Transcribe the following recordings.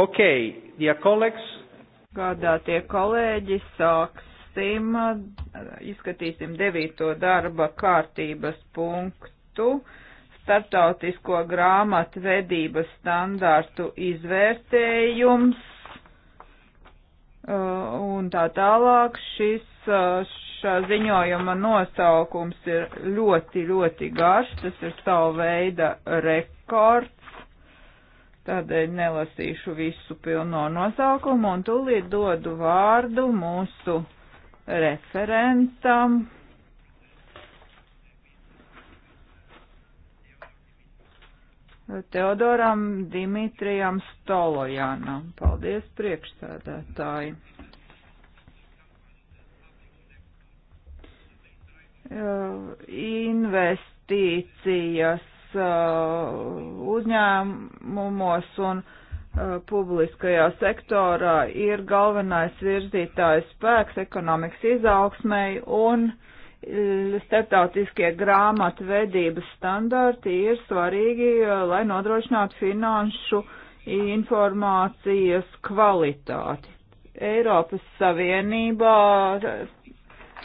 Ok, dear colleagues. Gādātie kolēģi, sāksim, izskatīsim devīto darba kārtības punktu. Startautisko grāmatu vedības standārtu izvērtējums uh, un tā tālāk. Šis uh, šā ziņojuma nosaukums ir ļoti, ļoti garš. Tas ir savu veida rekords Tādēļ nelasīšu visu pilno nosaukumu un tūlīt dodu vārdu mūsu referentam. Teodoram Dimitrijam Stolojanam. Paldies priekšsēdētāji. Investīcijas Uh, uzņēmumos un uh, publiskajā sektorā ir galvenais virzītājs spēks ekonomikas izaugsmei un uh, starptautiskie grāmatvedības standarti ir svarīgi, lai nodrošinātu finanšu informācijas kvalitāti. Eiropas Savienībā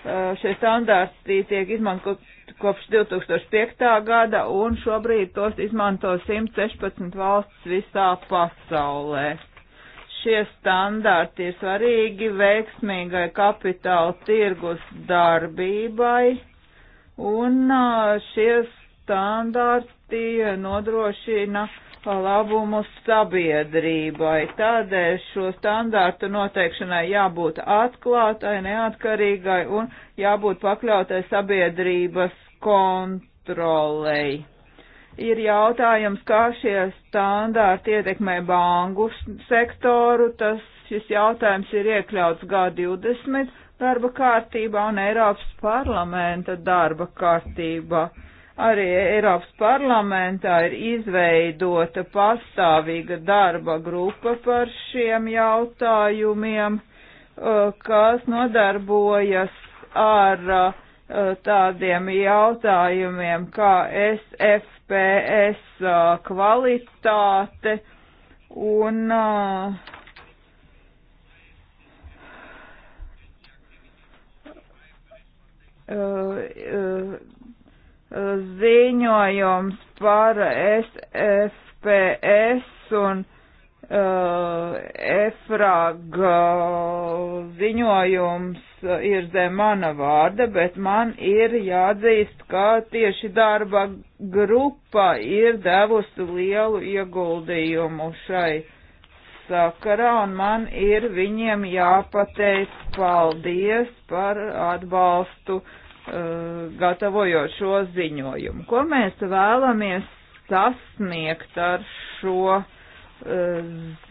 šie standarti tiek izmantot kopš 2005. gada, un šobrīd tos izmanto 116 valsts visā pasaulē. Šie standarti ir svarīgi veiksmīgai kapitāla tirgus darbībai, un šie standarti nodrošina labumu sabiedrībai. Tādēļ šo standārtu noteikšanai jābūt atklātai, neatkarīgai un jābūt pakļautai sabiedrības kontrolei. Ir jautājums, kā šie standārti ietekmē banku sektoru. Tas šis jautājums ir iekļauts G20 darba kārtībā un Eiropas parlamenta darba kārtībā. Arī Eiropas parlamentā ir izveidota pastāvīga darba grupa par šiem jautājumiem, eh, kas nodarbojas ar eh, Eh, tādiem jautājumiem kā SFPS eh, kvalitāte un eh, ziņojums par SFPS un Eh, Efraga ziņojums eh, ir zem mana vārda, bet man ir jāatzīst, ka tieši darba grupa ir devusi lielu ieguldījumu šai sakarā, un man ir viņiem jāpateic paldies par atbalstu uh, gatavojot šo ziņojumu. Ko mēs vēlamies sasniegt ar šo ziņojumu?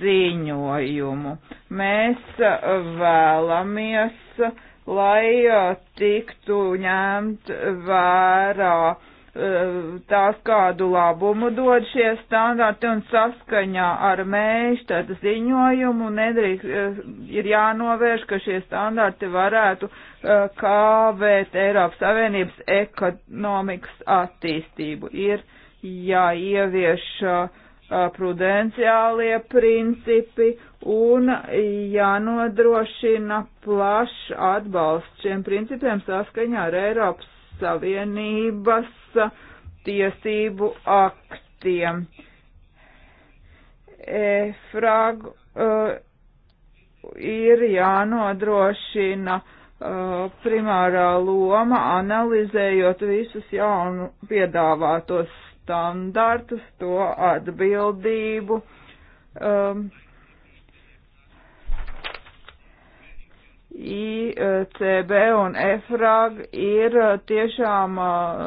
ziņojumu. Mēs uh, vēlamies, lai uh, tiktu ņemt vērā uh, tās kādu labumu dod šie standarti un saskaņā ar mēžtata ziņojumu nedrīkst, ir jānovērš, ka šie standarti varētu kāvēt Eiropas Savienības ekonomikas attīstību. Ir jāievieš uh, Uh, prudenciālie principi un jānodrošina plašs atbalsts šiem principiem saskaņā ar Eiropas Savienības tiesību aktiem. EFRAG uh, ir jānodrošina uh, primārā loma, analizējot visus jaunu piedāvātos standartus, to atbildību. Um, ICB un EFRAG ir tiešām uh,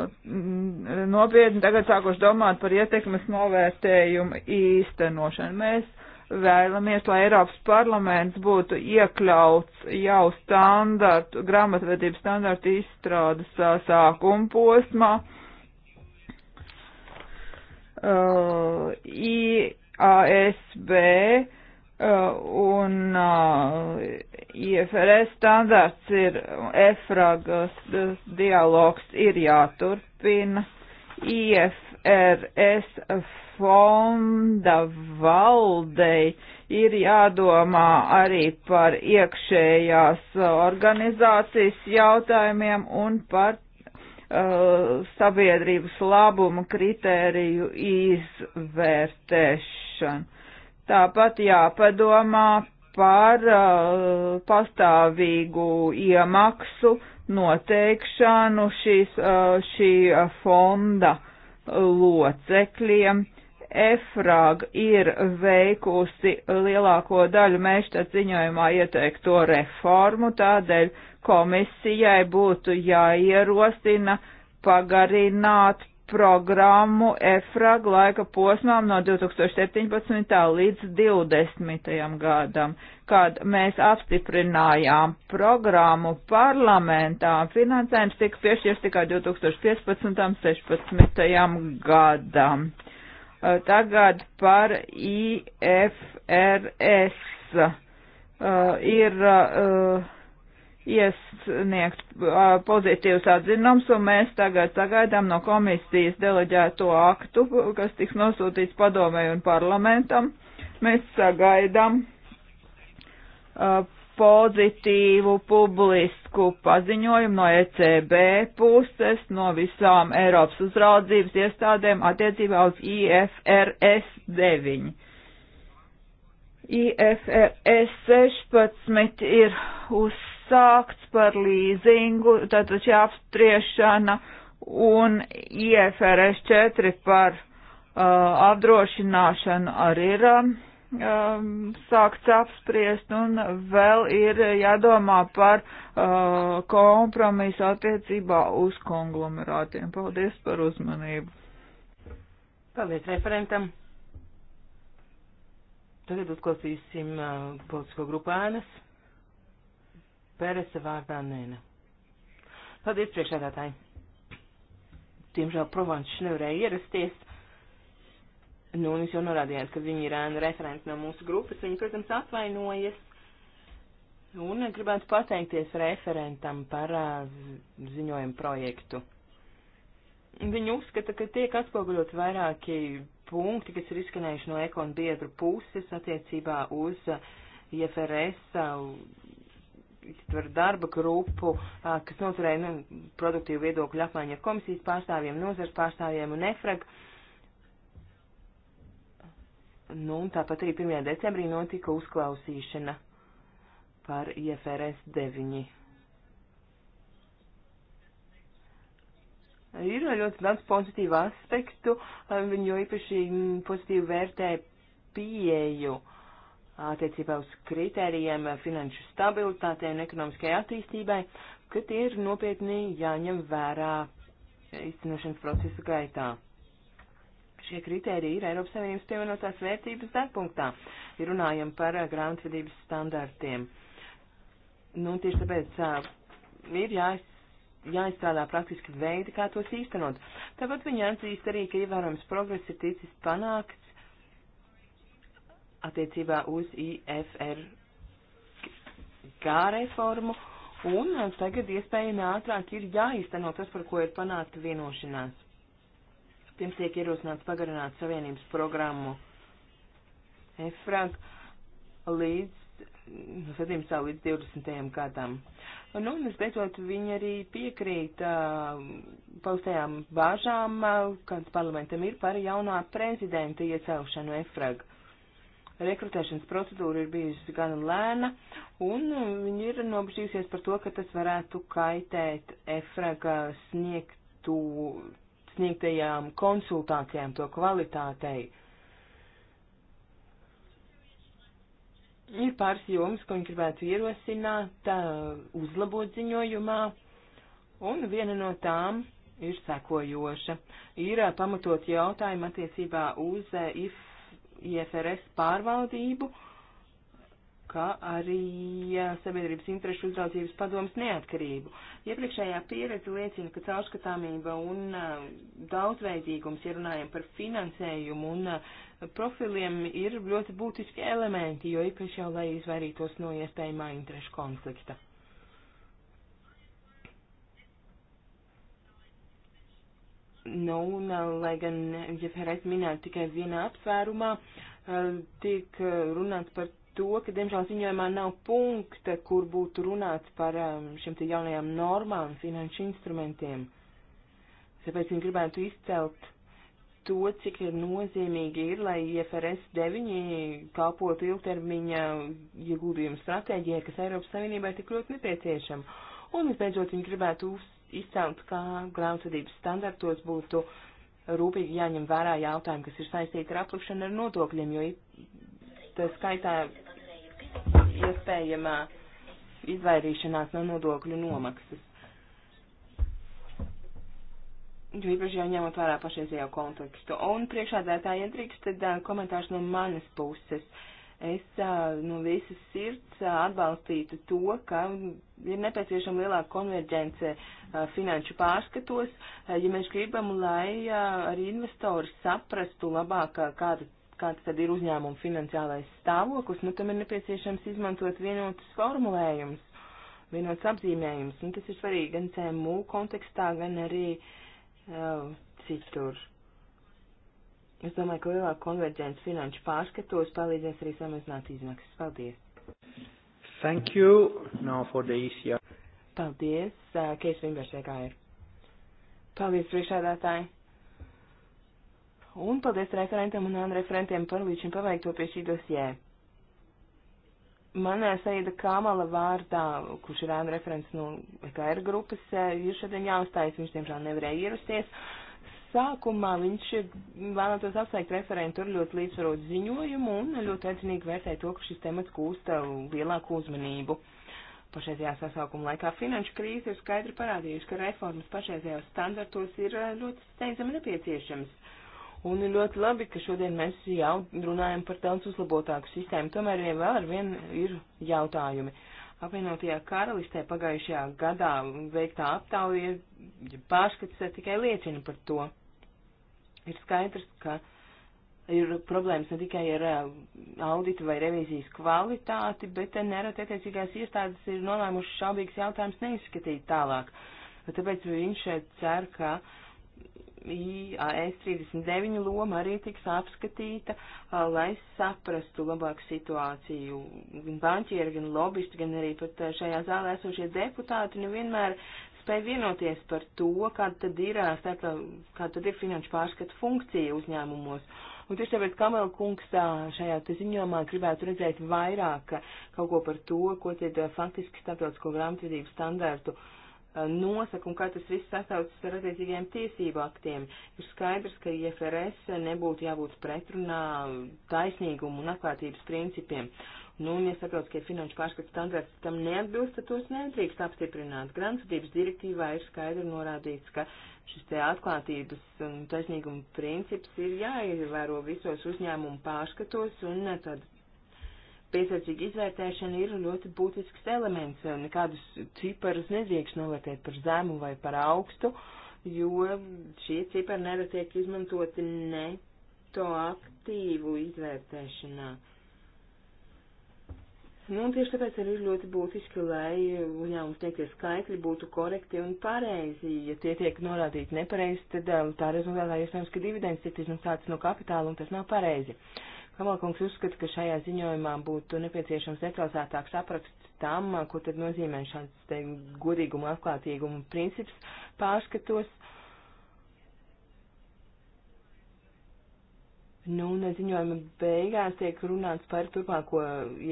nopietni tagad sākuši domāt par ietekmes novērtējumu īstenošanu. Mēs vēlamies, lai Eiropas parlaments būtu iekļauts jau standartu, grāmatvedības standartu izstrādes uh, sākuma posmā uh, IASB uh, un uh, IFRS standarts ir EFRAG dialogs ir jāturpina. IFRS fonda valdei ir jādomā arī par iekšējās organizācijas jautājumiem un par Uh, sabiedrības labuma kritēriju izvērtēšanu. Tāpat jāpadomā par uh, pastāvīgu iemaksu noteikšanu šīs, uh, šī fonda locekļiem. EFRAG ir veikusi lielāko daļu mēžta ziņojumā ieteikto reformu, tādēļ uh, komisijai būtu jāierosina pagarināt programmu EFRAG laika posmām no 2017. līdz 2020. gadam, kad mēs apstiprinājām programmu parlamentā. Finansējums tika piešķirs tikai 2015. un 2016. gadam. Tagad par IFRS uh, ir. Uh, iesniegt pozitīvs atzinums, un mēs tagad sagaidām no komisijas deleģēto aktu, kas tiks nosūtīts padomēju un parlamentam. Mēs sagaidām pozitīvu publisku paziņojumu no ECB puses, no visām Eiropas uzraudzības iestādēm attiecībā uz IFRS 9. IFRS 16 ir uz uzsākts par līzingu, tātad šī apstriešana un IFRS 4 par uh, apdrošināšanu arī ir um, um, sākts apspriest un vēl ir jādomā par uh, kompromisu attiecībā uz konglomerātiem. Paldies par uzmanību. Paldies referentam. Tagad uzklausīsim uh, politisko grupu ēnas. Pērese vārdā Nēna. Paldies priekšādātāji. Diemžēl Provanšs nevarēja ierasties. Nu, un jūs jau norādījāt, ka viņi ir ēna referents no mūsu grupas. Viņi, protams, atvainojas. Un gribētu pateikties referentam par uh, ziņojumu projektu. Viņi uzskata, ka tiek atspoguļot vairāki punkti, kas ir izskanējuši no ekonu biedru puses attiecībā uz IFRS ietver darba grupu, kas noturēja nu, produktīvu viedokļu apmaiņu ar komisijas pārstāvjiem, nozars pārstāvjiem un EFRAG. Nu, un tāpat arī 1. decembrī notika uzklausīšana par IFRS 9. Ir ļoti daudz pozitīvu aspektu, viņu īpaši pozitīvi vērtē pieeju attiecībā uz kritērijiem finanšu stabilitātei un ekonomiskai attīstībai, ka tie ir nopietni jāņem vērā izcinošanas procesa gaitā. Šie kritēriji ir Eiropas Savienības pievienotās vērtības degpunktā, ja runājam par grāmatvedības standartiem. Nu, tieši tāpēc ir jāiz, jāizstrādā praktiski veidi, kā tos īstenot. Tāpat viņi atzīst arī, ka ievērojams progress ir ticis panākts attiecībā uz IFRK reformu, un tagad iespējami ātrāk ir jāīsteno tas, par ko ir panākta vienošanās. Pirms tiek ierosināts pagarināt savienības programmu EFRAG līdz no 17. līdz 20. gadam. Nu, un, visbeidzot, viņi arī piekrīt uh, paustajām bāžām, uh, kāds parlamentam ir par jaunā prezidenta iecelšanu EFRAG rekrutēšanas procedūra ir bijusi gan lēna, un uh, viņi ir nobežījusies par to, ka tas varētu kaitēt EFRAGA sniegtu, sniegtajām konsultācijām, to kvalitātei. Ir pāris jomas, ko viņi gribētu ierosināt, uh, uzlabot ziņojumā, un viena no tām ir sekojoša. Ir uh, pamatot jautājumu attiecībā uz IF IFRS pārvaldību, kā arī sabiedrības interešu uzraudzības padomas neatkarību. Iepriekšējā pieredze liecina, ka caurskatāmība un daudzveidīgums, ja runājam par finansējumu un profiliem, ir ļoti būtiski elementi, jo īpaši jau lai izvairītos no iespējamā interešu konflikta. Nu, un, uh, lai gan, ja pareiz minēt tikai vienā apsvērumā, uh, tiek uh, runāts par to, ka, diemžēl, ziņojumā nav punkta, kur būtu runāts par um, šiem te jaunajām normām, finanšu instrumentiem. Tāpēc viņi gribētu izcelt to, cik nozīmīgi ir, lai IFRS 9 kalpotu ilgtermiņa ieguldījumu stratēģijai, kas Eiropas Savienībai tik ļoti nepieciešama. Un, visbeidzot, viņi gribētu uzsākt izcelt, ka grāmatvedības standartos būtu rūpīgi jāņem vērā jautājumi, kas ir saistīti ar aplikšanu ar nodokļiem, jo tā skaitā iespējamā izvairīšanās no nodokļu nomaksas. Jo īpaši jau ņemot vērā pašreizējo kontekstu. Un priekšādētāji, ja drīkst, tad komentārs no manas puses. Uh, es no visas sirds atbalstītu to, ka ir nepieciešama lielāka konverģence finanšu pārskatos, ja mēs gribam, lai arī investori saprastu labāk, kāda kāds tad ir uzņēmuma finansiālais stāvoklis, nu tam ir nepieciešams izmantot vienotus formulējumus, vienotus apzīmējumus, un tas ir svarīgi gan CMU kontekstā, gan arī uh, citur. Es domāju, ka lielāka konverģence finanšu pārskatos palīdzēs arī samazināt izmaksas. Paldies! Thank you. Now for the ECR. Paldies. Uh, Keis Vimbers, e kā ir? Paldies, priekšādātāji. Un paldies referentam un ān referentiem par līdz šim paveikto pie šī dosjē. Man Saida Kāmala vārdā, kurš ir ān referents no EKR grupas, ir šodien jāuzstājas, viņš diemžēl nevarēja ierasties. Uh, sākumā viņš vēlētos apsveikt referentu ar ļoti līdzsvarotu ziņojumu un ļoti atzinīgi vērtē to, ka šis temats gūsta lielāku uzmanību. Pašreizajā sasaukuma laikā finanšu krīze ir skaidri parādījusi, ka reformas pašreizējos standartos ir eh, ļoti steidzami nepieciešams. Un ir ļoti labi, ka šodien mēs jau runājam par daudz uzlabotāku sistēmu, tomēr vien vēl ar vien ir jautājumi. Apvienotajā karalistē pagājušajā gadā veiktā aptauja pārskats eh, tikai liecina par to. Ir skaidrs, ka ir problēmas ne tikai ar eh, auditu vai revīzijas kvalitāti, bet eh, nereti attiecīgās iestādes ir nolēmušas šaubīgs jautājums neizskatīt tālāk. Tāpēc viņš eh, cer, ka IAS 39 loma arī tiks apskatīta, lai saprastu labāku situāciju. Gan banķieri, gan lobbyisti, gan arī pat šajā zālē esošie deputāti nevienmēr nespēja vienoties par to, kāda tad ir, starpā, kāda tad ir finanšu pārskatu funkcija uzņēmumos. Un tieši tāpēc Kamela kungs šajā ziņojumā gribētu redzēt vairāk kaut ko par to, ko tad faktiski starptautisko grāmatvedību standārtu uh, Eh, nosaka un kā tas viss sasaucas ar attiecīgajiem tiesību aktiem. Ir skaidrs, ka IFRS nebūtu jābūt pretrunā taisnīgumu un atklātības principiem. Nu, un, ja saprotu, ka ir finanšu pārskats standarts tam neatbilst, tad tos nedrīkst apstiprināt. Grāmatvedības direktīvā ir skaidri norādīts, ka šis te atklātības un taisnīguma princips ir jāievēro visos uzņēmumu pārskatos un tad piesardzīga izvērtēšana ir ļoti būtisks elements. Nekādus ciparus nedrīkst novērtēt par zemu vai par augstu, jo šie cipari nerad tiek izmantoti ne to aktīvu izvērtēšanā. Nu, un tieši tāpēc arī ir ļoti būtiski, lai uzņēmums teiktie skaitļi būtu korekti un pareizi. Ja tie tiek norādīti nepareizi, tad tā rezultātā iespējams, ka dividends tiek izmaksāts no kapitāla un tas nav pareizi. Uh, Kavalkungs uzskata, ka šajā ziņojumā būtu nepieciešams detalizētāks apraksts tam, ko tad nozīmē šāds te godīguma, atklātīguma princips pārskatos. Nu, un ziņojuma beigās tiek runāts par turpmāko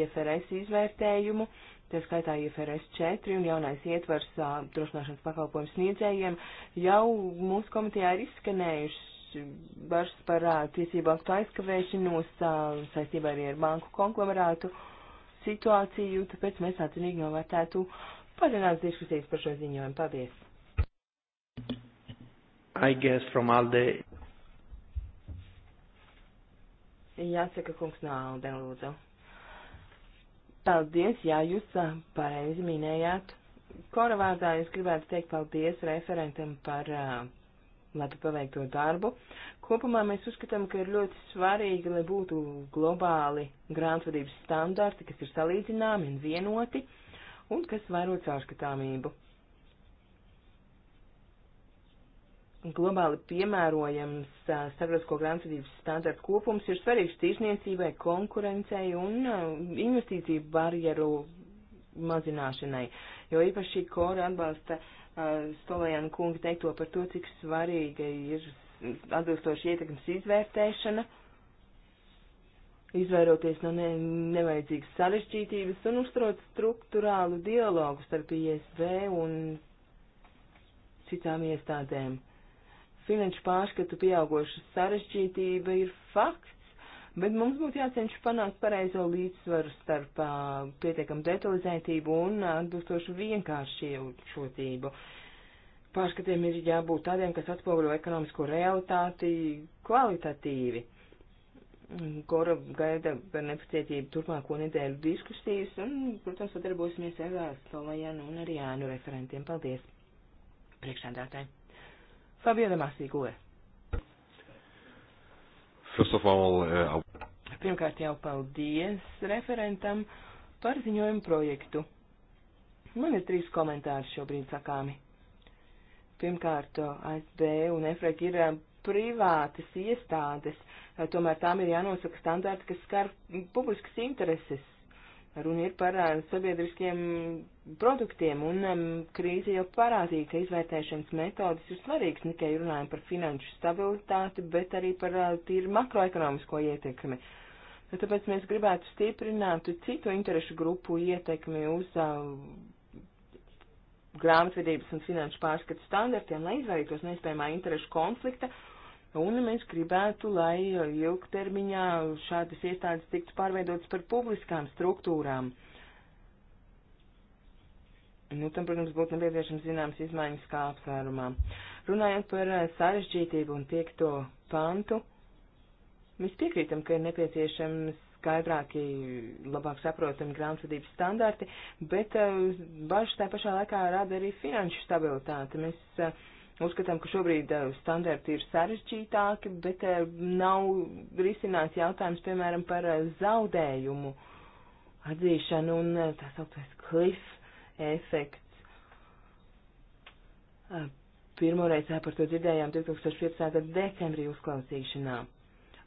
IFRS izvērtējumu, tā skaitā IFRS 4 un jaunais ietvars drošināšanas pakalpojumu sniedzējiem, jau mūsu komitejā ir izskanējušas bažas par tiesību aktu aizkavēšanos saistībā arī ar banku konglomerātu situāciju, tāpēc mēs atcinīgi novērtētu padziļinātas diskusijas par šo ziņojumu. Paldies! I guess from Alde. Jāsaka, kungs no Alde, lūdzu. Paldies, jā, jūs pareizi minējāt. Koravārdā es gribētu teikt paldies referentam par uh, labi paveikto darbu. Kopumā mēs uzskatām, ka ir ļoti svarīgi, lai būtu globāli grāmatvedības standarti, kas ir salīdzināmi un vienoti, un kas vairo caurskatāmību. Globāli piemērojams starptautisko grāmatvedības standartu kopums ir svarīgs tirsniecībai, konkurencei un investīciju barjeru mazināšanai, jo īpaši kora atbalsta uh, Stolajāna kunga teikto par to, cik svarīga ir atbilstoši ietekmes izvērtēšana, izvairoties no ne, nevajadzīgas sarežģītības un uzturot struktūrālu dialogu starp ISB un citām iestādēm. Finanšu pārskatu pieaugoša sarežģītība ir fakts, Bet mums būtu jācenšas panākt pareizo līdzsvaru starp uh, pietiekamu detalizētību un atbilstošu vienkāršotību. Pārskatiem ir jābūt tādiem, kas atspoguļo ekonomisko realitāti kvalitatīvi, kuru gaida par nepacietību turpmāko nedēļu diskusijas, un, protams, sadarbosimies ar Stolajanu un arī Jānu referentiem. Paldies! Priekšsēdētāji! Fabio Damasī, Gulē! First of all, uh, Pirmkārt jau paldies referentam par ziņojumu projektu. Man ir trīs komentāri šobrīd sakāmi. Pirmkārt, ASB un EFREK ir um, privātas iestādes, uh, tomēr tām ir jānosaka standārti, kas skar publiskas intereses. Runa ir par sabiedriskiem produktiem, un um, krīze jau parādīja, ka izvērtēšanas metodas ir svarīgas, ne tikai runājam par finanšu stabilitāti, bet arī par tīru makroekonomisko ietekmi. Tāpēc mēs gribētu stiprināt citu interešu grupu ietekmi uz grāmatvedības un finanšu pārskatu standartiem, lai izvairītos no iespējamā interešu konflikta Un mēs gribētu, lai ilgtermiņā šādas iestādes tiktu pārveidotas par publiskām struktūrām. Nu, tam, protams, būtu nepieciešams zināms izmaiņas kā apsvērumā. Runājot par eh, sarežģītību un piekto pantu, mēs piekrītam, ka ir nepieciešams skaidrāki, labāk saprotami grāmatvedības standarti, bet eh, bažas tā pašā laikā rada arī finanšu stabilitāte. Mēs eh, Uzskatām, ka šobrīd eh, standarti ir sarežģītāki, bet eh, nav risināts jautājums, piemēram, par eh, zaudējumu atzīšanu un tā sauktais klif efekts. Pirmoreiz par to dzirdējām 2015. gada decembrī uzklausīšanā.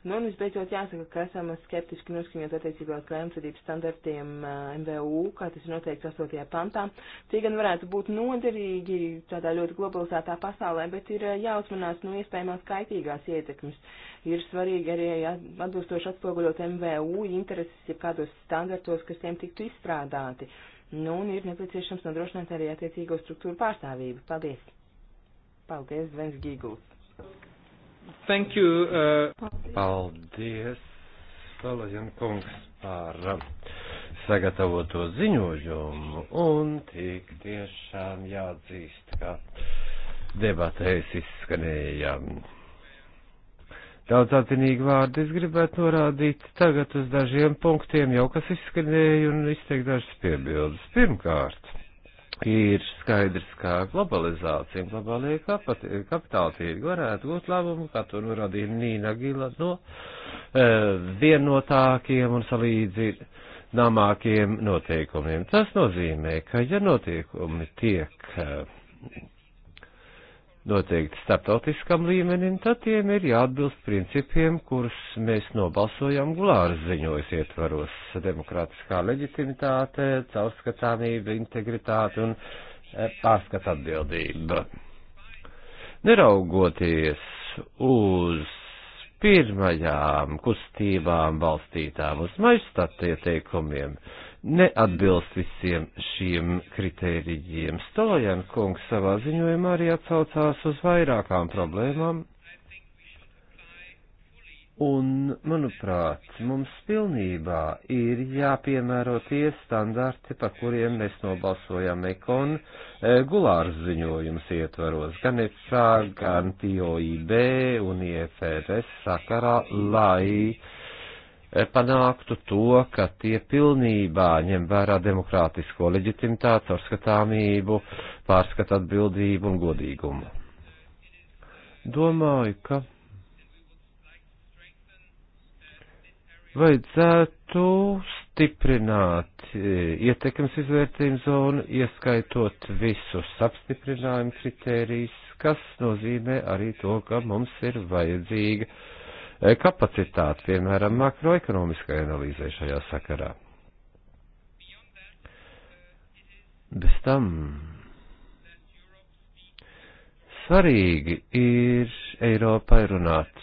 Nu, un visbeidzot jāsaka, ka esam skeptiski noskaņot attiecībā uz lēmcerības standartiem eh, MVU, kā tas ir noteikts 8. pantā. Tie gan varētu būt noderīgi tādā ļoti globalizētā pasaulē, bet ir eh, jāuzmanās no iespējamās kaitīgās ietekmes. Ir svarīgi arī atbilstoši atspoguļot MVU intereses, ja kādos standartos, kas tiem tiktu izstrādāti. Nu, un ir nepieciešams nodrošināt arī attiecīgo struktūru pārstāvību. Paldies! Paldies, Zvens Gīguls! Thank you. Uh... Paldies, Palajan kungs, par um, sagatavoto ziņojumu. Un tik tiešām jāatzīst, ka debatēs izskanējām. Um, Daudz atzinīgi vārdi es gribētu norādīt tagad uz dažiem punktiem, jau kas izskanēja un izteikt dažas piebildes. Pirmkārt, Ir skaidrs, ka globalizācija un globālie kapitāla tirgi varētu būt labumu, kā to norādīja Nīna Gila, no e, vienotākiem un salīdzināmākiem noteikumiem. Tas nozīmē, ka ja notiekumi tiek. E, noteikti starptautiskam līmenim, tad tiem ir jāatbilst principiem, kurus mēs nobalsojam gulāras ziņojas ietvaros - demokrātiskā leģitimitāte, caurskatāmība, integritāte un eh, pārskata atbildība. Neraugoties uz pirmajām kustībām balstītām uz maistatieteikumiem, ja neatbilst visiem šiem kritērijiem. Stolojan kungs savā ziņojumā arī atsaucās uz vairākām problēmām. Un, manuprāt, mums pilnībā ir jāpiemēro tie standarti, pa kuriem mēs nobalsojam ekon e, gulārs ziņojums ietvaros, gan ECA, gan TOIB un IFRS sakarā, lai Eh, panāktu to, ka tie pilnībā ņem vērā demokrātisko leģitimitāti, caurskatāmību, pārskata atbildību un godīgumu. Domāju, ka vajadzētu stiprināt eh, ietekmes izvērtījumu zonu, ieskaitot visus apstiprinājumu kritērijus, kas nozīmē arī to, ka mums ir vajadzīga uh, E, kapacitāti, piemēram, makroekonomiskai analīzē šajā sakarā. Bez tam svarīgi ir Eiropai runāt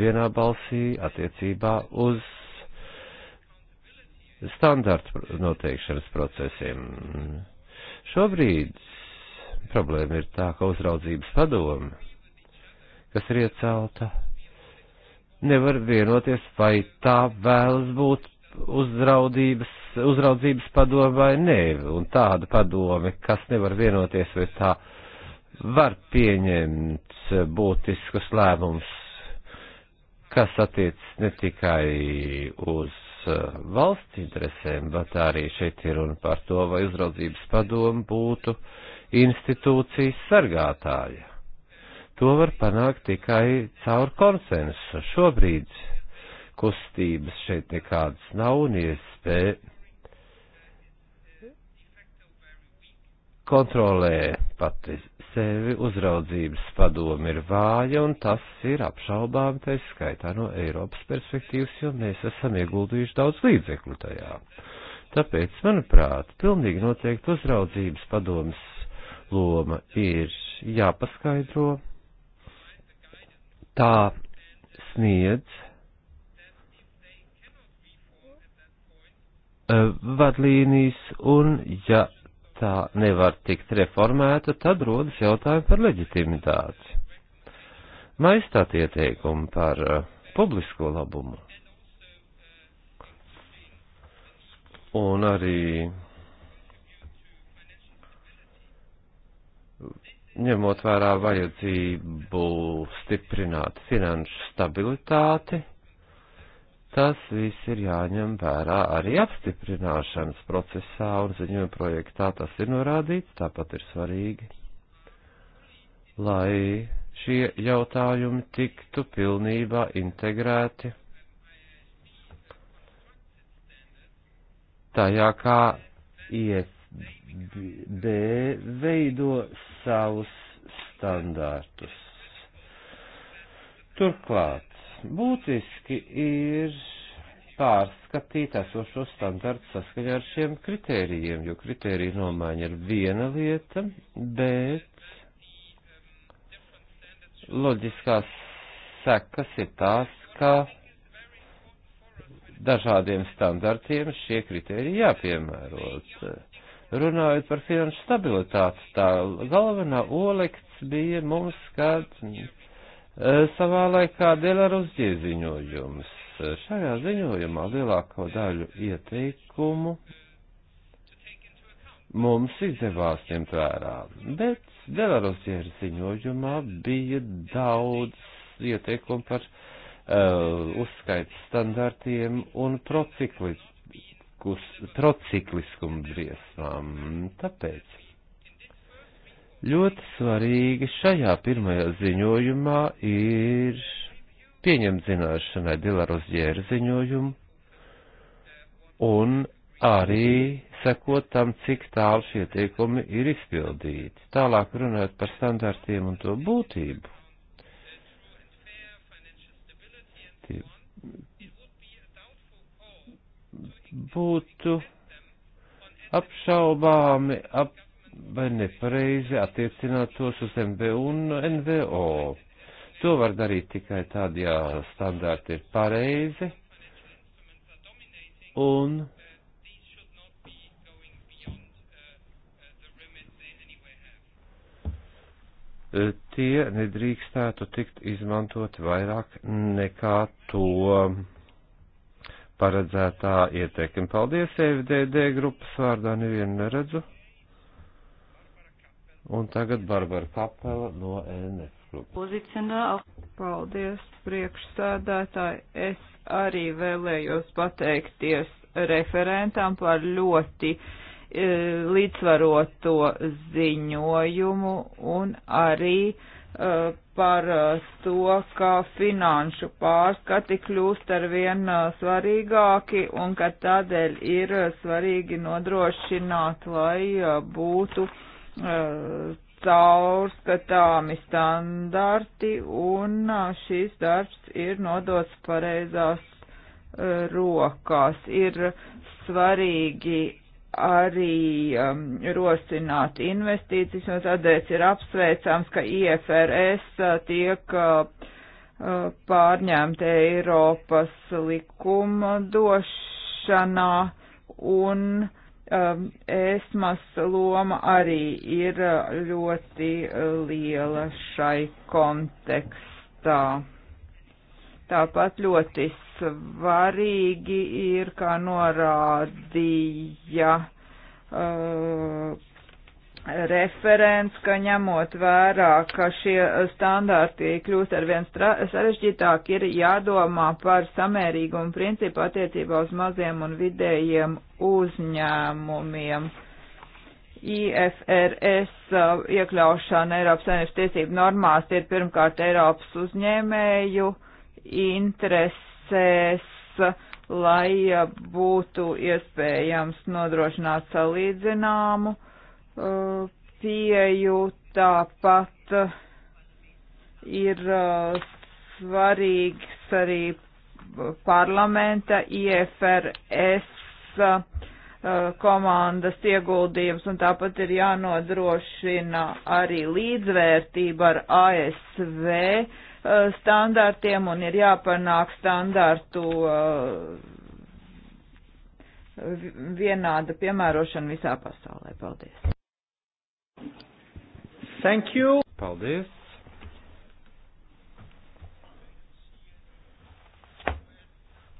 vienā balsī attiecībā uz standartu noteikšanas procesiem. Šobrīd problēma ir tā, ka uzraudzības padoma, kas ir iecelta nevar vienoties, vai tā vēlas būt uzraudības, uzraudzības padome vai nē, un tāda padome, kas nevar vienoties, vai tā var pieņemt būtiskus lēmumus, kas attiec ne tikai uz uh, valsts interesēm, bet arī šeit ir runa par to, vai uzraudzības padome būtu institūcijas sargātāja. To var panākt tikai caur konsensu. Šobrīd kustības šeit nekādas nav un iespēja kontrolē pati sevi, uzraudzības padoma ir vāja, un tas ir apšaubām, tā skaitā no Eiropas perspektīvas, jo mēs esam ieguldījuši daudz līdzekļu tajā. Tāpēc, manuprāt, pilnīgi noteikti uzraudzības padomas loma ir jāpaskaidro tā sniedz e, vadlīnijas, un ja tā nevar tikt reformēta, tad rodas jautājumi par leģitimitāti. Maistāt ieteikumu par uh, publisko labumu. Un arī ņemot vērā vajadzību stiprināt finanšu stabilitāti, tas viss ir jāņem vērā arī apstiprināšanas procesā un ziņojuma projektā tas ir norādīts, tāpat ir svarīgi, lai šie jautājumi tiktu pilnībā integrēti tajā, kā ISB veido savus standārtus. Turklāt, būtiski ir pārskatīt esošo standartu saskaņā ar šiem kritērijiem, jo kritērija nomaiņa ir viena lieta, bet loģiskās sekas ir tās, ka dažādiem standartiem šie kritēriji jāpiemērot. Runājot par finanšu stabilitāti, tā galvenā olekts bija mums, kad e, savā laikā Delaros ieziņojums. Šajā ziņojumā lielāko daļu ieteikumu mums izdevās ņemt vērā, bet Delaros ieziņojumā bija daudz ieteikumu par uh, e, uzskaitas standartiem un prociklis trocikliskumu briesmām. Tāpēc ļoti svarīgi šajā pirmajā ziņojumā ir pieņemt zināšanai Dilaros Jēra ziņojumu un arī sekot tam, cik tālu šie teikumi ir izpildīti. Tālāk runājot par standartiem un to būtību. Tie būtu apšaubāmi ap, vai nepareizi attiecināt tos uz MBU un NVO. To var darīt tikai tad, ja standārti ir pareizi un tie nedrīkstētu tikt izmantot vairāk nekā to paredzētā ietekme. Paldies, EVDD grupas vārdā nevienu neredzu. Un tagad Barbara Kapela no NF grupas. Paldies, priekšsādātāji. Es arī vēlējos pateikties referentam par ļoti uh, Eh, līdzsvaroto ziņojumu un arī uh, par eh, to, ka finanšu pārskati kļūst ar vien svarīgāki un ka tādēļ ir svarīgi nodrošināt, lai būtu uh, caurskatāmi standarti un šis darbs ir nodots pareizās rokās. Ir svarīgi arī um, rosināt investīcijas, un tādēļ ir apsveicams, ka IFRS uh, tiek uh, uh pārņemta Eiropas likuma došanā, un um, ESMAS loma arī ir uh, ļoti liela šai kontekstā. Tāpat ļoti svarīgi ir, kā norādīja uh, referents, ka ņemot vērā, ka šie standārti kļūst arvien sarežģītāk, ir jādomā par samērīgumu principu attiecībā uz maziem un vidējiem uzņēmumiem. IFRS uh, iekļaušana Eiropas saimnības tiesību normās ir pirmkārt Eiropas uzņēmēju uh, interesēs, lai uh, būtu iespējams nodrošināt salīdzināmu uh, pieju. Tāpat uh, ir svarīgs arī parlamenta IFRS komandas ieguldījums, un tāpat ir jānodrošina arī līdzvērtība ar ASV Eh, standartiem un ir jāpanāk standartu eh, vienāda piemērošana visā pasaulē. Paldies! Thank you! Paldies!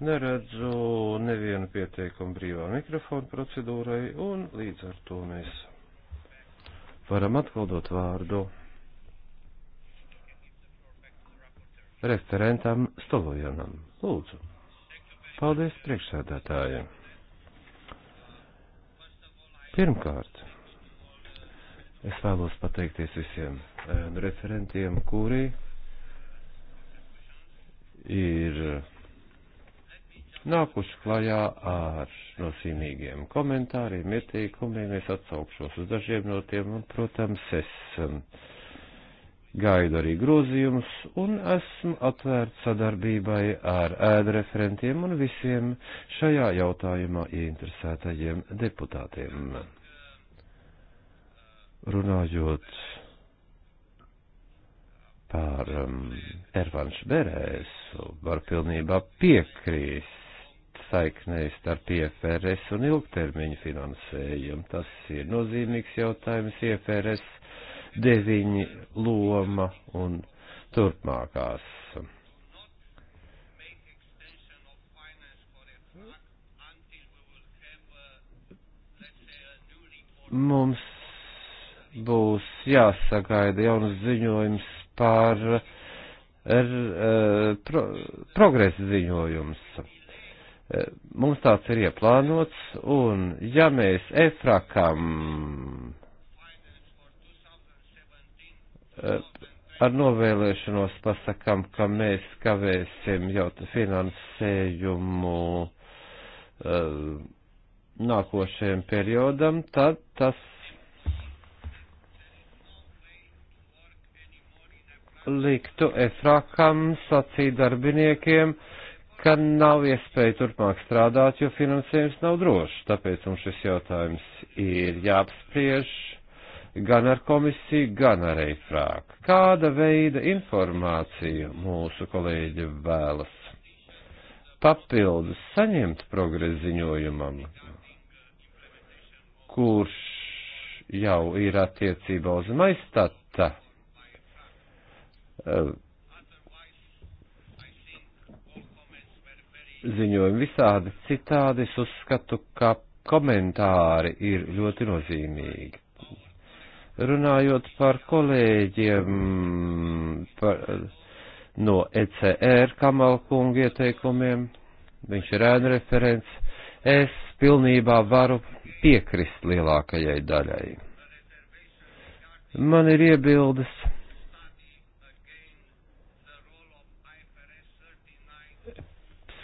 Neredzu nevienu pieteikumu brīvā mikrofona procedūrai, un līdz ar to mēs varam atkal dot vārdu. referentam Stolojanam. Lūdzu. Paldies priekšsēdētājiem. Pirmkārt, es vēlos pateikties visiem eh, referentiem, kuri ir nākuši klajā ar nozīmīgiem komentāriem, ieteikumiem. Es atsaukšos uz dažiem no tiem, un, protams, es um, Gaidu arī grozījumus un esmu atvērts sadarbībai ar ēdreferentiem un visiem šajā jautājumā ieinteresētajiem deputātiem. Runājot par um, Ervanšu Berēsu, var pilnībā piekrīst saiknēs starp IFRS un ilgtermiņu finansējumu. Tas ir nozīmīgs jautājums. IFRS deviņi loma un turpmākās. Mums būs jāsagaida jaunas ziņojums par er, e, pro, progresa ziņojums. E, mums tāds ir ieplānots, un ja mēs efrakam Eh, ar novēlēšanos pasakām, ka mēs kavēsim jau finansējumu uh, nākošajam periodam, tad tas liktu efrakam sacīt darbiniekiem, ka nav iespēja turpmāk strādāt, jo finansējums nav drošs. Tāpēc mums šis jautājums ir jāapspriež gan ar komisiju, gan ar eifrāku. Kāda veida informāciju mūsu kolēģi vēlas papildus saņemt progreziņojumam, kurš jau ir attiecībā uz maistata? Eh, ziņojumi visādi citādi, es uzskatu, ka komentāri ir ļoti nozīmīgi Runājot par kolēģiem par, no ECR Kamalkunga ieteikumiem, viņš ir ēnu referents, es pilnībā varu piekrist lielākajai daļai. Man ir iebildes.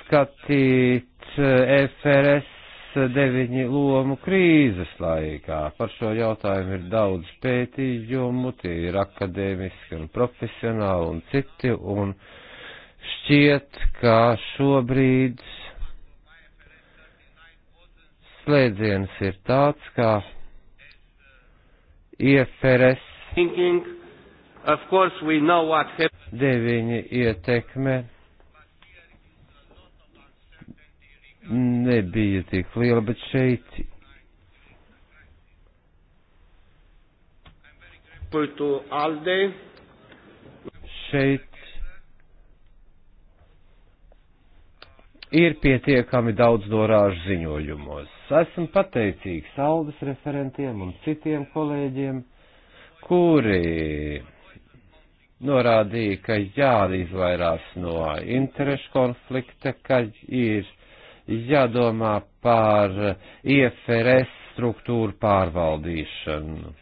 Skatīt FRS eh, e 9 lomu krīzes laikā. Par šo jautājumu ir daudz pētījumu, tie ir akadēmiski un profesionāli un citi, un šķiet, ka šobrīd slēdziens ir tāds, kā IFRS 9 ietekme nebija tik liela, bet šeit. Šeit ir pietiekami daudz norāžu ziņojumos. Esmu pateicīgs Aldis referentiem un citiem kolēģiem, kuri norādīja, ka jāizvairās no interešu konflikta, ka ir jādomā par IFRS struktūru pārvaldīšanu.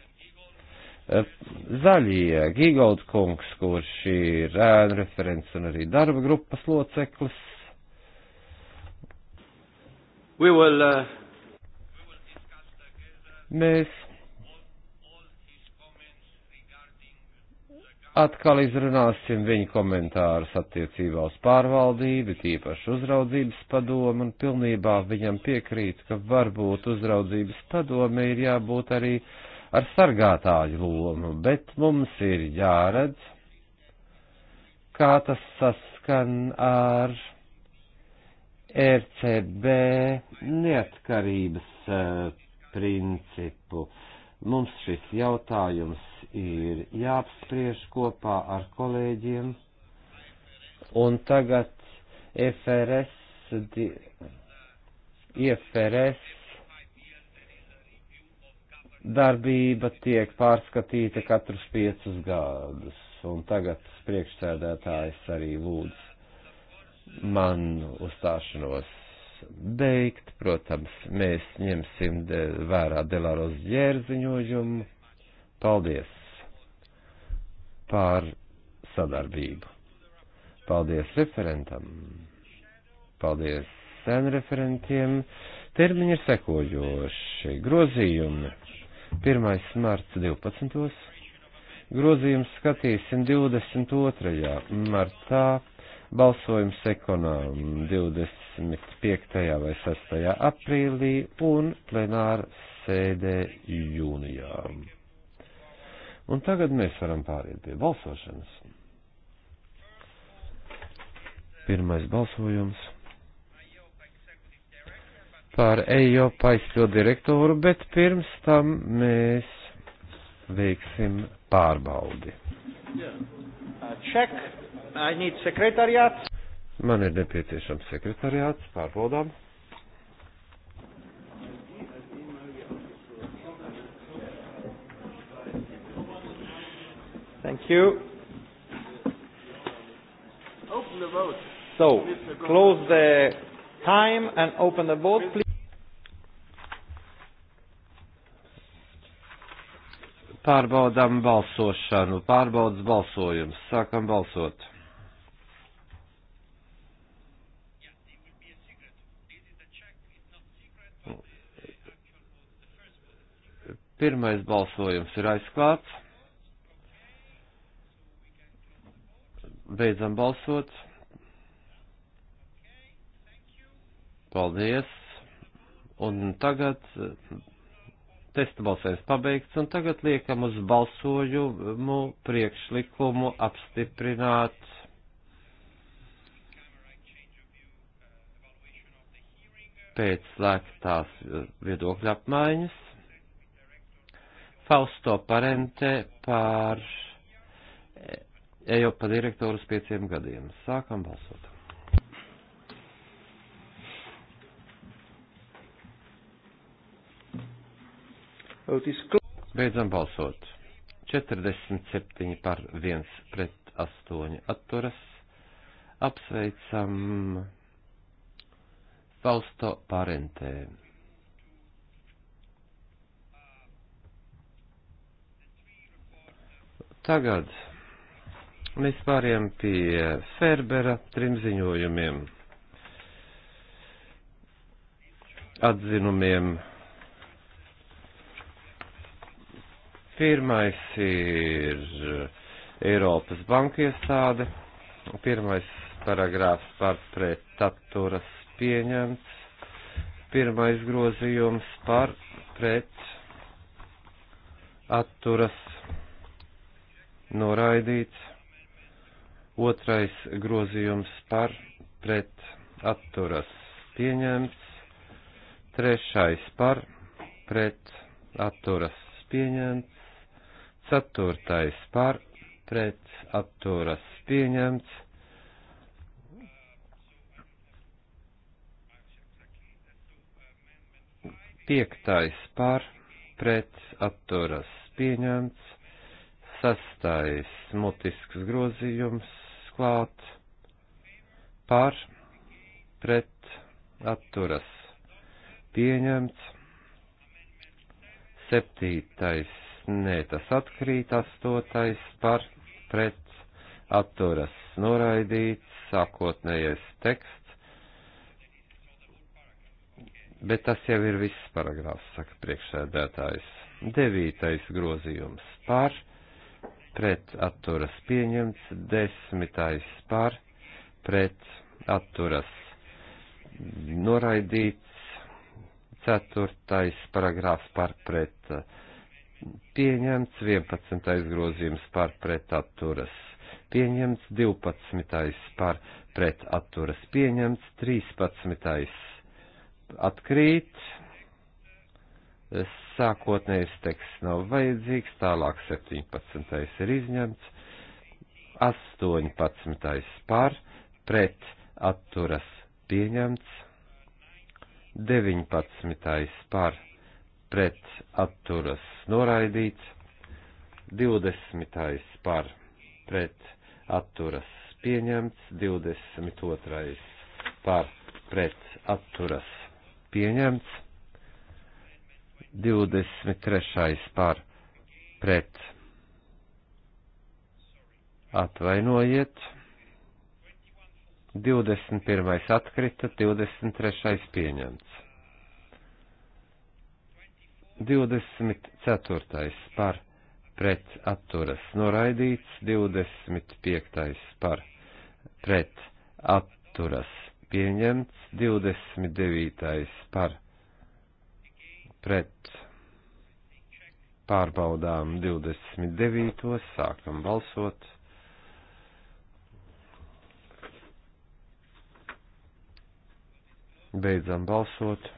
Zaļie, Gigold kungs, kurš ir ēnu referents un arī darba grupas loceklis. We will, uh... Mēs Atkal izrunāsim viņa komentārus attiecībā uz pārvaldību, tīpaši uzraudzības padomu, un pilnībā viņam piekrīt, ka varbūt uzraudzības padome ir jābūt arī ar sargātāju lomu, bet mums ir jāredz, kā tas saskan ar RCB neatkarības eh, principu. Mums šis jautājums ir jāapspriež kopā ar kolēģiem. Un tagad FRS, di, IFRS darbība tiek pārskatīta katrus piecus gadus. Un tagad priekšsēdētājs arī lūdz man uzstāšanos beigt. Protams, mēs ņemsim de, vērā Delaros ģērziņojumu. Paldies! par sadarbību. Paldies referentam. Paldies senreferentiem. Termiņi ir sekojoši. Grozījumi. 1. marts 12. Grozījums skatīsim 22. martā. Balsojums ekonām 25. vai 6. aprīlī un plenāra sēdē jūnijām. Un tagad mēs varam pāriet pie balsošanas. Pirmais balsojums par ejo paisļo direktoru, bet pirms tam mēs veiksim pārbaudi. Ček, I need sekretariāts. Man ir nepieciešams sekretariāts, pārbaudām. Thank you. Open the vote. So, close the time and open the vote, please. Pārbaudām balsošanu. Pārbaudas balsojums. Sākam balsot. Pirmais balsojums ir aizklāts. Beidzam balsot. Paldies. Un tagad eh, testa balsējums pabeigts, un tagad liekam uz balsojumu priekšlikumu apstiprināt. Pēc slēgtās eh, viedokļa apmaiņas Fausto Parente par Ejopa direktorus pieciem gadiem. Sākam balsot. Beidzam balsot. 47 par 1 pret 8 atturas. Apsveicam Fausto Parentē. Tagad Mēs pāriem pie Ferbera trim ziņojumiem, atzinumiem. Pirmais ir Eiropas banka iestāde, pirmais paragrāfs par pret apturas pieņemts, pirmais grozījums par pret atturas noraidīts, Otrais grozījums par pret atturas pieņemts. Trešais par pret atturas pieņemts. Ceturtais par pret atturas pieņemts. Piektais par pret atturas pieņemts. Sastais mutisks grozījums klāt par pret atturas pieņemts. Septītais, nē, tas atkrīt, astotais par pret atturas noraidīts, sākotnējais teksts, bet tas jau ir viss paragrāfs, saka priekšsēdētājs. Devītais grozījums par pret pret atturas pieņemts, desmitais par, pret atturas noraidīts, ceturtais paragrāfs par pret pieņemts, vienpadsmitais grozījums par pret atturas pieņemts, divpadsmitais par pret atturas pieņemts, trīspadsmitais atkrīt, sākotnējais teksts nav vajadzīgs, tālāk 17. ir izņemts, 18. par, pret atturas pieņemts, 19. par, pret atturas noraidīts, 20. par, pret atturas pieņemts, 22. par, pret atturas pieņemts, 23. par pret. Atvainojiet. 21. atkrita, 23. pieņemts. 24. par pret atturas noraidīts, 25. par pret atturas pieņemts, 29. par pret pret pārbaudām 29. sākam balsot. Beidzam balsot.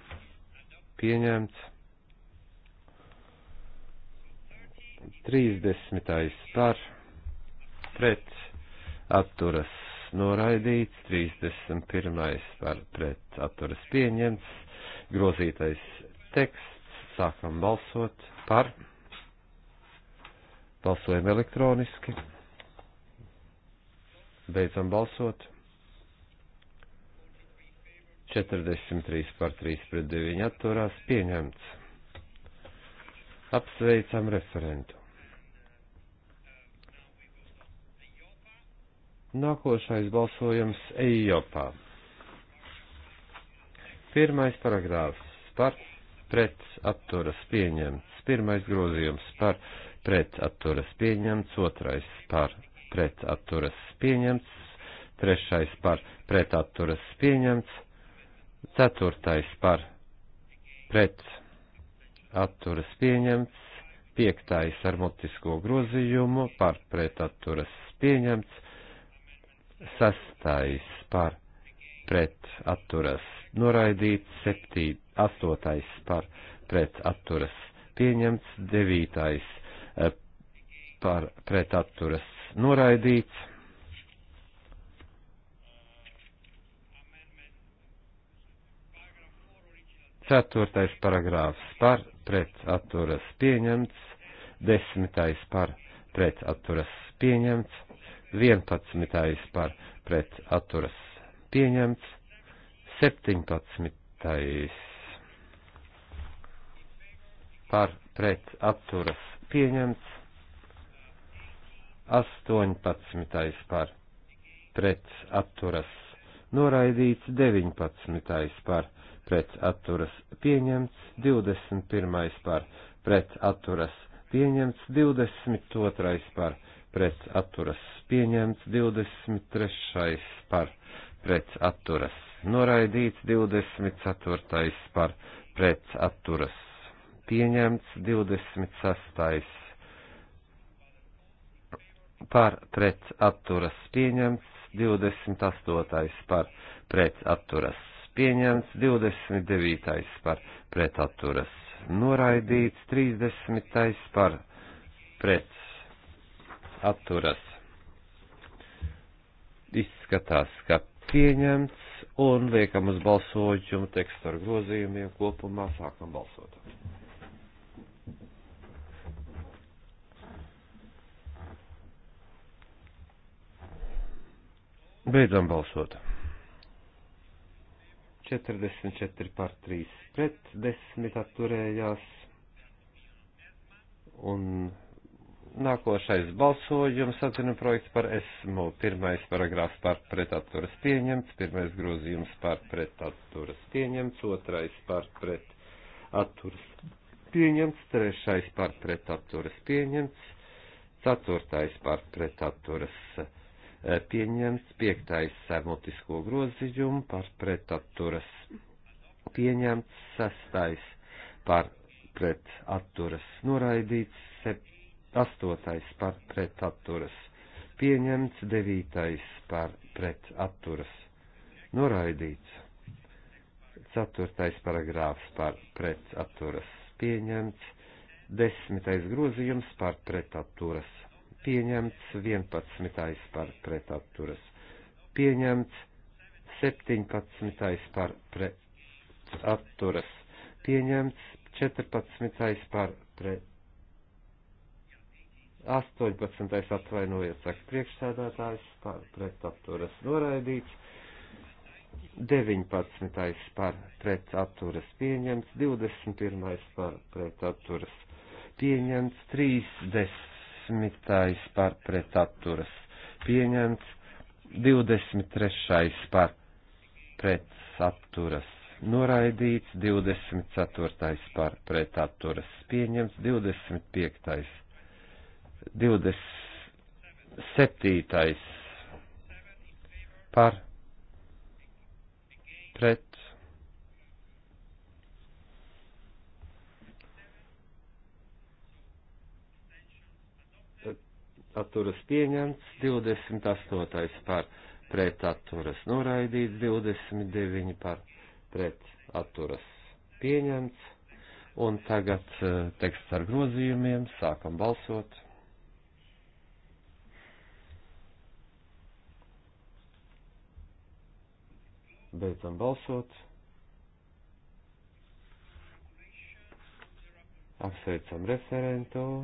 Pieņemts. 30. par pret atturas noraidīts, 31. par pret atturas pieņemts, grozītais teksts Sākam balsot par. Balsojam elektroniski. Beidzam balsot. 43 par 3 pret 9 atturās pieņemts. Apsveicam referentu. Nākošais balsojums Ejopā. Pirmais paragrāfs par pret atturas pieņemts. Pirmais grozījums par pret atturas pieņemts, otrais par pret atturas pieņemts, trešais par pret atturas pieņemts, ceturtais par pret atturas pieņemts, piektais ar motisko grozījumu par pret atturas pieņemts, sastais par pret atturas noraidīts, 7, 8 par pret atturas pieņemts, 9 eh, par pret atturas noraidīts. Ceturtais paragrāfs par pret atturas pieņemts, desmitais par pret atturas pieņemts, vienpadsmitais par pret atturas pieņemts, 17. par pret atturas pieņemts. 18. par pret atturas noraidīts, 19. par pret atturas pieņemts, 21. par pret atturas pieņemts, 22. par pret atturas pieņemts, 23. par pret atturas noraidīts 24. par pret atturas, pieņemts 26. par pret atturas, pieņemts 28. par pret atturas, pieņemts 29. par pret atturas, noraidīts 30. par pret atturas. Izskatās, ka pieņemts un liekam uz balsojumu tekstu ar grozījumiem kopumā sākam balsot. Beidzam balsot. 44 par 3 pret 10 atturējās un Nākošais balsojums atzinu projekts par esmu. Pirmais paragrāfs par pretaturas pieņemts, pirmais grozījums par pretaturas pieņemts, otrais par pretaturas pieņemts, trešais par pretaturas pieņemts, ceturtais par pretaturas eh, pieņemts, piektais sarmotisko grozījumu par pretaturas pieņemts, sestais par pretaturas noraidīts, septītais Astotais par pret atturas. Pieņemts devītais par pret atturas. Noraidīts. Ceturtais paragrāfs par pret atturas. Pieņemts. Desmitais grozījums par pret atturas. Pieņemts. Vienpadsmitais par pret atturas. Pieņemts. Septiņpadsmitais par pret atturas. Pieņemts. Četrpadsmitais par pret 18. atvainojiet, saka priekšsēdētājs, par pretapturas noraidīts. 19. par pretapturas pieņemts, 21. par pretapturas pieņemts, 30. par pretapturas pieņemts, 23. par pretapturas noraidīts, 24. par pretapturas pieņemts, 25 27. par pret atturas pieņemts, 28. par pret atturas noraidīts, 29. par pret atturas pieņemts. Un tagad eh, teksts ar grozījumiem, sākam balsot. Beidzam balsot. Apsveicam referentu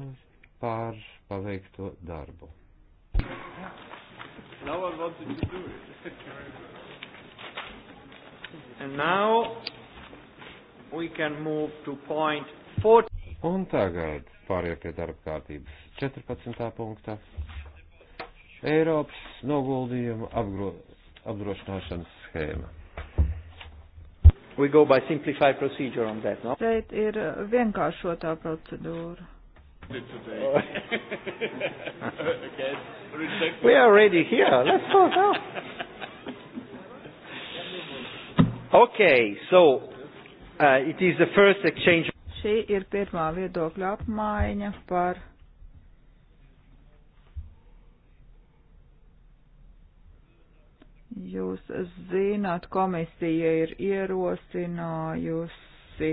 par paveikto darbu. Now I wanted to do it. And now we can move to point 14. Un tagad pārējie pie darba kārtības 14. punktā. Eiropas noguldījuma apdrošināšanas schēma. We go by simplified procedure on that, no? Šeit ir vienkāršotā procedūra. We are already here. Let's go now. Okay, so uh, it is the first exchange. Šī ir pirmā viedokļa apmaiņa par Jūs zināt, komisija ir ierosinājusi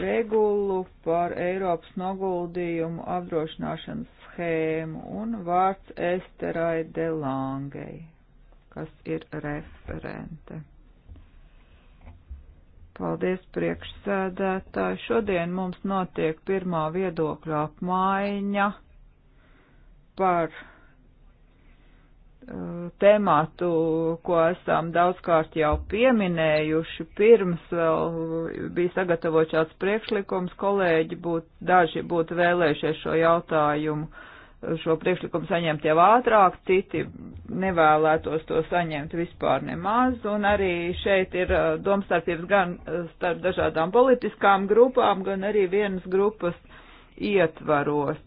regulu par Eiropas noguldījumu apdrošināšanas schēmu un vārds Esterai Delangei, kas ir referente. Paldies priekšsēdētāji. Šodien mums notiek pirmā viedokļa apmaiņa par tēmātu, ko esam daudzkārt jau pieminējuši, pirms vēl bija sagatavot šāds priekšlikums, kolēģi būtu, daži būtu vēlējušies šo jautājumu, šo priekšlikumu saņemt jau ātrāk, citi nevēlētos to saņemt vispār nemaz, un arī šeit ir uh, domstarpības gan uh, starp dažādām politiskām grupām, gan arī vienas grupas ietvaros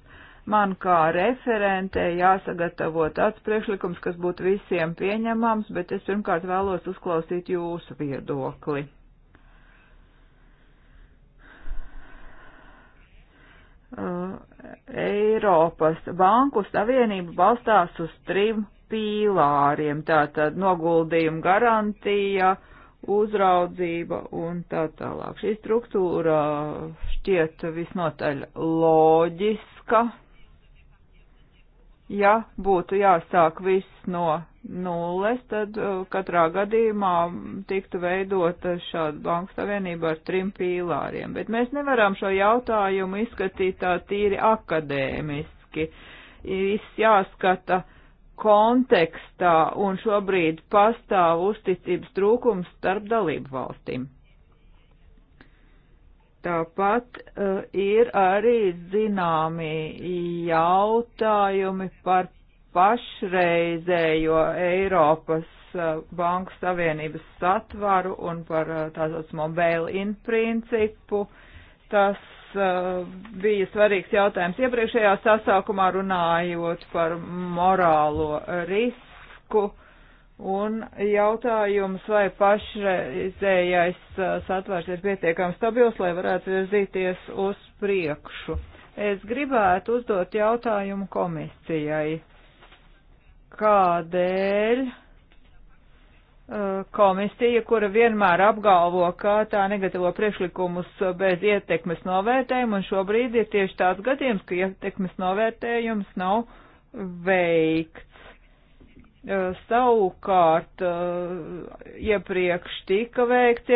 Man kā referentē jāsagatavo tāds priekšlikums, kas būtu visiem pieņemams, bet es pirmkārt vēlos uzklausīt jūsu viedokli. Uh, Eiropas Banku Savienība balstās uz trim pīlāriem - tātad noguldījuma garantija, uzraudzība un tā tālāk. Šī struktūra šķiet visnotaļ loģiska ja būtu jāsāk viss no nulles, tad uh, katrā gadījumā tiktu veidota šāda banka savienība ar trim pīlāriem. Bet mēs nevaram šo jautājumu izskatīt tā tīri akadēmiski. Viss jāskata kontekstā un šobrīd pastāv uzticības trūkums starp dalību valstīm. Tāpat uh, ir arī zināmi jautājumi par pašreizējo Eiropas uh, Banku Savienības satvaru un par uh, e, tādos mobile-in principu. Tas uh, bija svarīgs jautājums iepriekšējā sasaukumā runājot par morālo risku. Uh, Un jautājums, vai pašreizējais uh, satvers ir pietiekami stabils, lai varētu virzīties uz priekšu. Es gribētu uzdot jautājumu komisijai. Kādēļ uh, komisija, kura vienmēr apgalvo, ka tā negatavo priekšlikumus bez ietekmes novērtējuma, un šobrīd ir tieši tāds gadījums, ka ietekmes novērtējums nav veikts. Eh, savukārt eh, iepriekš tika veikts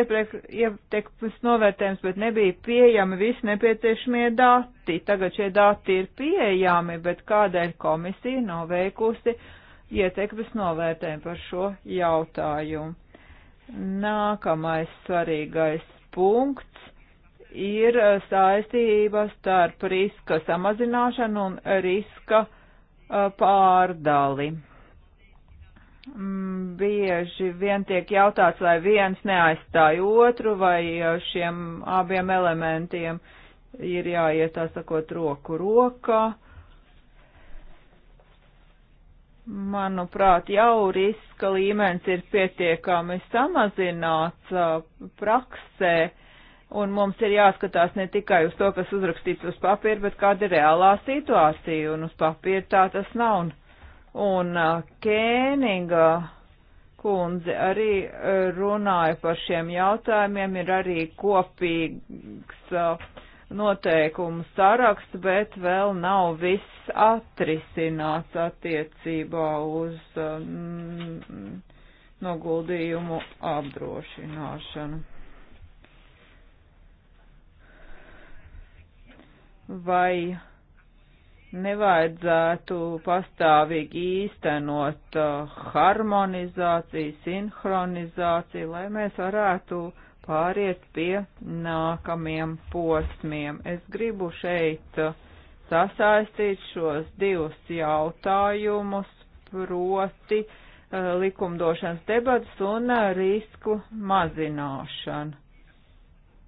ietekmes novērtējums, bet nebija pieejami visi nepieciešamie dati. Tagad šie dati ir pieejami, bet kādēļ komisija nav veikusi ietekmes novērtējumu par šo jautājumu. Nākamais svarīgais punkts ir eh, saistība starp riska samazināšanu un riska pārdali Bieži vien tiek jautāts, vai viens neaizstāj otru, vai uh, šiem abiem elementiem ir jāiet, tā sakot, roku rokā. Manuprāt, jau riska līmenis ir pietiekami samazināts uh, praksē, un mums ir jāskatās ne tikai uz to, kas uzrakstīts uz papīra, bet kāda ir reālā situācija, un uz papīra tā tas nav. Un Un uh, Kēninga kundze arī uh, runāja par šiem jautājumiem, ir arī kopīgs uh, noteikumu saraksts, bet vēl nav viss atrisināts attiecībā uz mm, noguldījumu apdrošināšanu. Vai nevajadzētu pastāvīgi īstenot uh, harmonizāciju, sinhronizāciju, lai mēs varētu pāriet pie nākamiem posmiem. Es gribu šeit uh, sasaistīt šos divus jautājumus, proti uh, likumdošanas debats un risku mazināšanu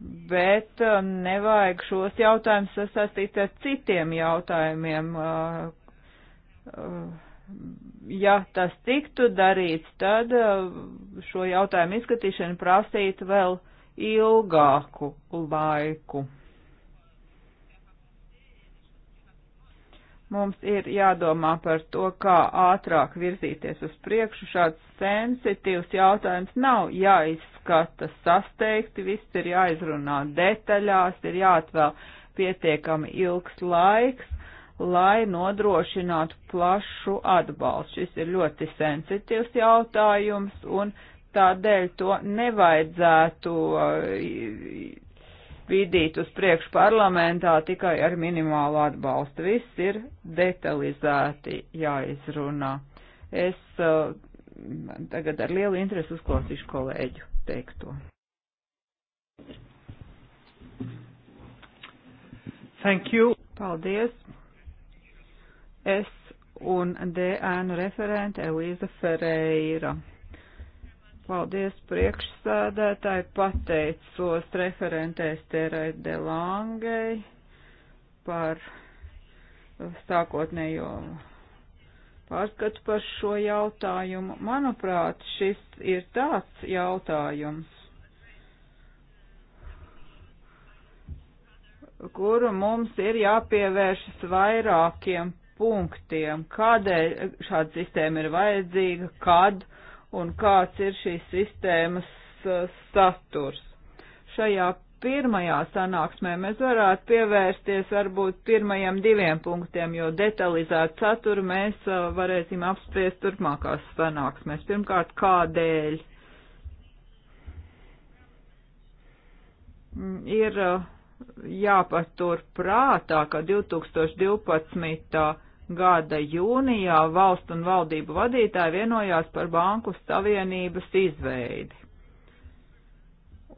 bet uh, nevajag šos jautājumus sasaistīt ar citiem jautājumiem. Uh, uh, ja tas tiktu darīts, tad šo jautājumu izskatīšana prasītu vēl ilgāku laiku. Mums ir jādomā par to, kā ātrāk virzīties uz priekšu. Šāds sensitīvs jautājums nav jāizskata jāskata sasteigti, viss ir jāizrunā detaļās, ir jāatvēl pietiekami ilgs laiks, lai nodrošinātu plašu atbalstu. Šis ir ļoti sensitīvs jautājums, un tādēļ to nevajadzētu uh, vidīt uz priekšu parlamentā tikai ar minimālu atbalstu. Viss ir detalizēti jāizrunā. Es uh, tagad ar lielu interesi uzklausīšu kolēģu teikto. Thank you. Paldies. Es un DN referente Elīza Ferreira. Paldies priekšsādētāji, pateicos referentēs Terai Delangei par sākotnējo pārskatu par šo jautājumu. Manuprāt, šis ir tāds jautājums, kuru mums ir jāpievēršas vairākiem punktiem, kādēļ šāda sistēma ir vajadzīga, kad un kāds ir šīs sistēmas saturs. Šajā pirmajā sanāksmē mēs varētu pievērsties varbūt pirmajiem diviem punktiem, jo detalizētu saturu mēs uh, varēsim apspriest turpmākās sanāksmēs. Pirmkārt, kādēļ mm, ir uh, jāpatur prātā, ka 2012. gada jūnijā valstu un valdību vadītāji vienojās par Banku Savienības izveidi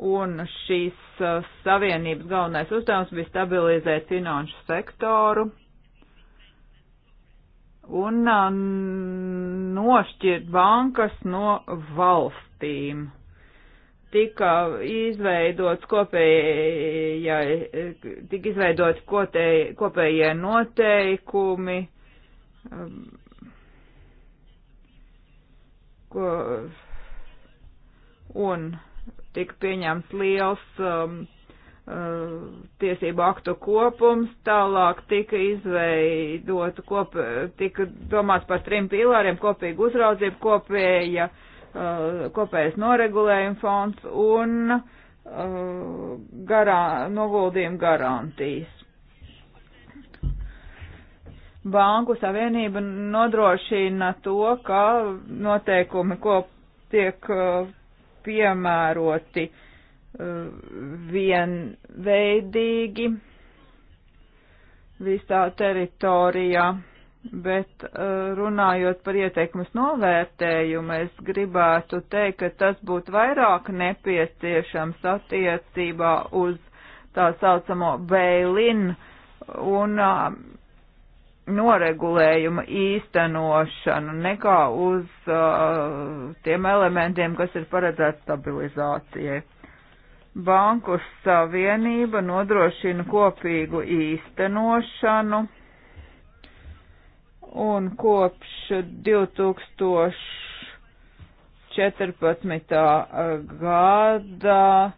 un šīs uh, savienības galvenais uzdevums bija stabilizēt finanšu sektoru un uh, nošķirt bankas no valstīm. Tika izveidots kopējai, tika izveidots kopēj, kopējie noteikumi, um, ko, un tika pieņemts liels um, uh, tiesību aktu kopums, tālāk tika izveidota, kop, tika domāts par trim pīlāriem - kopīga uzraudzība, kopēja, uh, kopējas noregulējuma fonds un uh, garā, noguldījuma garantijas. Banku savienība nodrošina to, ka noteikumi, ko tiek uh, piemēroti uh, vienveidīgi visā teritorijā, bet uh, runājot par ieteikumus novērtējumu, es gribētu teikt, ka tas būtu vairāk nepieciešams attiecībā uz tā saucamo bailin un uh, noregulējuma īstenošanu nekā uz uh, tiem elementiem, kas ir paredzēti stabilizācijai. Banku savienība nodrošina kopīgu īstenošanu un kopš 2014. gadā uh,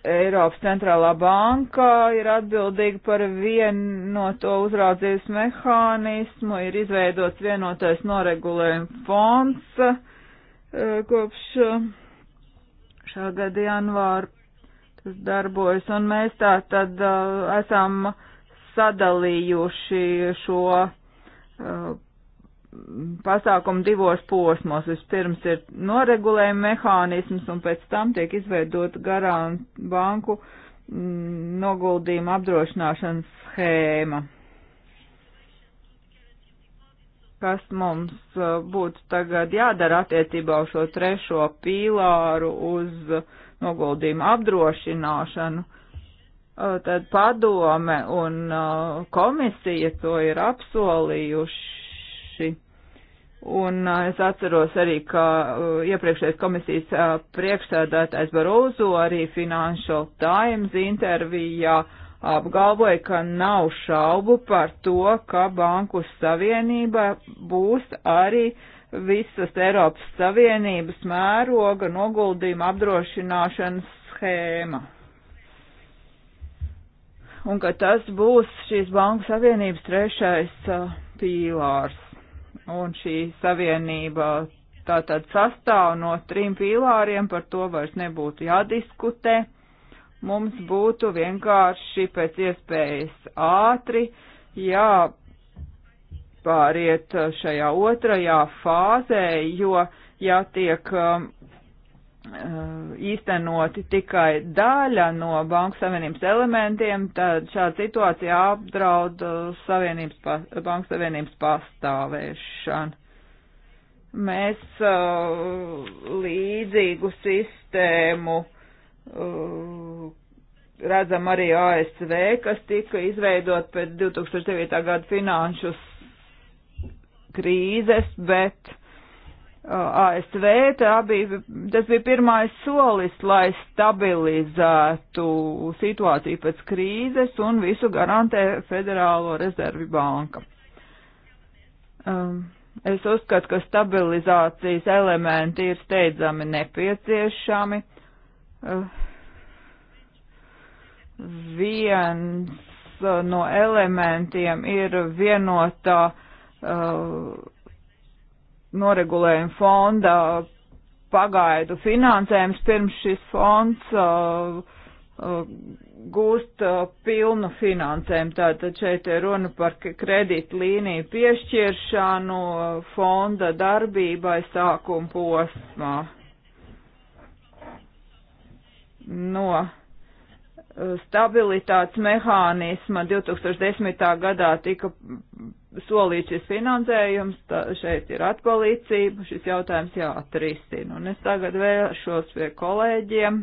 Eiropas centrālā banka ir atbildīga par vienoto no uzraudzības mehānismu, ir izveidots vienotais noregulējuma fonds eh, kopš eh, šā gada janvāra tas darbojas, un mēs tā tad eh, esam sadalījuši šo pasākumu divos posmos. Vispirms ir noregulējuma mehānisms un pēc tam tiek izveidot garant banku mm, noguldījuma apdrošināšanas schēma. Kas mums uh, būtu tagad jādara attiecībā uz šo trešo pīlāru uz noguldījuma apdrošināšanu? Uh, tad padome un uh, komisija to ir apsolījuši tieši. Un uh, es atceros arī, ka uh, iepriekšējais komisijas uh, priekšsēdētājs Barozo arī Financial Times intervijā apgalvoja, ka nav šaubu par to, ka Banku Savienība būs arī visas Eiropas Savienības mēroga noguldījuma apdrošināšanas schēma. Un ka tas būs šīs Banku Savienības trešais pīlārs. Un šī savienība tātad sastāv no trim pīlāriem, par to vairs nebūtu jādiskutē. Mums būtu vienkārši pēc iespējas ātri jāpāriet šajā otrajā fāzē, jo jātiek um, Eh, īstenoti tikai daļa no Banku Savienības elementiem, tad šāda situācija apdraud eh, savienības, Banku Savienības pastāvēšanu. Mēs uh, līdzīgu sistēmu uh, redzam arī ASV, kas tika izveidot pēc 2009. gada finanšu krīzes, bet ASV, bija, tas bija pirmais solis, lai stabilizētu situāciju pēc krīzes un visu garantē Federālo rezervi banka. Um, es uzskatu, ka stabilizācijas elementi ir steidzami nepieciešami. Uh, viens no elementiem ir vienotā uh, noregulējuma fonda pagaidu finansējums pirms šis fonds uh, uh, gūst uh, pilnu finansējumu. Tātad šeit ir runa par kredītu līniju piešķiršanu uh, fonda darbībai sākuma posmā. No stabilitātes mehānisma 2010. gadā tika solīts šis finansējums, tā, šeit ir atpalīdzība, šis jautājums jāatrisina. Un es tagad vēršos pie kolēģiem.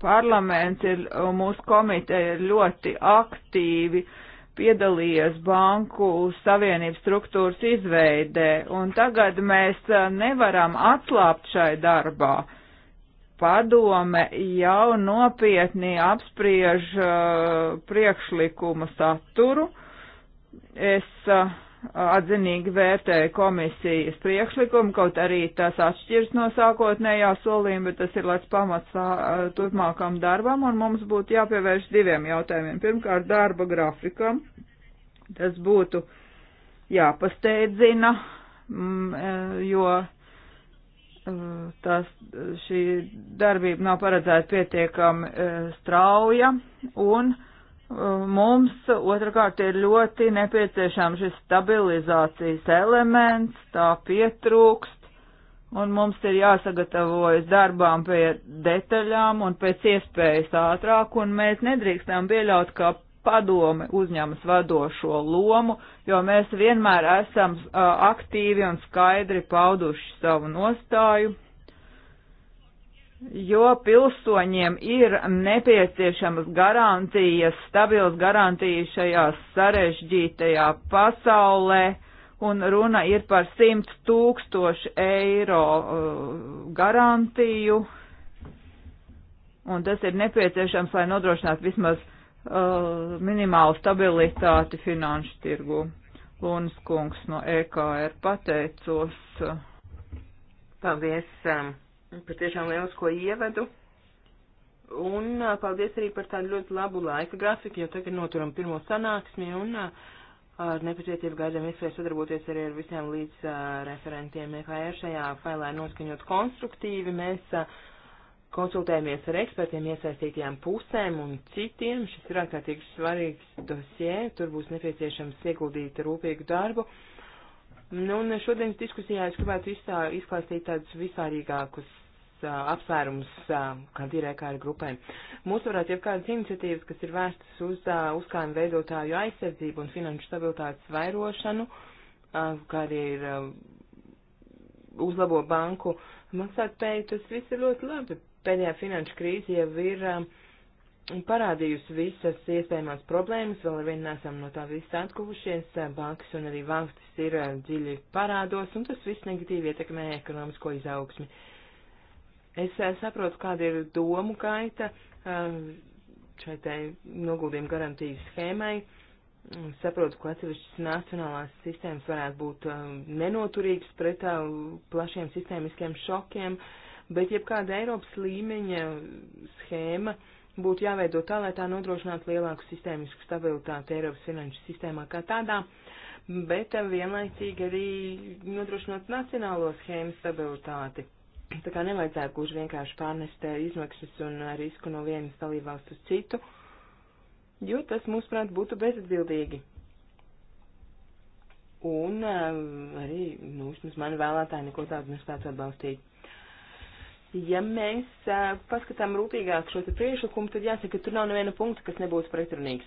Parlaments ir, mūsu komiteja ir ļoti aktīvi piedalījies Banku Savienības struktūras izveidē, un tagad mēs eh, nevaram atslāpt šai darbā padome jau nopietni apspriež uh, priekšlikumu saturu. Es uh, atzinīgi vērtēju komisijas priekšlikumu, kaut arī tas atšķirs no sākotnējā solījuma, bet tas ir lēts pamats uh, turpmākam darbam, un mums būtu jāpievērš diviem jautājumiem. Pirmkārt, darba grafikam. Tas būtu jāpasteidzina, mm, eh, jo tas, šī darbība nav paredzēta pietiekami e, strauja, un e, mums otrkārt ir ļoti nepieciešams šis stabilizācijas elements, tā pietrūkst, un mums ir jāsagatavojas darbām pie detaļām un pēc iespējas ātrāk, un mēs nedrīkstam pieļaut, ka padome uzņemas vadošo lomu, jo mēs vienmēr esam uh, aktīvi un skaidri pauduši savu nostāju, jo pilsoņiem ir nepieciešamas garantijas, stabils garantijas šajā sarežģītajā pasaulē, un runa ir par 100 tūkstošu eiro uh, garantiju, un tas ir nepieciešams, lai nodrošinātu vismaz uh, minimālu stabilitāti finanšu tirgu. Lūnas kungs no EKR pateicos. Paldies, um, par tiešām lielisko ievadu. Un uh, paldies arī par tādu ļoti labu laika grafiku, jo tagad noturam pirmo sanāksmi un uh, ar nepacietību gaidām iespēju sadarboties arī ar visiem līdz uh, referentiem EKR šajā failē noskaņot konstruktīvi. Mēs uh, konsultējamies ar ekspertiem, iesaistītajām pusēm un citiem. Šis ir ārkārtīgi svarīgs dosie, tur būs nepieciešams ieguldīt rūpīgu darbu. Nu, un šodienas diskusijā es gribētu izstā, izklāstīt tādus visārīgākus uh, apsvērums, uh, kā dirēkā kā ar grupēm. Mūs varētu jau kādas iniciatīvas, kas ir vērstas uz uh, uzkrājumu veidotāju aizsardzību un finanšu stabilitātes vairošanu, uh, kā arī ir uh, uzlabo banku maksātspēju, tas viss ir ļoti labi pēdējā finanšu krīze jau ir um, parādījusi visas iespējamās problēmas, vēl ar vienu nesam no tā viss atkuvušies, bankas un arī valstis ir uh, dziļi parādos, un tas viss negatīvi ietekmē ekonomisko izaugsmi. Es uh, saprotu, kāda ir domu kaita um, šai te noguldījuma garantijas schēmai. Saprotu, ka atsevišķas nacionālās sistēmas varētu būt um, nenoturīgas pret uh, plašiem sistēmiskiem šokiem. Uh, bet jebkāda Eiropas līmeņa schēma būtu jāveido tā, lai tā nodrošinātu lielāku sistēmisku stabilitāti Eiropas finanšu sistēmā kā tādā, bet eh, vienlaicīgi arī nodrošinot nacionālo schēmu stabilitāti. Tā kā nevajadzētu gluži vienkārši pārnest eh, izmaksas un eh, risku no vienas dalībvalsts uz citu, jo tas, mūsuprāt, būtu bezatbildīgi. Un arī, nu, vismaz mani vēlētāji neko tādu nespētu atbalstīt. Ja mēs paskatām rūpīgāk šo priekšlikumu, tad jāsaka, ka tur nav neviena punkta, kas nebūtu pretrunīgs.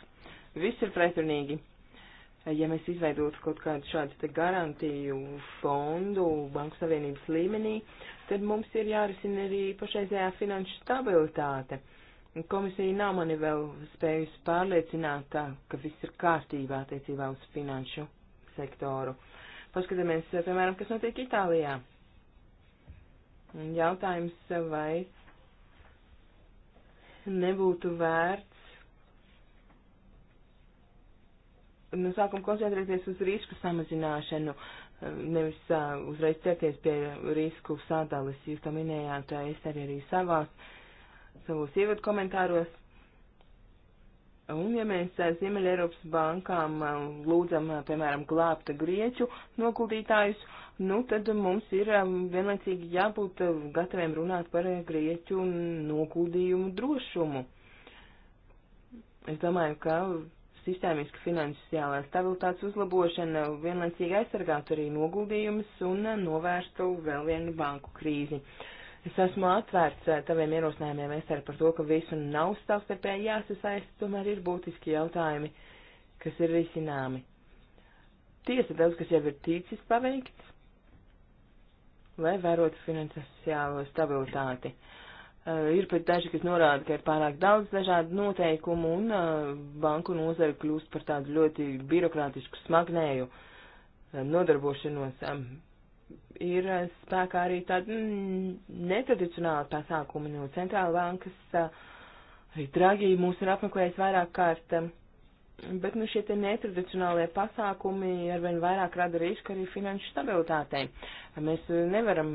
Viss ir pretrunīgi. Ja mēs izveidotu kaut kādu šādu garantiju fondu Banku Savienības līmenī, tad mums ir jārisina arī pašreizējā finanšu stabilitāte. Komisija nav mani vēl spējusi pārliecināt, ka viss ir kārtībā attiecībā uz finanšu sektoru. Paskatāmies, piemēram, kas notiek Itālijā. Un jautājums, vai nebūtu vērts no sākuma koncentrēties uz risku samazināšanu, nevis uh, uzreiz ķerties pie risku sādales. Jūs to minējāt, es arī, arī savās, savos ievadu komentāros. Un ja mēs Ziemeļa Eiropas bankām lūdzam, piemēram, glābta grieķu noguldītājus, nu tad mums ir um, vienlaicīgi jābūt um, gataviem runāt par eh, grieķu nokuldījumu drošumu. Es domāju, ka sistēmiska finansiālā stabilitātes uzlabošana vienlaicīgi aizsargātu arī noguldījumus un eh, novērstu vēl vienu banku krīzi. Es esmu atvērts eh, taviem ierosinājumiem, es arī par to, ka visu nav savstarpēji jāsasaist, tomēr ir būtiski jautājumi, kas ir risināmi. Tiesa, daudz kas jau ir ticis paveikts, lai vērotu finansiālo stabilitāti. Uh, ir pat daži, kas norāda, ka ir pārāk daudz dažādu noteikumu un uh, banku nozara kļūst par tādu ļoti birokrātisku smagnēju uh, nodarbošanos. Um, ir uh, spēkā arī tādi mm, netradicionāli pasākumi no centrāla bankas. Uh, arī Dragi mūs ir apmeklējis vairāk kārt. Um, Bet nu, šie netradicionālie pasākumi arvien vairāk rada risku arī finanšu stabilitātei. Mēs nevaram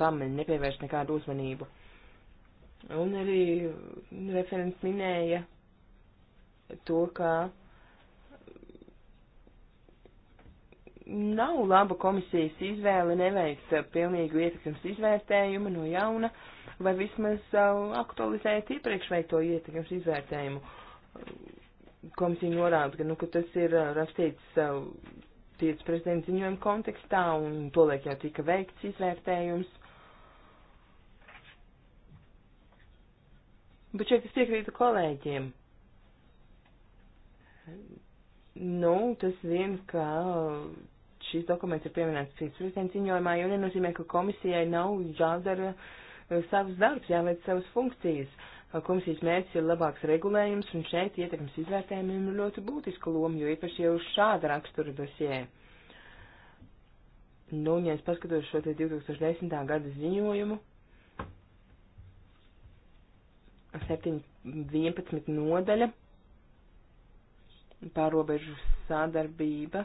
tam nepievērst nekādu uzmanību. Un arī referents minēja to, ka nav laba komisijas izvēle neveikt pilnīgu ietekmes izvērtējumu no jauna vai vismaz aktualizēt iepriekš veikto ietekmes izvērtējumu komisija norāda, ka, nu, ka tas ir rakstīts tiec prezidenta ziņojuma kontekstā un toliek jau tika veikts izvērtējums. Bet šeit es piekrītu kolēģiem. Nu, tas vien, ka šīs dokuments ir pieminēts cits prezidenta ziņojumā, jau nenozīmē, ka komisijai nav jādara savs darbs, jāveic savas funkcijas. Uh, Komisijas mērķis ir labāks regulējums, un šeit ietekmes izvērtējumiem ir ļoti būtiska loma, jo īpaši jau šāda rakstura dosijai. Nu, un, ja es paskatos šo 2010. gada ziņojumu, 7.11. nodaļa, pārobežu sadarbība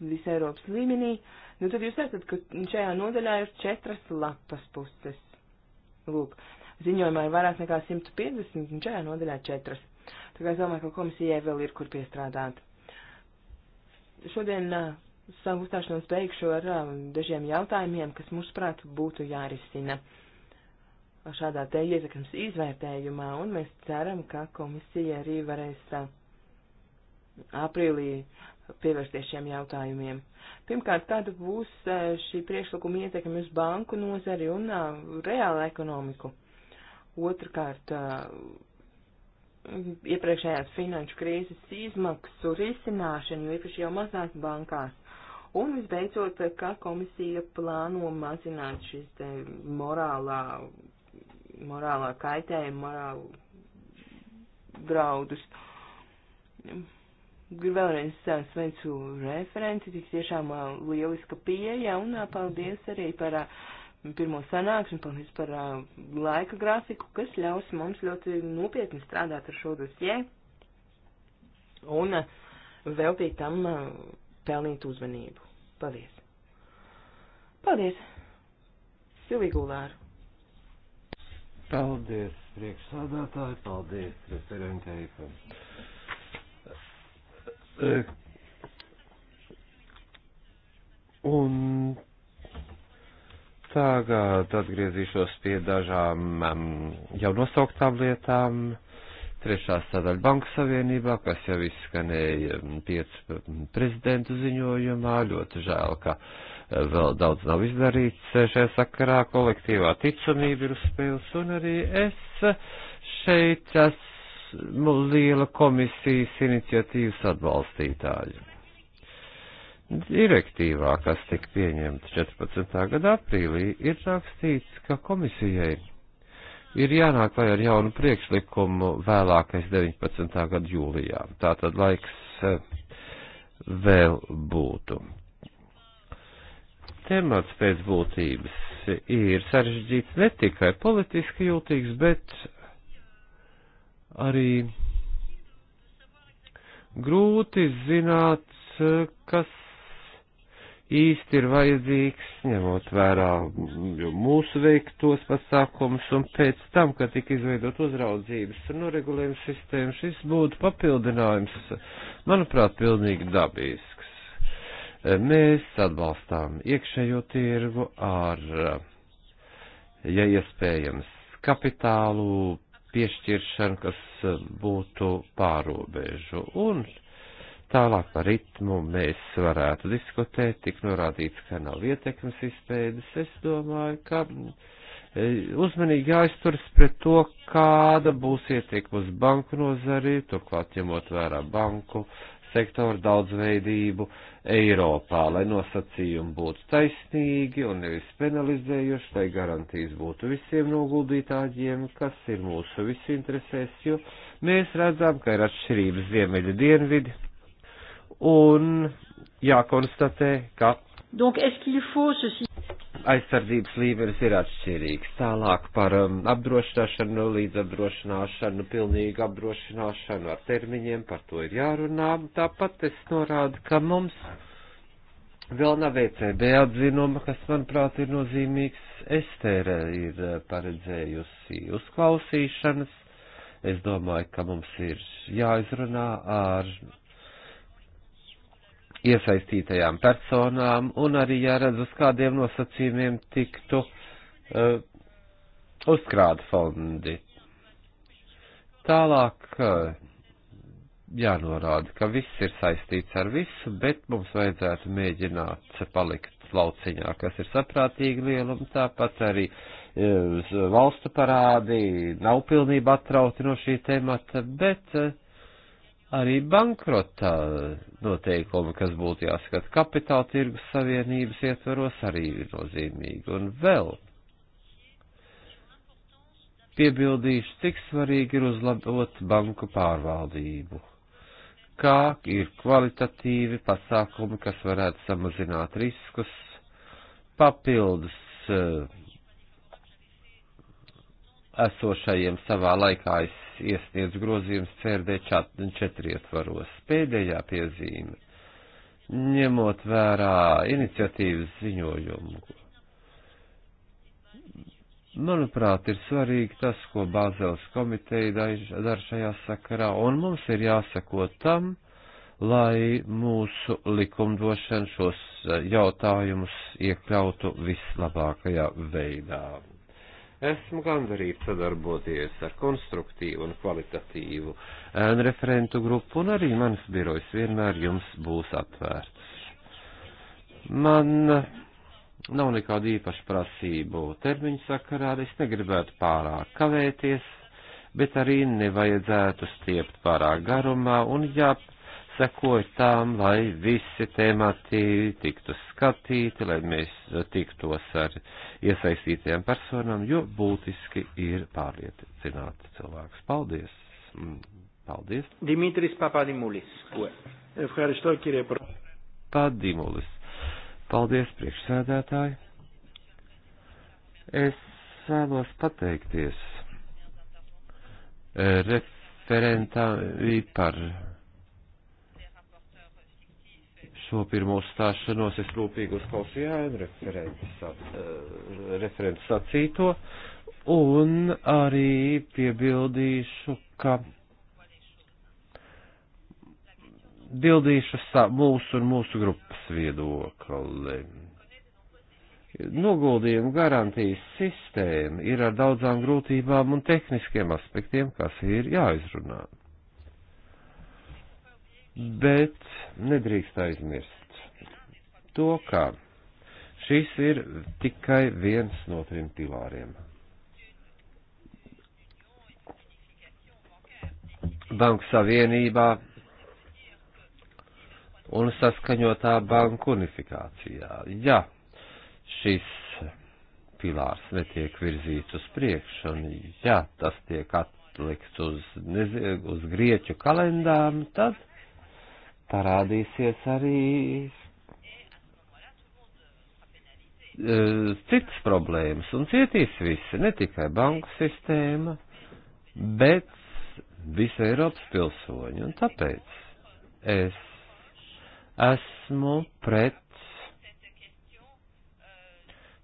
visā Eiropas līmenī, uh, Nu, tad jūs redzat, ka šajā nodaļā ir četras lapas puses. Lūk, ziņojumā ir vairāk nekā 150, un šajā nodaļā četras. Tā kā es domāju, ka komisijai vēl ir kur piestrādāt. Šodien uh, savu uzstāšanos beigšu ar uh, dažiem jautājumiem, kas mums prāt būtu jārisina šādā te ietekmes izvērtējumā, un mēs ceram, ka komisija arī varēs uh, aprīlī pievērsties šiem jautājumiem. Pirmkārt, kāda būs e, šī priekšlikuma ietekme uz banku nozari un e, reālu ekonomiku? Otrakārt, e, iepriekšējās finanšu krīzes izmaksu risināšanu, jo īpaši jau mazās bankās. Un visbeidzot, kā komisija plāno mazināt šīs te morālā, morālā kaitējuma, morālu draudus. Gribu vēlreiz sveicu referenci, tik tiešām uh, lieliska pieeja un uh, paldies arī par uh, pirmo sanāksmi, paldies par laika grafiku, kas ļaus mums ļoti nopietni strādāt ar šo dosie un veltīt tam pelnīt uzmanību. Paldies! Paldies! Silvija Gulāra! Paldies, priekšsādātāji, paldies referentei! Paldies. Eh, un tagad atgriezīšos pie dažām jau nosauktām lietām. Trešā sadaļa Banka Savienībā, kas jau izskanēja piecu prezidentu ziņojumā, ļoti žēl, ka eh, vēl daudz nav izdarīts eh, šajā sakarā, kolektīvā ticamība ir uz spēles, un arī es šeit esmu Nu, liela komisijas iniciatīvas atbalstītāju. Direktīvā, kas tika pieņemta 14. gada aprīlī, ir rakstīts, ka komisijai ir jānāk vai ar jaunu priekšlikumu vēlākais 19. gada jūlijā. Tā tad laiks eh, vēl būtu. Temats pēc būtības ir sarežģīts ne tikai politiski jūtīgs, bet arī grūti zināt, kas īsti ir vajadzīgs, ņemot vērā mūsu veiktos pasākumus, un pēc tam, kad tika izveidot uzraudzības un noregulējuma sistēma, šis būtu papildinājums, manuprāt, pilnīgi dabisks. Mēs atbalstām iekšējo tirgu ar, ja iespējams, kapitālu piešķiršanu, kas eh, būtu pārobežu. Un tālāk par ritmu mēs varētu diskutēt, tik norādīts, ka nav ietekmes izpēdes. Es domāju, ka eh, uzmanīgi jāizturas pret to, kāda būs ietekme uz banku nozari, turklāt ņemot vērā banku sektoru daudzveidību, uh, Eiropā, lai nosacījumi būtu taisnīgi un nevis penalizējuši, lai garantijas būtu visiem noguldītājiem, kas ir mūsu visu interesēs, jo mēs redzam, ka ir atšķirības ziemeļa dienvidi un jākonstatē, ka. Donc, aizsardzības līmenis ir atšķirīgs. Tālāk par um, apdrošināšanu, līdz apdrošināšanu, pilnīgu apdrošināšanu ar termiņiem, par to ir jārunā. Tāpat es norādu, ka mums vēl nav ECB atzinuma, kas, manuprāt, ir nozīmīgs. Estere ir uh, paredzējusi uzklausīšanas. Es domāju, ka mums ir jāizrunā ar iesaistītajām personām un arī jāredz uz kādiem nosacījumiem tiktu uh, eh, uzkrāta fondi. Tālāk uh, jānorāda, ka viss ir saistīts ar visu, bet mums vajadzētu mēģināt palikt lauciņā, kas ir saprātīgi lieluma, tāpat arī uh, valstu parādi nav pilnībā atrauti no šī temata, bet uh, arī bankrota noteikumi, kas būtu jāskata kapitāla tirgus savienības ietvaros, arī ir nozīmīgi. Un vēl piebildīšu, cik svarīgi ir uzlabot banku pārvaldību. Kā ir kvalitatīvi pasākumi, kas varētu samazināt riskus, papildus eh, esošajiem savā laikā es iesniedz grozījums CRD 4 ietvaros. Pēdējā piezīme, ņemot vērā iniciatīvas ziņojumu, manuprāt, ir svarīgi tas, ko Bāzeles komiteja dara šajā sakarā, un mums ir jāsako tam, lai mūsu likumdošana šos eh, jautājumus iekļautu vislabākajā veidā. Esmu gandarīts sadarboties ar konstruktīvu un kvalitatīvu ēnu referentu grupu, un arī mans birojs vienmēr jums būs atvērts. Man nav nekādu īpašu prasību termiņu sakarā, es negribētu pārāk kavēties, bet arī nevajadzētu stiept pārāk garumā, un jā, ja sekoju tām, lai visi temati tiktu skatīti, lai mēs tiktos ar iesaistītajām personām, jo būtiski ir pārliecināt cilvēkus. Paldies! Mm, paldies! Dimitris Papadimulis. Ευχαριστώ κύριε Πρόεδρε. Παντιμούλης. Paldies, priekšsēdētāji. Es vēlos pateikties referentā par šo pirmo stāšanos es rūpīgi uzklausīju ēnu eh, referents sacīto un arī piebildīšu, ka bildīšu mūsu un mūsu grupas viedokli. Noguldījumu garantijas sistēma ir ar daudzām grūtībām un tehniskiem aspektiem, kas ir jāizrunā. Bet nedrīkst aizmirst to, ka šis ir tikai viens no trim pilāriem. Banku savienībā un saskaņotā banku unifikācijā. Ja šis pilārs netiek virzīts uz priekšu, un ja tas tiek atlikts uz, nez, uz grieķu kalendām, tad parādīsies arī e, citas problēmas un cietīs visi, ne tikai banku sistēma, bet visa Eiropas pilsoņa. Un tāpēc es esmu pret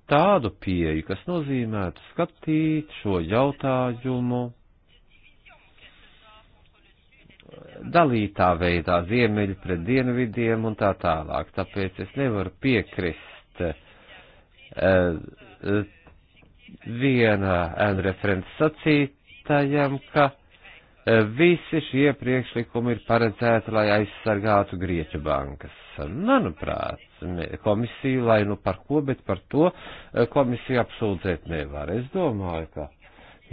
tādu pieeju, kas nozīmētu skatīt šo jautājumu dalītā veidā ziemeļi pret dienvidiem un tā tālāk. Tāpēc es nevaru piekrist uh, viena referents sacītajam, ka eh, visi šie priekšlikumi ir paredzēti, lai aizsargātu Grieķu bankas. Manuprāt, komisiju, lai nu par ko, bet par to eh, komisiju apsūdzēt nevar. Es domāju, ka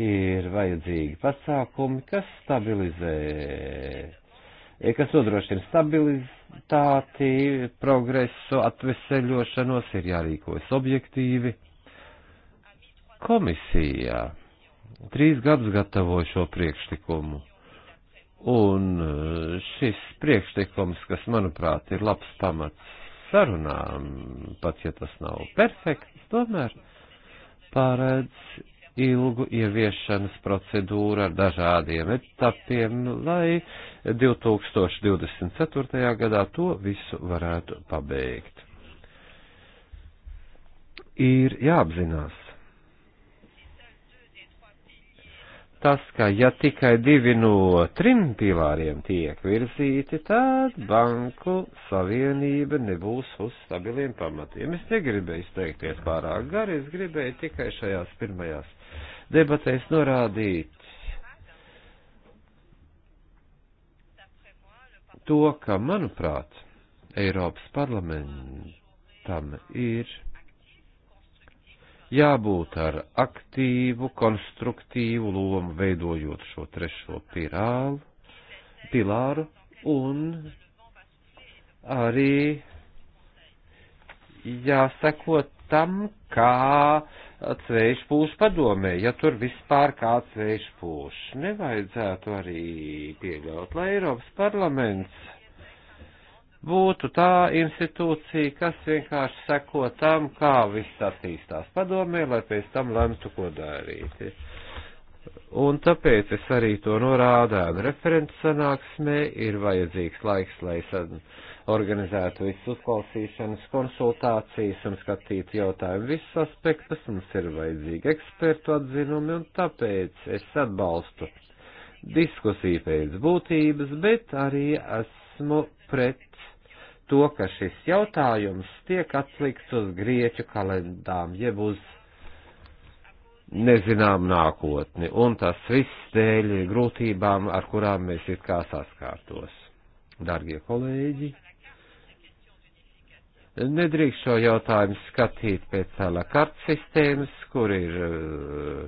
ir vajadzīgi pasākumi, kas stabilizē, e, kas nodrošina stabilitāti, progresu, atveseļošanos, ir jārīkojas objektīvi. Komisijā trīs gadus gatavoju šo priekšlikumu. Un e, šis priekšlikums, kas manuprāt ir labs pamats sarunām, pat ja tas nav perfekts, tomēr pārēdz ilgu ieviešanas procedūru ar dažādiem etapiem, lai 2024. gadā to visu varētu pabeigt. Ir jāapzinās, tas, ka ja tikai divi no trim pilāriem tiek virzīti, tad banku savienība nebūs uz stabiliem pamatiem. Es negribēju izteikties pārāk gari, es gribēju tikai šajās pirmajās debatēs norādīt to, ka, manuprāt, Eiropas parlamentam ir jābūt ar aktīvu, konstruktīvu lomu veidojot šo trešo pirālu, pilāru un arī jāsako tam, kā vējš pūš padomē, ja tur vispār kāds vējš pūš. Nevajadzētu arī pieļaut, lai Eiropas parlaments būtu tā institūcija, kas vienkārši seko tam, kā viss attīstās padomē, lai pēc tam lemtu, ko darīt. Un tāpēc es arī to norādēju, referents sanāksmē ir vajadzīgs laiks, lai sadarbības organizētu visu uzklausīšanas, konsultācijas un skatītu jautājumu visus aspektus. Mums ir vajadzīgi ekspertu atzinumi un tāpēc es atbalstu diskusiju pēc būtības, bet arī esmu pret to, ka šis jautājums tiek atlikts uz grieķu kalendām, jeb uz nezinām nākotni, un tas viss dēļ grūtībām, ar kurām mēs it kā saskārtos. Dargie kolēģi, Nedrīkst šo jautājumu skatīt pēc ala kart sistēmas, kur ir eh,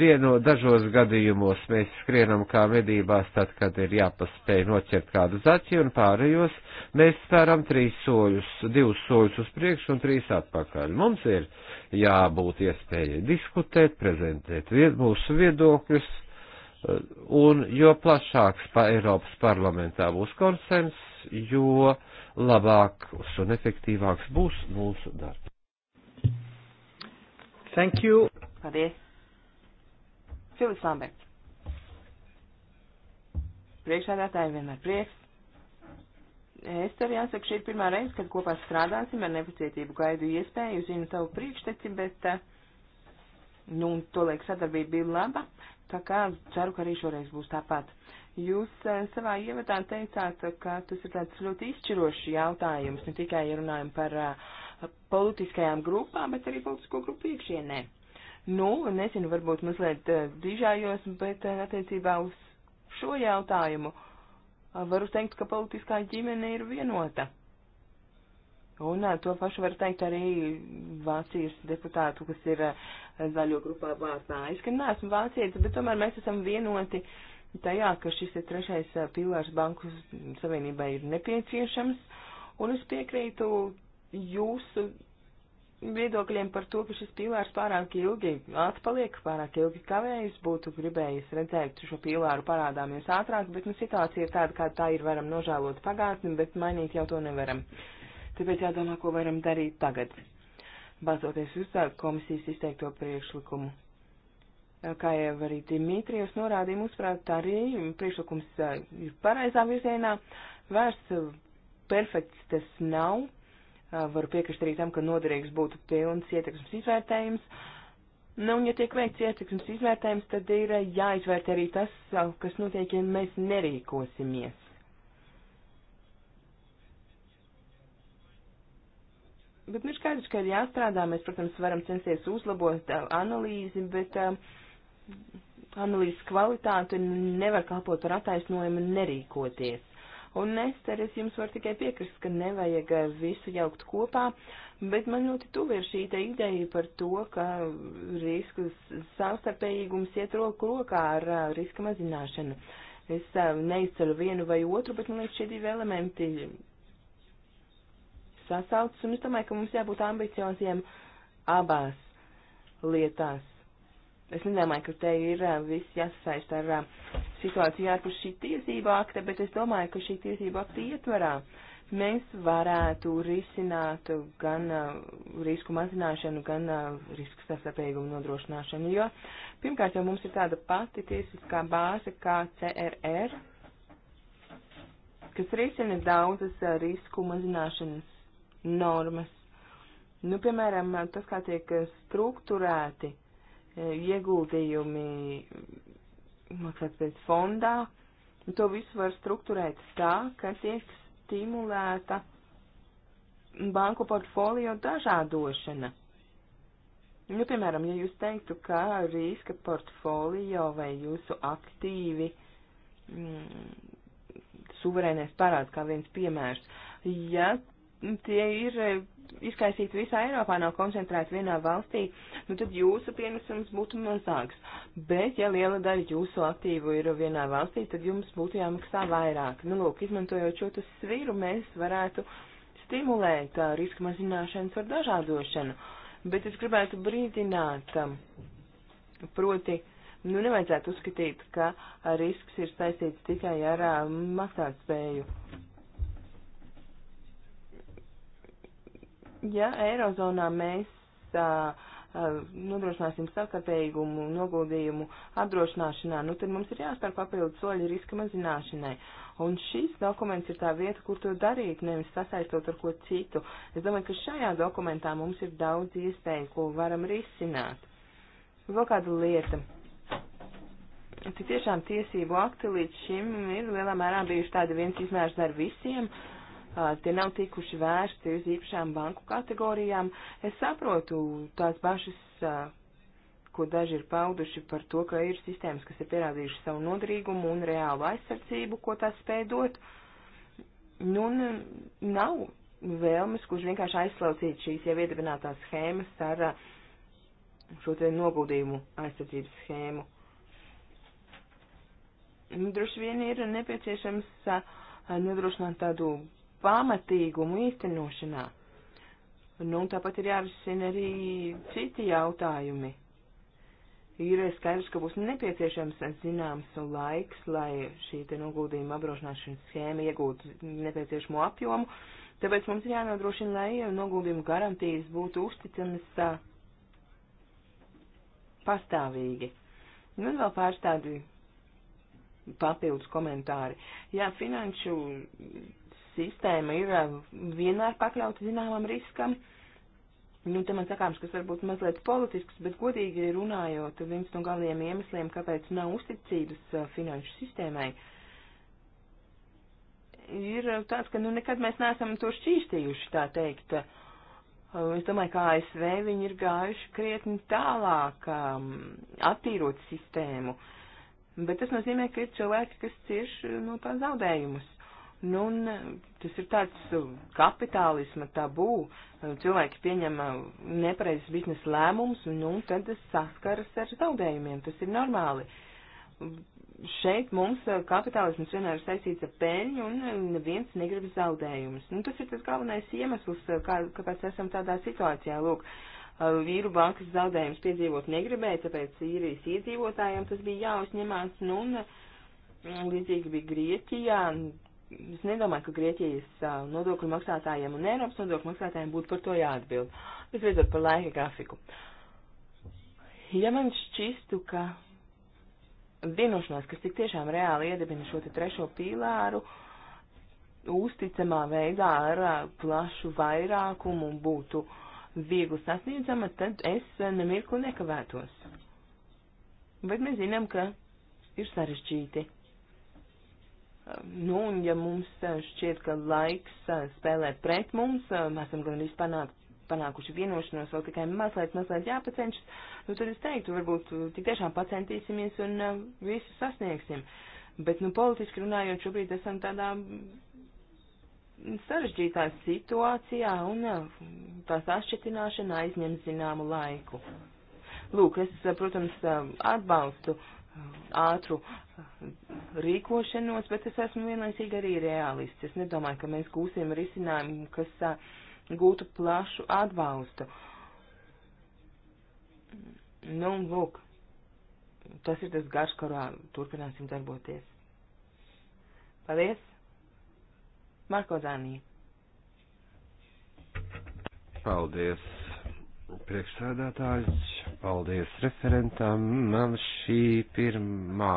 vieno dažos gadījumos mēs skrienam kā medībās, tad, kad ir jāpaspēj noķert kādu zaķi, un pārējos mēs spēram trīs soļus, divus soļus uz priekšu un trīs atpakaļ. Mums ir jābūt iespējai diskutēt, prezentēt vied, mūsu viedokļus, un jo plašāks pa Eiropas parlamentā būs konsens, jo labāks un efektīvāks būs mūsu darbs. Thank you. Paldies. Filips Lamberts. Priekšādātāji vienmēr prieks. Es arī jāsaka, šī ir pirmā reize, kad kopā strādāsim ar nepacietību gaidu iespēju, zinu tavu priekšteci, bet uh, Nu, toliek sadarbība bija laba, tā kā ceru, ka arī šoreiz būs tāpat. Jūs eh, savā ievadā teicāt, ka tas ir tāds ļoti izšķirošs jautājums, ne tikai ja runājam par eh, politiskajām grupām, bet arī politisko grupu iekšienē. Nu, nezinu, varbūt mazliet eh, dižājos, bet attiecībā uz šo jautājumu varu teikt, ka politiskā ģimene ir vienota. Un eh, to pašu var teikt arī Vācijas deputātu, kas ir eh, zaļo grupā vārdā. Es gan neesmu vācietis, bet tomēr mēs esam vienoti tajā, ka šis ir trešais eh, pilārs banku savienībai ir nepieciešams. Un es piekrītu jūsu viedokļiem par to, ka šis pilārs pārāk ilgi atpaliek, pārāk ilgi kavējas, būtu gribējis redzēt šo pilāru parādāmies ātrāk, bet nu, situācija ir tāda, kā tā ir, varam nožēlot pagātni, bet mainīt jau to nevaram. Uh, tāpēc jādomā, ko varam darīt tagad, balsoties uz komisijas izteikto priekšlikumu. Kā jau arī Dimitrijus norādīja, mūsuprāt, arī priekšlikums ir pareizā virzienā, vērsts perfekts tas nav. Varu piekrist arī tam, ka noderīgs būtu pilns ietekmes izvērtējums. Nu, un ja tiek veikts ietekmes izvērtējums, tad ir jāizvērtē arī tas, kas notiek, ja mēs nerīkosimies. Bet nu, skaidrs, ka ir jāstrādā. Mēs, protams, varam censties uzlabot analīzi, bet analīzes kvalitāte nevar kalpot par attaisnojumu nerīkoties. Un es ceru, es jums varu tikai piekrist, ka nevajag visu jaukt kopā, bet man ļoti tuvi ir šī ideja par to, ka risku savstarpējīgums iet roku rokā ar riska mazināšanu. Es neizceru vienu vai otru, bet man liekas, šie divi elementi sasaucas, un es domāju, ka mums jābūt ambicioziem abās lietās. Es nedomāju, ka te ir viss jāsasaist ar situāciju ārpus šī tiesība akta, bet es domāju, ka šī tiesība akta ietvarā mēs varētu risināt gan uh, risku mazināšanu, gan uh, risku sastarpējumu nodrošināšanu, jo pirmkārt jau mums ir tāda pati tiesiskā bāze kā CRR, kas risina daudzas uh, risku mazināšanas normas. Nu, piemēram, tas, kā tiek struktūrēti e, ieguldījumi maksāt pēc fondā, to visu var struktūrēt tā, ka tiek stimulēta banku portfolio dažādošana. Nu, piemēram, ja jūs teiktu, ka riska portfolio vai jūsu aktīvi mm, suverēnais parāds, kā viens piemērs, ja tie ir eh, izkaisīti visā Eiropā, nav koncentrēti vienā valstī, nu tad jūsu pienesums būtu mazāks. Bet, ja liela daļa jūsu aktīvu ir vienā valstī, tad jums būtu jāmaksā vairāk. Nu, lūk, izmantojot šo svīru, mēs varētu stimulēt eh, riska mazināšanas ar dažādošanu. Bet es gribētu brīdināt, eh, proti, nu nevajadzētu uzskatīt, ka risks ir saistīts tikai ar maksātspēju. Ja Eirozonā mēs uh, nodrošināsim savstarpējumu noguldījumu apdrošināšanā, nu tad mums ir jāspēr papildu soļi riska mazināšanai. Un šis dokuments ir tā vieta, kur to darīt, nevis sasaistot ar ko citu. Es domāju, ka šajā dokumentā mums ir daudz iespēju, ko varam risināt. Vēl kāda lieta. Tik tiešām tiesību akti līdz šim ir lielā mērā bijuši tādi viens izmērs ar visiem. Uh, tie nav tikuši vērsti uz īpašām banku kategorijām. Es saprotu tās bažas, ko daži ir pauduši par to, ka ir sistēmas, kas ir pierādījušas savu noderīgumu un reālu aizsardzību, ko tās spēj dot. Nu, nav vēlmes, kurš vienkārši aizslaucīt šīs jau iedibinātās schēmas ar šo te noguldījumu aizsardzības schēmu. Nu, droši vien ir nepieciešams nodrošināt tādu pamatīgumu īstenošanā. Nu, tāpat ir jārisina arī citi jautājumi. Ir skaidrs, ka būs nepieciešams zināms laiks, lai šī te noguldījuma apdrošināšanas schēma iegūtu nepieciešamo apjomu, tāpēc mums ir jānodrošina, lai noguldījuma garantijas būtu uzticamas pastāvīgi. Nu, vēl pāris tādi papildus komentāri. Jā, finanšu sistēma ir eh, vienmēr pakļauta zināmam riskam. Nu, te man sakāms, kas varbūt mazliet politisks, bet godīgi runājot, viens no galiem iemesliem, kāpēc nav uzticības eh, finanšu sistēmai, ir eh, tāds, ka nu, nekad mēs neesam to šķīstījuši, tā teikt. Es domāju, ka ASV viņi ir gājuši krietni tālāk, ehm, attīrot sistēmu. Bet tas nozīmē, ka ir cilvēki, kas cieš no tā zaudējumus. Nu, un eh, tas ir tāds eh, kapitālisma tabū. Eh, cilvēki pieņem nepareizes biznesa lēmumus, nu, un tad saskaras ar zaudējumiem. Tas ir normāli. Šeit mums kapitālisms vienmēr ir saistīts ar peļņu, un neviens negrib zaudējumus. Nu, tas ir tas galvenais iemesls, kā, kāpēc esam tādā situācijā. Lūk, vīru bankas zaudējums piedzīvot negribēja, tāpēc īrijas iedzīvotājiem tas bija jāuzņemās, nu, un līdzīgi bija Grieķijā. Un, es nedomāju, ka Grieķijas nodokļu maksātājiem un Eiropas nodokļu maksātājiem būtu par to jāatbild. Visbeidzot par laika grafiku. Ja man šķistu, ka vienošanās, kas tik tiešām reāli iedibina šo te trešo pīlāru, uzticamā veidā ar plašu vairākumu būtu viegli sasniedzama, tad es nemirkli nekavētos. Bet mēs zinām, ka ir sarežģīti. Nu, un ja mums eh, šķiet, ka laiks eh, spēlē pret mums, eh, mēs esam gan arī panākt, panākuši vienošanos, vēl tikai mazliet, mazliet jāpacenšas, nu tad es teiktu, varbūt tik tiešām pacentīsimies un visu sasniegsim. Bet, nu, politiski runājot, šobrīd esam tādā mm, sarežģītā situācijā un tās atšķitināšana aizņem zināmu laiku. Lūk, es, protams, atbalstu ātru rīkošanos, bet es esmu vienlaicīgi arī realists. Es nedomāju, ka mēs gūsim risinājumu, kas gūtu plašu atbalstu. Nu, lūk, tas ir tas garš, kurā turpināsim darboties. Paldies! Marko Zānī. Paldies, priekšsēdētājs. Paldies referentam. Man šī pirmā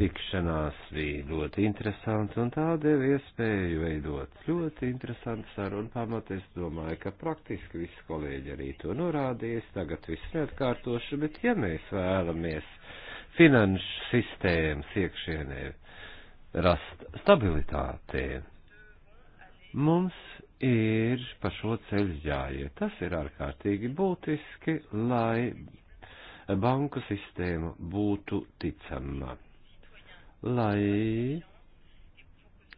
tikšanās bija ļoti interesants un tā deva iespēju veidot ļoti interesantu sarunu pamatu. Es domāju, ka praktiski visi kolēģi arī to norādījis. Tagad viss neatkārtošu, bet ja mēs vēlamies finanšu sistēmas iekšienē rast stabilitātē, mums ir pa šo ceļu jāiet. Tas ir ārkārtīgi būtiski, lai banku sistēma būtu ticama, lai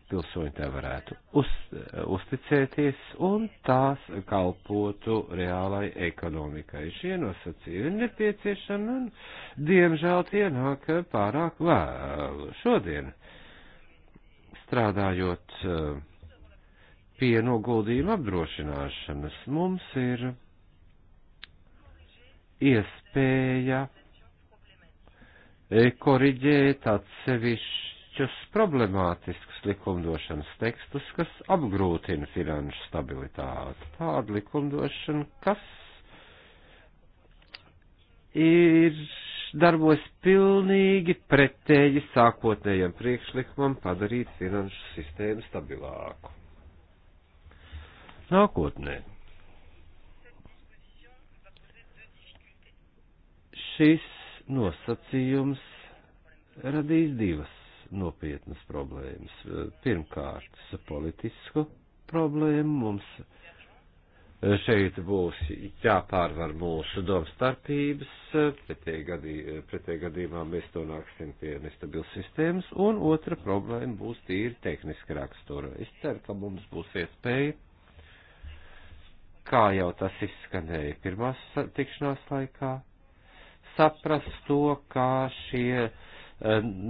pilsoņi tā varētu uz, uzticēties un tās kalpotu reālai ekonomikai. Šie nosacījumi ir nepieciešami un, diemžēl, tie nāk pārāk vēlu. Šodien strādājot uh, pie noguldījuma apdrošināšanas mums ir iespēja e, koriģēt atsevišķus problemātiskus likumdošanas tekstus, kas apgrūtina finanšu stabilitāti. Tāda likumdošana, kas ir darbos pilnīgi pretēji sākotnējam priekšlikumam padarīt finanšu sistēmu stabilāku nākotnē. Šis nosacījums radīs divas nopietnas problēmas. Pirmkārt, politisku problēmu mums šeit būs jāpārvar mūsu domstarpības, pretēji gadī, pretē gadījumā mēs to nāksim pie nestabils sistēmas, un otra problēma būs tīri tehniska rakstura. Es ceru, ka mums būs iespēja kā jau tas izskanēja pirmās tikšanās laikā, saprast to, kā šie e,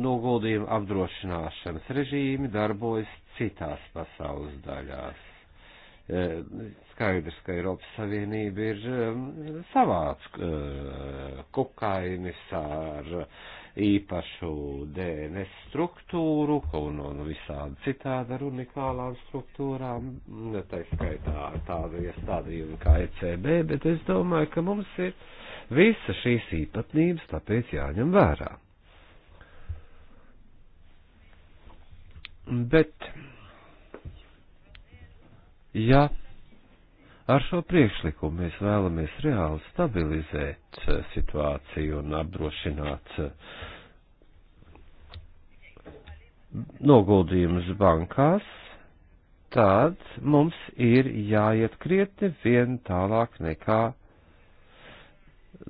noguldījuma apdrošināšanas režīmi darbojas citās pasaules daļās. E, skaidrs, ka Eiropas Savienība ir e, savāds kukainis ar uh, īpašu DNS struktūru un, un visādi citādi ar unikālām struktūrām, mm, tā skaitā tādu iestādījumu kā ECB, bet es domāju, ka mums ir visa šīs īpatnības, tāpēc jāņem vērā. Bet, ja Ar šo priekšlikumu mēs vēlamies reāli stabilizēt eh, situāciju un apdrošināt eh, noguldījumus bankās, tad mums ir jāiet krietni vien tālāk nekā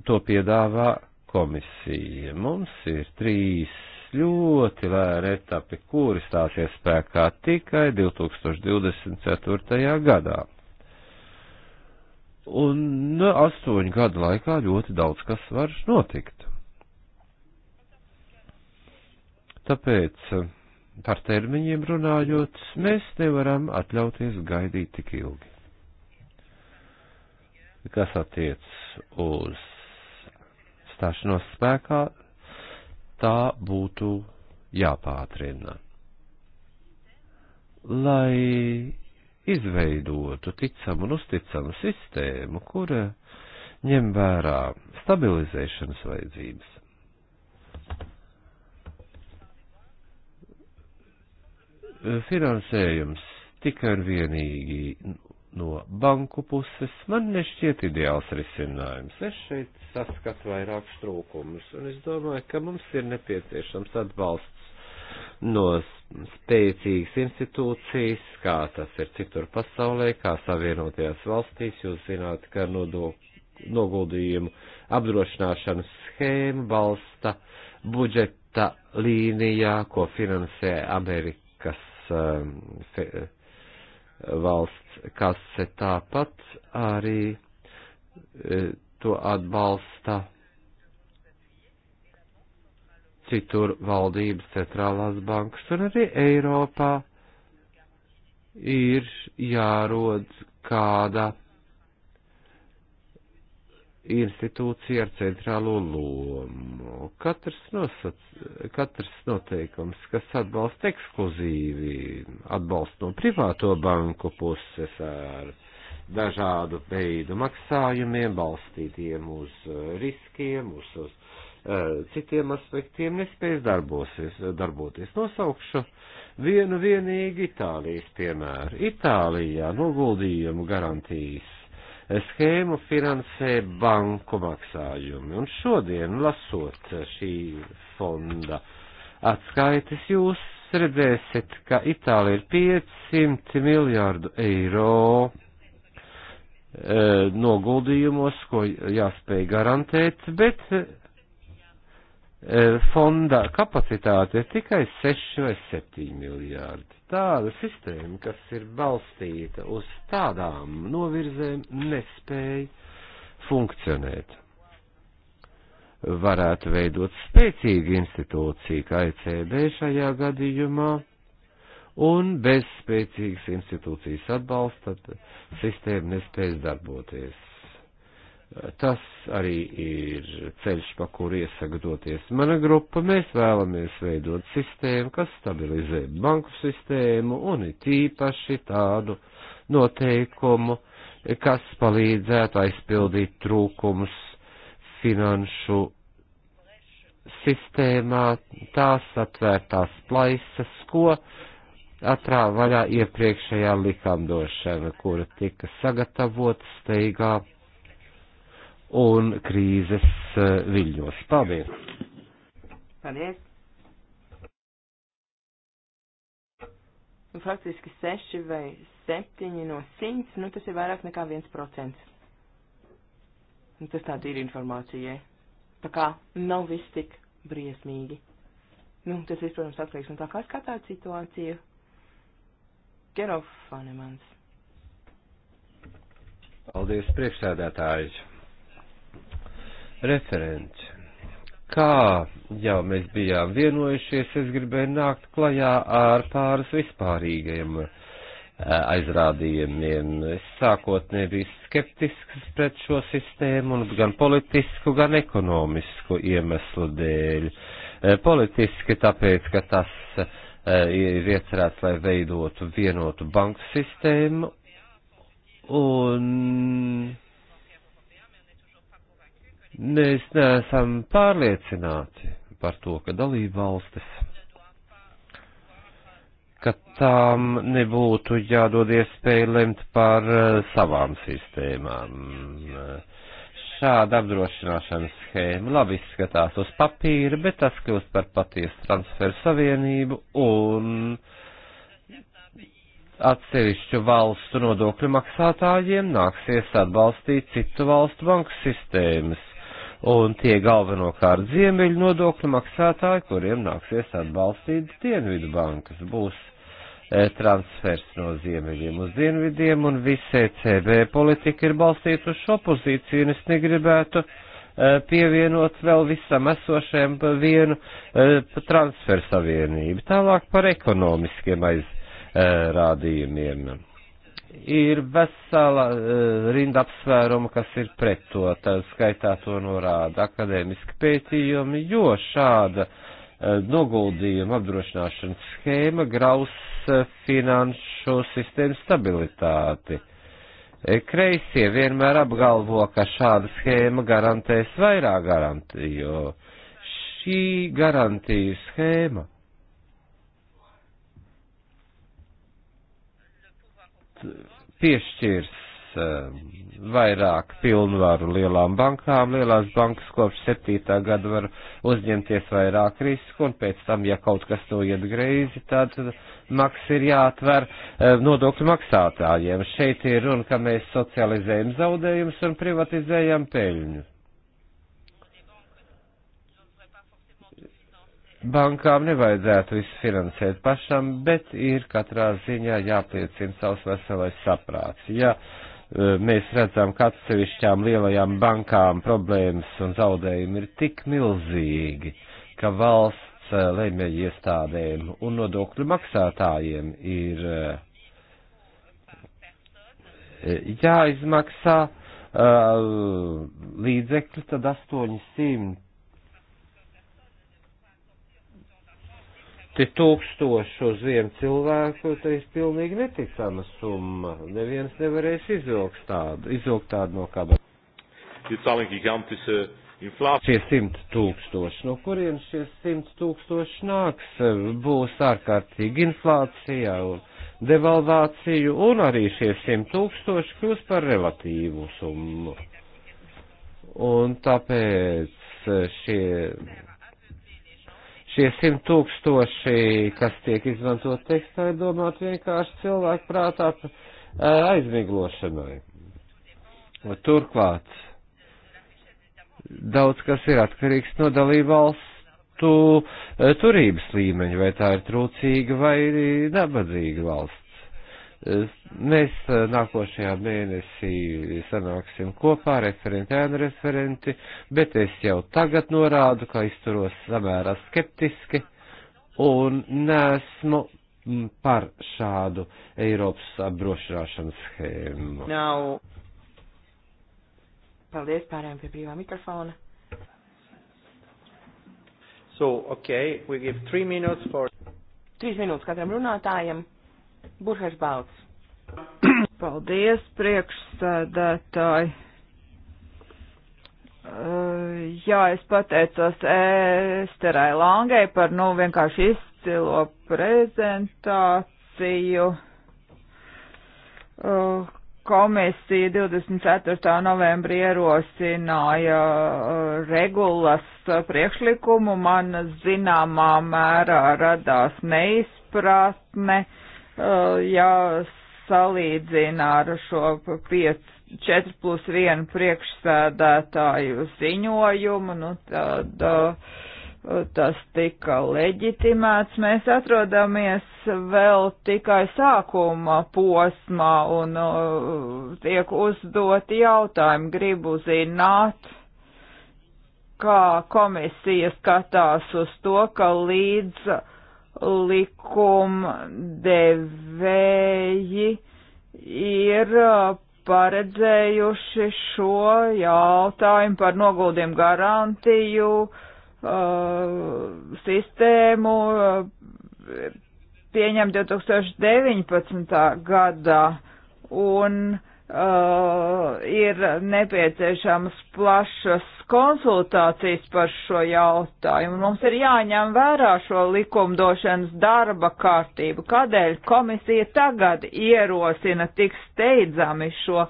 to piedāvā komisija. Mums ir trīs ļoti lēni etapi, kuri stāsies spēkā tikai 2024. gadā. Un nu, astoņu gadu laikā ļoti daudz kas var notikt. Tāpēc, par termiņiem runājot, mēs nevaram atļauties gaidīt tik ilgi. Kas attiec uz stāšanos spēkā, tā būtu jāpātrina. Lai izveidotu ticamu un uzticamu sistēmu, kura ņem vērā stabilizēšanas vajadzības. Finansējums tikai un vienīgi no banku puses man nešķiet ideāls risinājums. Es šeit saskatu vairākus trūkumus, un es domāju, ka mums ir nepieciešams atbalsts no spēcīgas institūcijas, kā tas ir citur pasaulē, kā savienotajās valstīs. Jūs zināt, ka noguldījumu apdrošināšanas schēma balsta budžeta līnijā, ko finansē Amerikas um, fe, valsts kase. Tāpat arī e, to atbalsta citur valdības centrālās bankas un arī Eiropā ir jārod kāda institūcija ar centrālo lomu. Katrs, nosac, katrs noteikums, kas atbalsta ekskluzīvi, atbalsta no privāto banku puses ar dažādu veidu maksājumiem, balstītiem uz riskiem, uz, uz Eh, citiem aspektiem nespējas darbosies, eh, darboties. Nosaukšu vienu vienīgi Itālijas piemēru. Itālijā noguldījumu garantijas schēmu finansē banku maksājumi, un šodien lasot šī fonda atskaites jūs redzēsiet, ka Itālija ir 500 miljārdu eiro eh, noguldījumos, ko jāspēj garantēt, bet E, fonda kapacitāte ir tikai 6 vai 7 miljārdi. Tāda sistēma, kas ir balstīta uz tādām novirzēm, nespēja funkcionēt. Varētu veidot spēcīgu institūciju, kā ECB šajā gadījumā, un bez spēcīgas institūcijas atbalsta sistēma nespēs darboties. Tas arī ir ceļš, pa kuru iesaka doties mana grupa. Mēs vēlamies veidot sistēmu, kas stabilizē banku sistēmu un it īpaši tādu noteikumu, kas palīdzētu aizpildīt trūkumus finanšu sistēmā, tās atvērtās plaisas, ko atrā vaļā iepriekšējā likumdošana, kura tika sagatavota steigā un krīzes eh, viļņos. Paldies! Paldies! Nu, faktiski 6 vai 7 no 100, nu tas ir vairāk nekā 1%. Nu, tas tā ir informācijai. Tā kā nav viss tik briesmīgi. Nu, tas viss, protams, atkarīgs no tā, kā skatāt situāciju. Gerofānemans. Paldies, priekšsēdētājs referents. Kā jau mēs bijām vienojušies, es gribēju nākt klajā ar pāris vispārīgiem eh, aizrādījumiem. Es sākotnē biju skeptisks pret šo sistēmu un gan politisku, gan ekonomisku iemeslu dēļ. Eh, politiski tāpēc, ka tas eh, ir iecerēts, lai veidotu vienotu banku sistēmu un Mēs neesam pārliecināti par to, ka dalība valstis, ka tām nebūtu jādod iespēja lemt par eh, savām sistēmām. Šāda apdrošināšanas schēma labi izskatās uz papīra, bet tas kļūst par patiesu transferu savienību un atsevišķu valstu nodokļu maksātājiem nāksies atbalstīt citu valstu banku sistēmas un tie galvenokārt ziemeļu nodokļu maksātāji, kuriem nāksies atbalstīt dienvidu bankas, būs e, transfers no ziemeļiem uz dienvidiem, un visa ECB politika ir balstīta uz šo pozīciju, un es negribētu e, pievienot vēl visam esošajam vienu e, transfer savienību. Tālāk par ekonomiskiem aizrādījumiem. E, ir vesela eh, rinda apsvērumu, kas ir pret to, tā skaitā to norāda akadēmiski pētījumi, jo šāda eh, noguldījuma apdrošināšanas schēma graus eh, finanšu sistēmu stabilitāti. Kreisie vienmēr apgalvo, ka šāda schēma garantēs vairāk garantiju. Šī garantiju schēma piešķirs eh, vairāk pilnvaru lielām bankām. Lielās bankas kopš 7. gada var uzņemties vairāk risku, un pēc tam, ja kaut kas noiet greizi, tad maks ir jāatver eh, nodokļu maksātājiem. Šeit ir runa, ka mēs socializējam zaudējumus un privatizējam peļņu. bankām nevajadzētu visu finansēt pašam, bet ir katrā ziņā jāpliecina savs veselais saprāts. Ja e, mēs redzam, ka atsevišķām lielajām bankām problēmas un zaudējumi ir tik milzīgi, ka valsts e, lemēja iestādēm un nodokļu maksātājiem ir e, jāizmaksā līdzekļi, tad 800 simti tūkstošu uz vienu cilvēku, tas ir pilnīgi neticama summa. Neviens nevarēs izvilkt tādu, izvilkt tādu no kabatas. Eh, šie simt tūkstoši, no kuriem šie simt tūkstoši nāks, būs ārkārtīgi inflācija un devalvāciju, un arī šie simt tūkstoši kļūs par relatīvu summu. Un tāpēc šie šie simt tūkstoši, kas tiek izmantot tekstā, ir domāt vienkārši cilvēku prātā eh, aizmiglošanai. Turklāt daudz kas ir atkarīgs no dalībvalstu eh, turības līmeņa, vai tā ir trūcīga vai eh, nabadzīga valsts. Mēs eh, nākošajā mēnesī sanāksim kopā referenti, ēnu referenti, bet es jau tagad norādu, ka izturos samērā skeptiski un nesmu mm, par šādu Eiropas apdrošināšanas schēmu. Nav. Paldies pārējiem pie brīvā mikrofona. So, okay, we give three minutes for. Trīs minūtes katram runātājam. Burhars Balts. Paldies, priekšsēdētāji. Uh, jā, es pateicos Esterai Langai par, nu, vienkārši izcilo prezentāciju. Uh, komisija 24. novembrī ierosināja uh, regulas priekšlikumu. Man zināmā mērā radās neizpratne. Uh, Eh, ja salīdzina ar šo 5, 4 plus 1 priekšsēdētāju ziņojumu, nu tad eh, tas tika leģitimēts. Mēs atrodamies vēl tikai sākuma posmā un eh, tiek uzdoti jautājumi, gribu zināt kā komisija skatās uz to, ka līdz uh, likumdevēji ir uh, paredzējuši šo jautājumu par noguldiem garantiju uh, sistēmu uh, pieņem 2019. gadā un Uh, ir nepieciešamas plašas konsultācijas par šo jautājumu. Mums ir jāņem vērā šo likumdošanas darba kārtību. Kādēļ komisija tagad ierosina tik steidzami šo uh,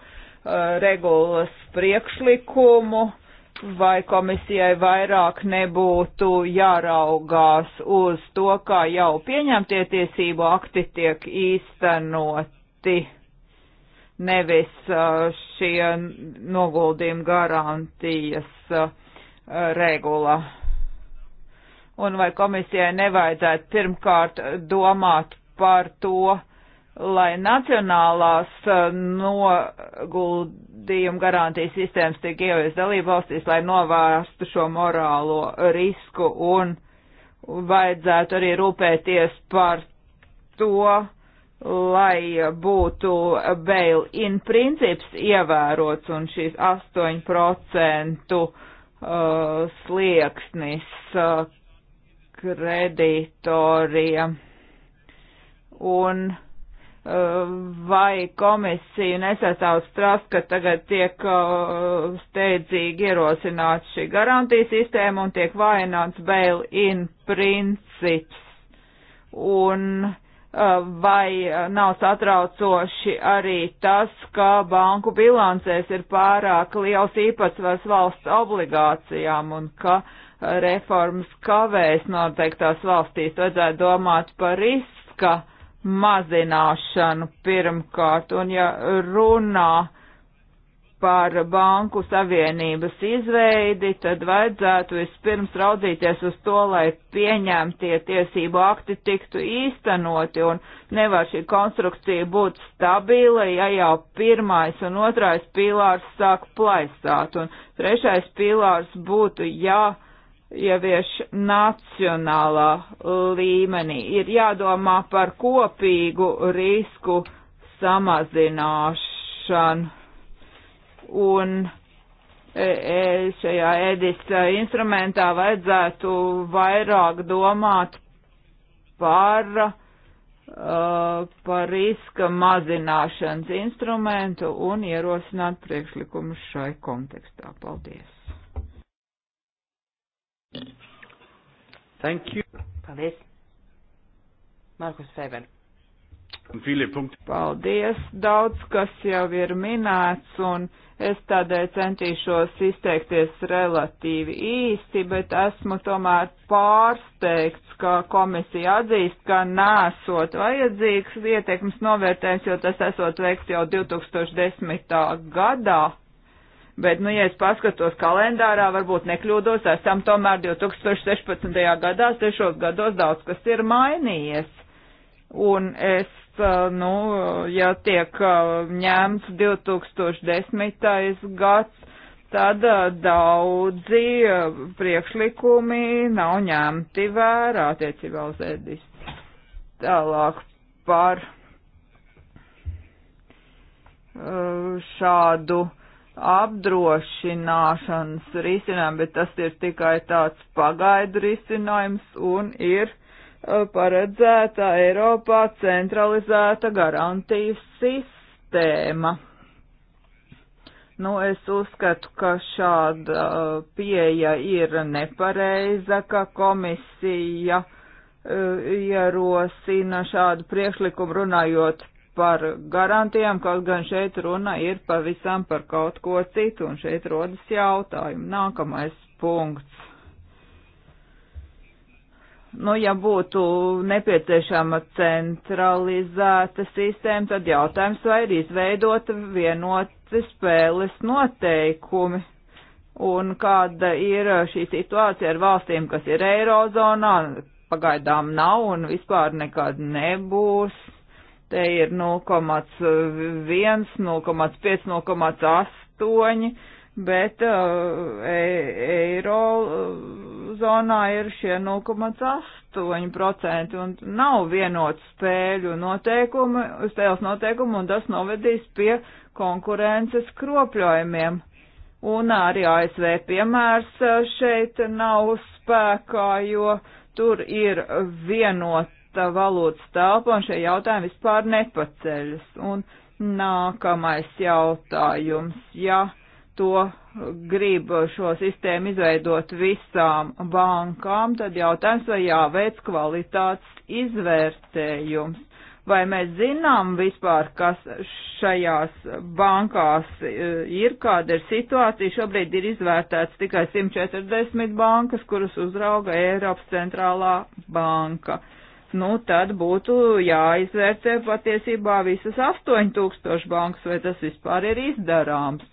regulas priekšlikumu? Vai komisijai vairāk nebūtu jāraugās uz to, kā jau pieņemtie tiesību akti tiek īstenoti? nevis uh, šie noguldījuma garantijas uh, regula. Un vai komisijai nevajadzētu pirmkārt domāt par to, lai nacionālās uh, noguldījuma garantijas sistēmas tiek ievies dalībvalstīs, lai novērstu šo morālo risku un vajadzētu arī rūpēties par to, lai būtu bail-in princips ievērots un šīs 8% uh, slieksnis uh, kreditoriem. Un uh, vai komisija nesasauc trast, ka tagad tiek steidzīgi ierosināts šī garantijas sistēma un tiek vaināts bail-in princips. Un uh, Eh, vai eh, nav satraucoši arī tas, ka banku bilancēs ir pārāk liels īpatsvars valsts obligācijām un ka eh, reformas kavēs noteiktās valstīs vajadzētu domāt par riska mazināšanu pirmkārt. Un ja runā par banku savienības izveidi, tad vajadzētu vispirms raudzīties uz to, lai pieņemtie tiesību akti tiktu īstenoti, un nevar šī konstrukcija būt stabila, ja jau pirmais un otrais pīlārs sāk plaisāt, un trešais pīlārs būtu jāievieš ja nacionālā līmenī. Ir jādomā par kopīgu risku samazināšanu un e, e, šajā ēdis e, instrumentā vajadzētu vairāk domāt par, par riska mazināšanas instrumentu un ierosināt priekšlikumus šai kontekstā. Paldies! Thank you. Paldies. Markus Feber. Paldies. Daudz, kas jau ir minēts un Es tādēļ centīšos izteikties relatīvi īsti, bet esmu tomēr pārsteigts, ka komisija atzīst, ka nesot vajadzīgs ietekmes novērtējums, jo tas esot veikts jau 2010. gadā. Bet, nu, ja es paskatos kalendārā, varbūt nekļūdos, esam tomēr 2016. gadā, sešos gados daudz kas ir mainījies. Un es nu, ja tiek uh, ņemts 2010. gads, tad uh, daudzi uh, priekšlikumi nav ņemti vērā attiecībā uz ēdis. Tālāk par šādu apdrošināšanas risinājumu, bet tas ir tikai tāds pagaidu risinājums un ir Uh, paredzēta Eiropā centralizēta garantijas sistēma. Nu, es uzskatu, ka šāda uh, pieeja ir nepareiza, ka komisija uh, ierosina šādu priekšlikumu runājot par garantijām, kaut gan šeit runa ir pavisam par kaut ko citu, un šeit rodas jautājumi. Nākamais punkts. Nu, ja būtu nepieciešama centralizēta sistēma, tad jautājums vai ir izveidota vienoti spēles noteikumi. Un kāda ir šī situācija ar valstīm, kas ir Eirozonā, pagaidām nav un vispār nekad nebūs. Te ir 0,1, 0,5, 0,8 bet uh, e, eiro zonā ir šie 0,8% un nav vienots spēļu noteikumi, spēles noteikumi, un tas novedīs pie konkurences kropļojumiem. Un arī ASV piemērs uh, šeit nav spēkā, jo tur ir vienota valūtas telpa, un šie jautājumi vispār nepaceļas. Un nākamais jautājums. Ja to grib šo sistēmu izveidot visām bankām, tad jautājums, vai jāveic kvalitātes izvērtējums. Vai mēs zinām vispār, kas šajās bankās e, ir, kāda ir situācija? Šobrīd ir izvērtēts tikai 140 bankas, kuras uzrauga Eiropas centrālā banka. Nu, tad būtu jāizvērtē patiesībā visas 8000 bankas, vai tas vispār ir izdarāms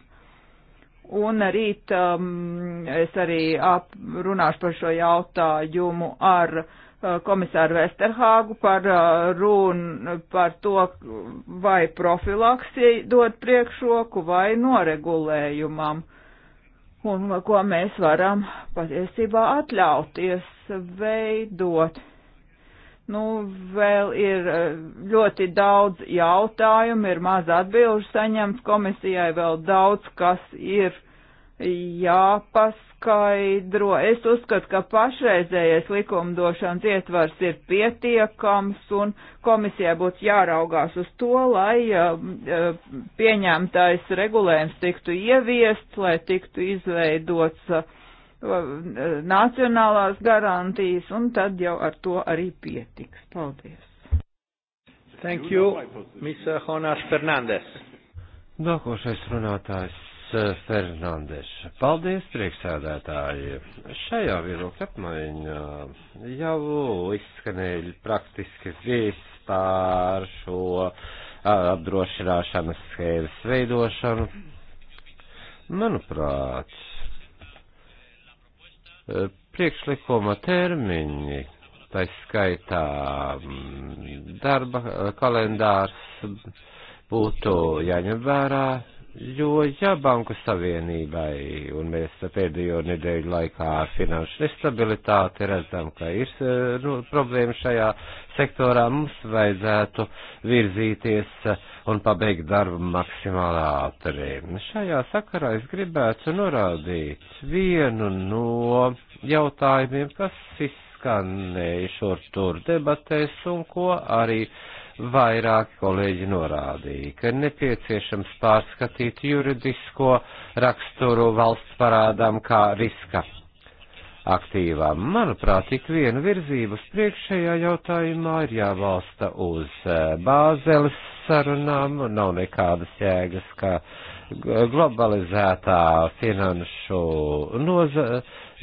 Un rīt um, es arī ap, runāšu par šo jautājumu ar uh, komisāru Vesterhāgu par uh, runu par to, vai profilaksija dod priekšroku vai noregulējumam. Un ko mēs varam patiesībā atļauties veidot. Nu, vēl ir eh, ļoti daudz jautājumu, ir maz atbilžu saņemts, komisijai vēl daudz, kas ir jāpaskaidro. Es uzskatu, ka pašreizējais likumdošanas ietvars ir pietiekams un komisijai būtu jāraugās uz to, lai eh, eh, pieņemtais regulējums tiktu ieviests, lai tiktu izveidots nacionālās garantijas, un tad jau ar to arī pietiks. Paldies! Thank you, Mr. Jonas Fernandes. Nākošais runātājs eh, Fernandes. Paldies, priekšsēdētāji. Šajā viedokļa apmaiņā jau izskanēja praktiski viss pār šo eh, apdrošināšanas schēmas veidošanu. Manuprāt, priekšlikuma termiņi, tā skaitā mm, darba kalendārs būtu jāņem vērā, Jo, ja Banku Savienībai, un mēs pēdējo nedēļu laikā ar finanšu nestabilitāti redzam, ka ir eh, nu, problēma šajā sektorā, mums vajadzētu virzīties eh, un pabeigt darbu maksimāli ātri. Šajā sakarā es gribētu norādīt vienu no jautājumiem, kas izskanēja šur tur debatēs un ko arī uh, vairāki kolēģi norādīja, ka nepieciešams pārskatīt juridisko raksturu valsts parādām kā riska aktīvām. Manuprāt, ik viena virzības priekšējā jautājumā ir jābalsta uz eh, bāzeles sarunām, nav nekādas jēgas, ka globalizētā finanšu noza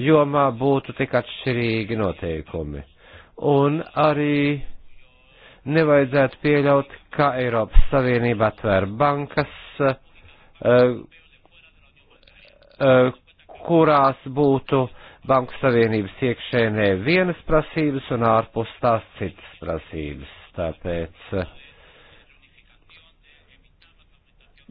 jomā būtu tik atšķirīgi noteikumi. Un arī nevajadzētu pieļaut, ka Eiropas Savienība atvēr bankas, eh, eh, kurās būtu Banku Savienības iekšēnē vienas prasības un ārpus tās citas prasības. Tāpēc eh,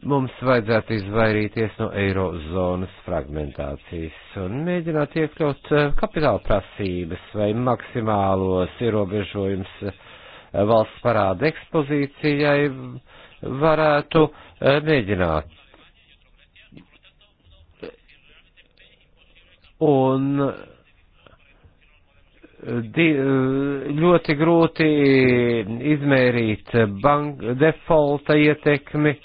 mums vajadzētu izvairīties no eirozonas fragmentācijas un mēģināt iekļaut kapitāla prasības vai maksimālos ierobežojumus valsts parāda ekspozīcijai varētu e, mēģināt. Un e, di, e, ļoti grūti izmērīt bank, defaulta ietekmi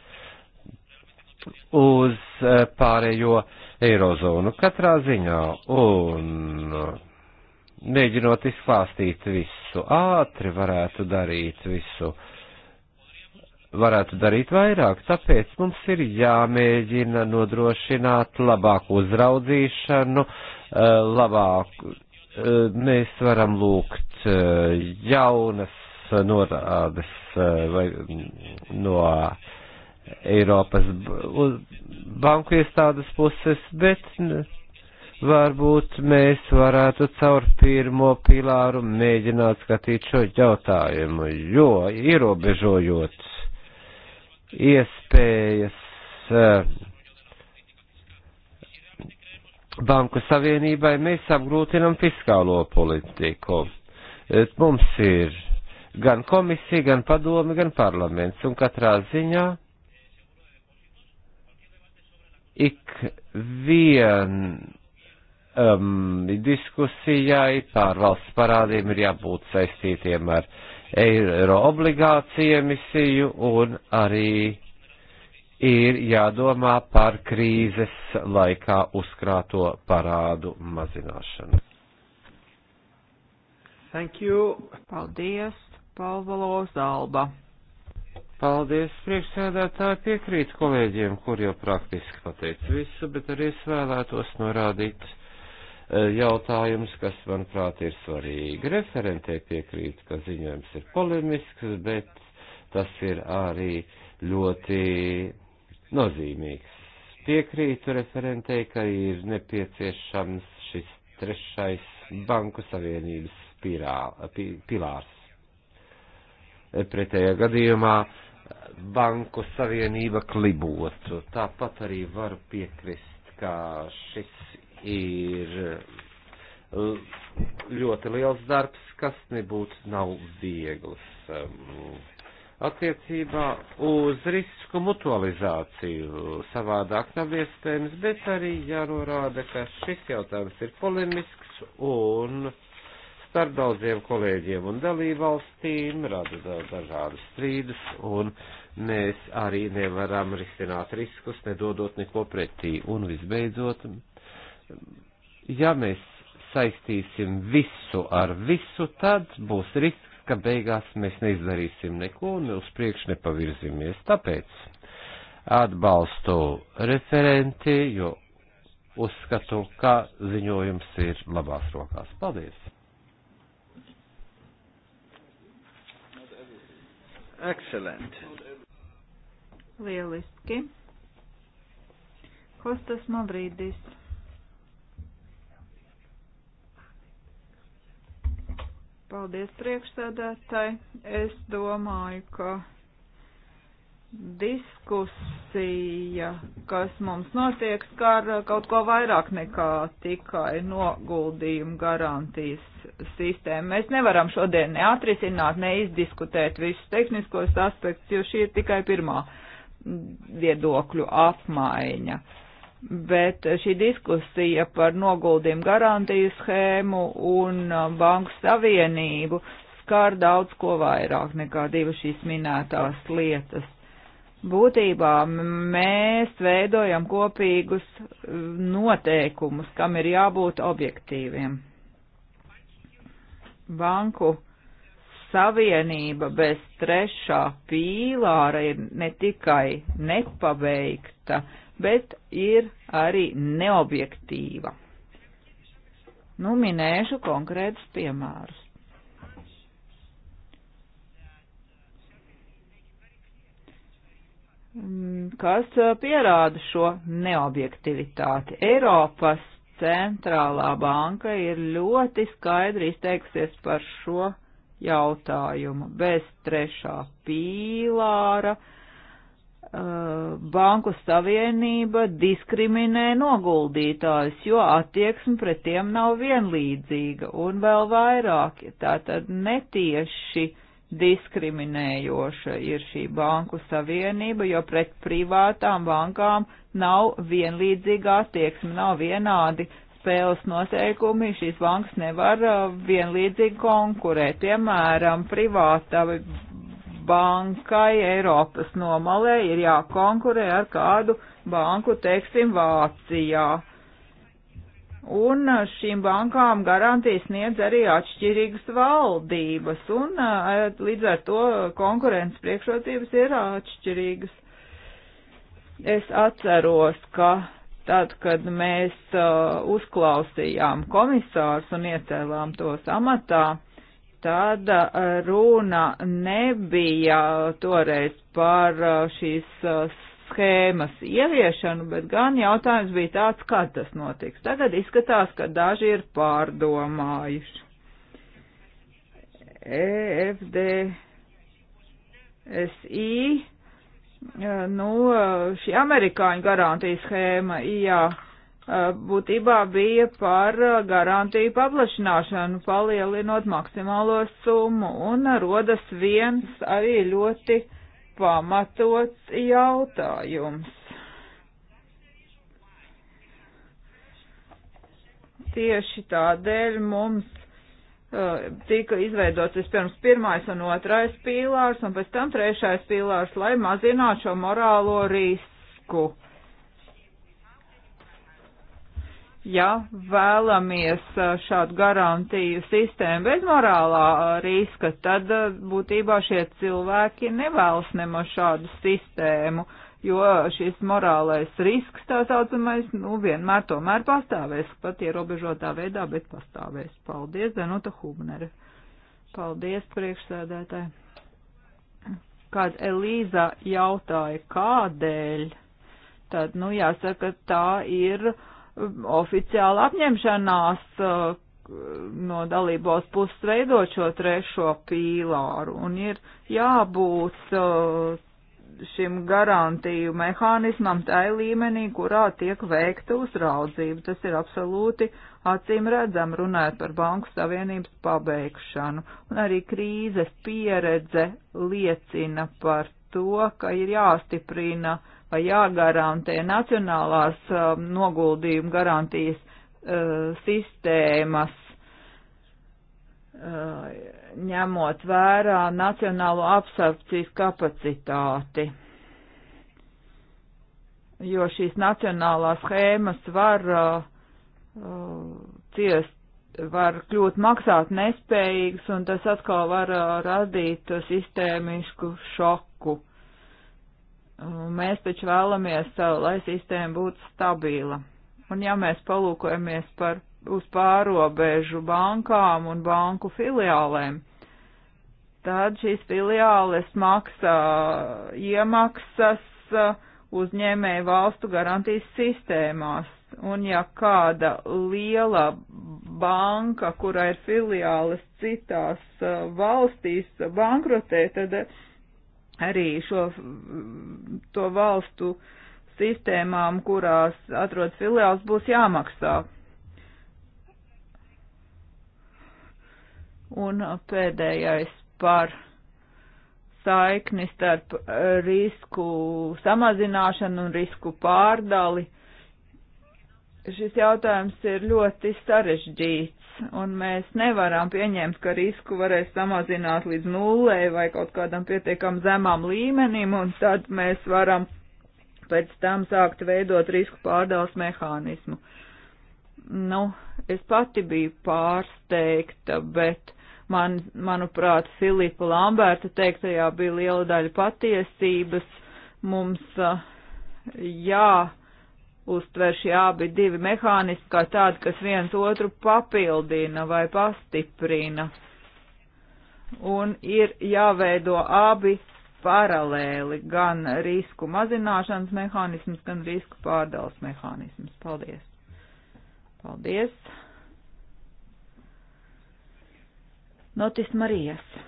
uz pārējo eirozonu katrā ziņā. Un mēģinot izklāstīt visu, ātri varētu darīt visu, varētu darīt vairāk, tāpēc mums ir jāmēģina nodrošināt labāku uzraudzīšanu, eh, labāku, eh, mēs varam lūgt eh, jaunas norādes vai mm, no Eiropas banku iestādes puses, bet varbūt mēs varētu caur pirmo pilāru mēģināt skatīt šo jautājumu, jo ierobežojot iespējas eh, Banku Savienībai, mēs apgrūtinam fiskālo politiku. Eh, mums ir gan komisija, gan padomi, gan parlaments, un katrā ziņā ik vien um, diskusijai par valsts parādiem ir jābūt saistītiem ar eiro obligāciju emisiju un arī ir jādomā par krīzes laikā uzkrāto parādu mazināšanu. Thank you. Paldies, Palvalo Zalba. Paldies, priekšsēdētāji piekrīt kolēģiem, kur jau praktiski pateica visu, bet arī es vēlētos norādīt Eh, jautājums, kas, manuprāt, ir svarīgi. Referentē piekrīt, ka ziņojums ir polemisks, bet tas ir arī ļoti nozīmīgs. Piekrītu referentē, ka ir nepieciešams šis trešais banku savienības pirā, pilārs. Eh, pretējā gadījumā banku savienība klibotu. Tāpat arī varu piekrist, ka šis ir eh, ļoti liels darbs, kas nebūtu nav viegls. Eh, attiecībā uz risku mutualizāciju savādāk nav iespējams, bet arī jānorāda, ka šis jautājums ir polemisks un starp daudziem kolēģiem un dalībvalstīm rada dažādus strīdus un mēs arī nevaram risināt riskus, nedodot neko pretī. Un visbeidzot, ja mēs saistīsim visu ar visu, tad būs risks, ka beigās mēs neizdarīsim neko un uz priekšu nepavirzīmies. Tāpēc atbalstu referenti, jo uzskatu, ka ziņojums ir labās rokās. Paldies! Excellent. Lieliski. Kostas Mavrīdis. Paldies priekšsēdētāji. Es domāju, ka diskusija, kas mums notiek, skar kaut ko vairāk nekā tikai noguldījumu garantijas sistēmu. Mēs nevaram šodien neatrisināt, neizdiskutēt visus tehniskos aspektus, jo šī ir tikai pirmā viedokļu apmaiņa. Uh, bet šī diskusija par noguldījumu garantiju schēmu un uh, banku savienību skar daudz ko vairāk nekā divas šīs minētās lietas. Būtībā mēs veidojam kopīgus uh, noteikumus, kam ir jābūt objektīviem. Banku savienība bez trešā pīlāra ir ne tikai nepabeigta, bet ir arī neobjektīva. Nu, minēšu konkrētus piemērus. Kas uh, pierāda šo neobjektivitāti? Eiropas centrālā banka ir ļoti skaidri izteiksies par šo jautājumu. Bez trešā pīlāra uh, Eh, banku savienība diskriminē noguldītājus, jo attieksme pret tiem nav vienlīdzīga un vēl vairāk, tātad netieši diskriminējoša ir šī banku savienība, jo pret privātām bankām nav vienlīdzīga attieksme, nav vienādi spēles noteikumi, šīs bankas nevar eh, vienlīdzīgi konkurēt. Piemēram, privātā bankai Eiropas nomalē ir jākonkurē ar kādu banku, teiksim, Vācijā. Un uh, šīm bankām garantijas sniedz arī atšķirīgas valdības, un uh, līdz ar to konkurences priekšrocības ir atšķirīgas. Es atceros, ka tad, kad mēs uh, uzklausījām komisārs un iecēlām tos amatā, tad uh, runa nebija toreiz par uh, šīs uh, schēmas ieviešanu, bet gan jautājums bija tāds, kad tas notiks. Tagad izskatās, ka daži ir pārdomājuši. EFDSI, nu, šī amerikāņu garantijas schēma, jā. Ja Eh, būtībā bija par eh, garantiju paplašināšanu, palielinot maksimālo summu, un rodas viens arī ļoti pamatots jautājums. Tieši tādēļ mums eh, tika izveidots vispirms pirmais un otrais pīlārs, un pēc tam trešais pīlārs, lai mazinātu šo morālo risku. Uh, ja vēlamies šādu garantiju sistēmu bez morālā riska, tad būtībā šie cilvēki nevēlas nemaz šādu sistēmu, jo šis morālais risks, tā saucamais, nu vienmēr tomēr pastāvēs, pat ierobežotā veidā, bet pastāvēs. Paldies, Danuta Hubnere. Paldies, priekšsēdētāji. Kad Elīza jautāja, kādēļ, tad, nu, jāsaka, tā ir oficiāla apņemšanās uh, no dalībos puses veidot šo trešo pīlāru un ir jābūt uh, šim garantiju mehānismam tai līmenī, kurā tiek veikta uzraudzība. Tas ir absolūti acīm redzam, runājot par Banku Savienības pabeigšanu. Un arī krīzes pieredze liecina par to, ka ir jāstiprina uh, vai jāgarantē nacionālās um, noguldījuma garantijas uh, sistēmas, uh, ņemot vērā nacionālo absorpcijas kapacitāti. Jo šīs nacionālās schēmas var uh, ciest, var kļūt maksāt nespējīgas, un tas atkal var radīt sistēmisku šoku. Mēs taču vēlamies, uh, lai sistēma būtu stabila. Un ja mēs palūkojamies par, uz pārobežu bankām un banku filiālēm, tad šīs filiāles maksā iemaksas uh, uzņēmēju valstu garantijas sistēmās. Un ja kāda liela banka, kurā ir filiāles citās uh, valstīs, bankrotē, tad arī šo to valstu sistēmām, kurās atrodas filiāls, būs jāmaksā. Un pēdējais par saikni starp risku samazināšanu un risku pārdali. Šis jautājums ir ļoti sarežģīts un mēs nevaram pieņemt, ka risku varēs samazināt līdz nullei vai kaut kādam pietiekam zemām līmenim, un tad mēs varam pēc tam sākt veidot risku pārdales mehānismu. Nu, es pati biju pārsteigta, bet man, manuprāt, Filipa Lamberta teiktajā bija liela daļa patiesības. Mums jā, uztver šie abi divi mehāniski kā tādi, kas viens otru papildina vai pastiprina. Un ir jāveido abi paralēli, gan risku mazināšanas mehānisms, gan risku pārdales mehānisms. Paldies! Paldies! Notis Marijas.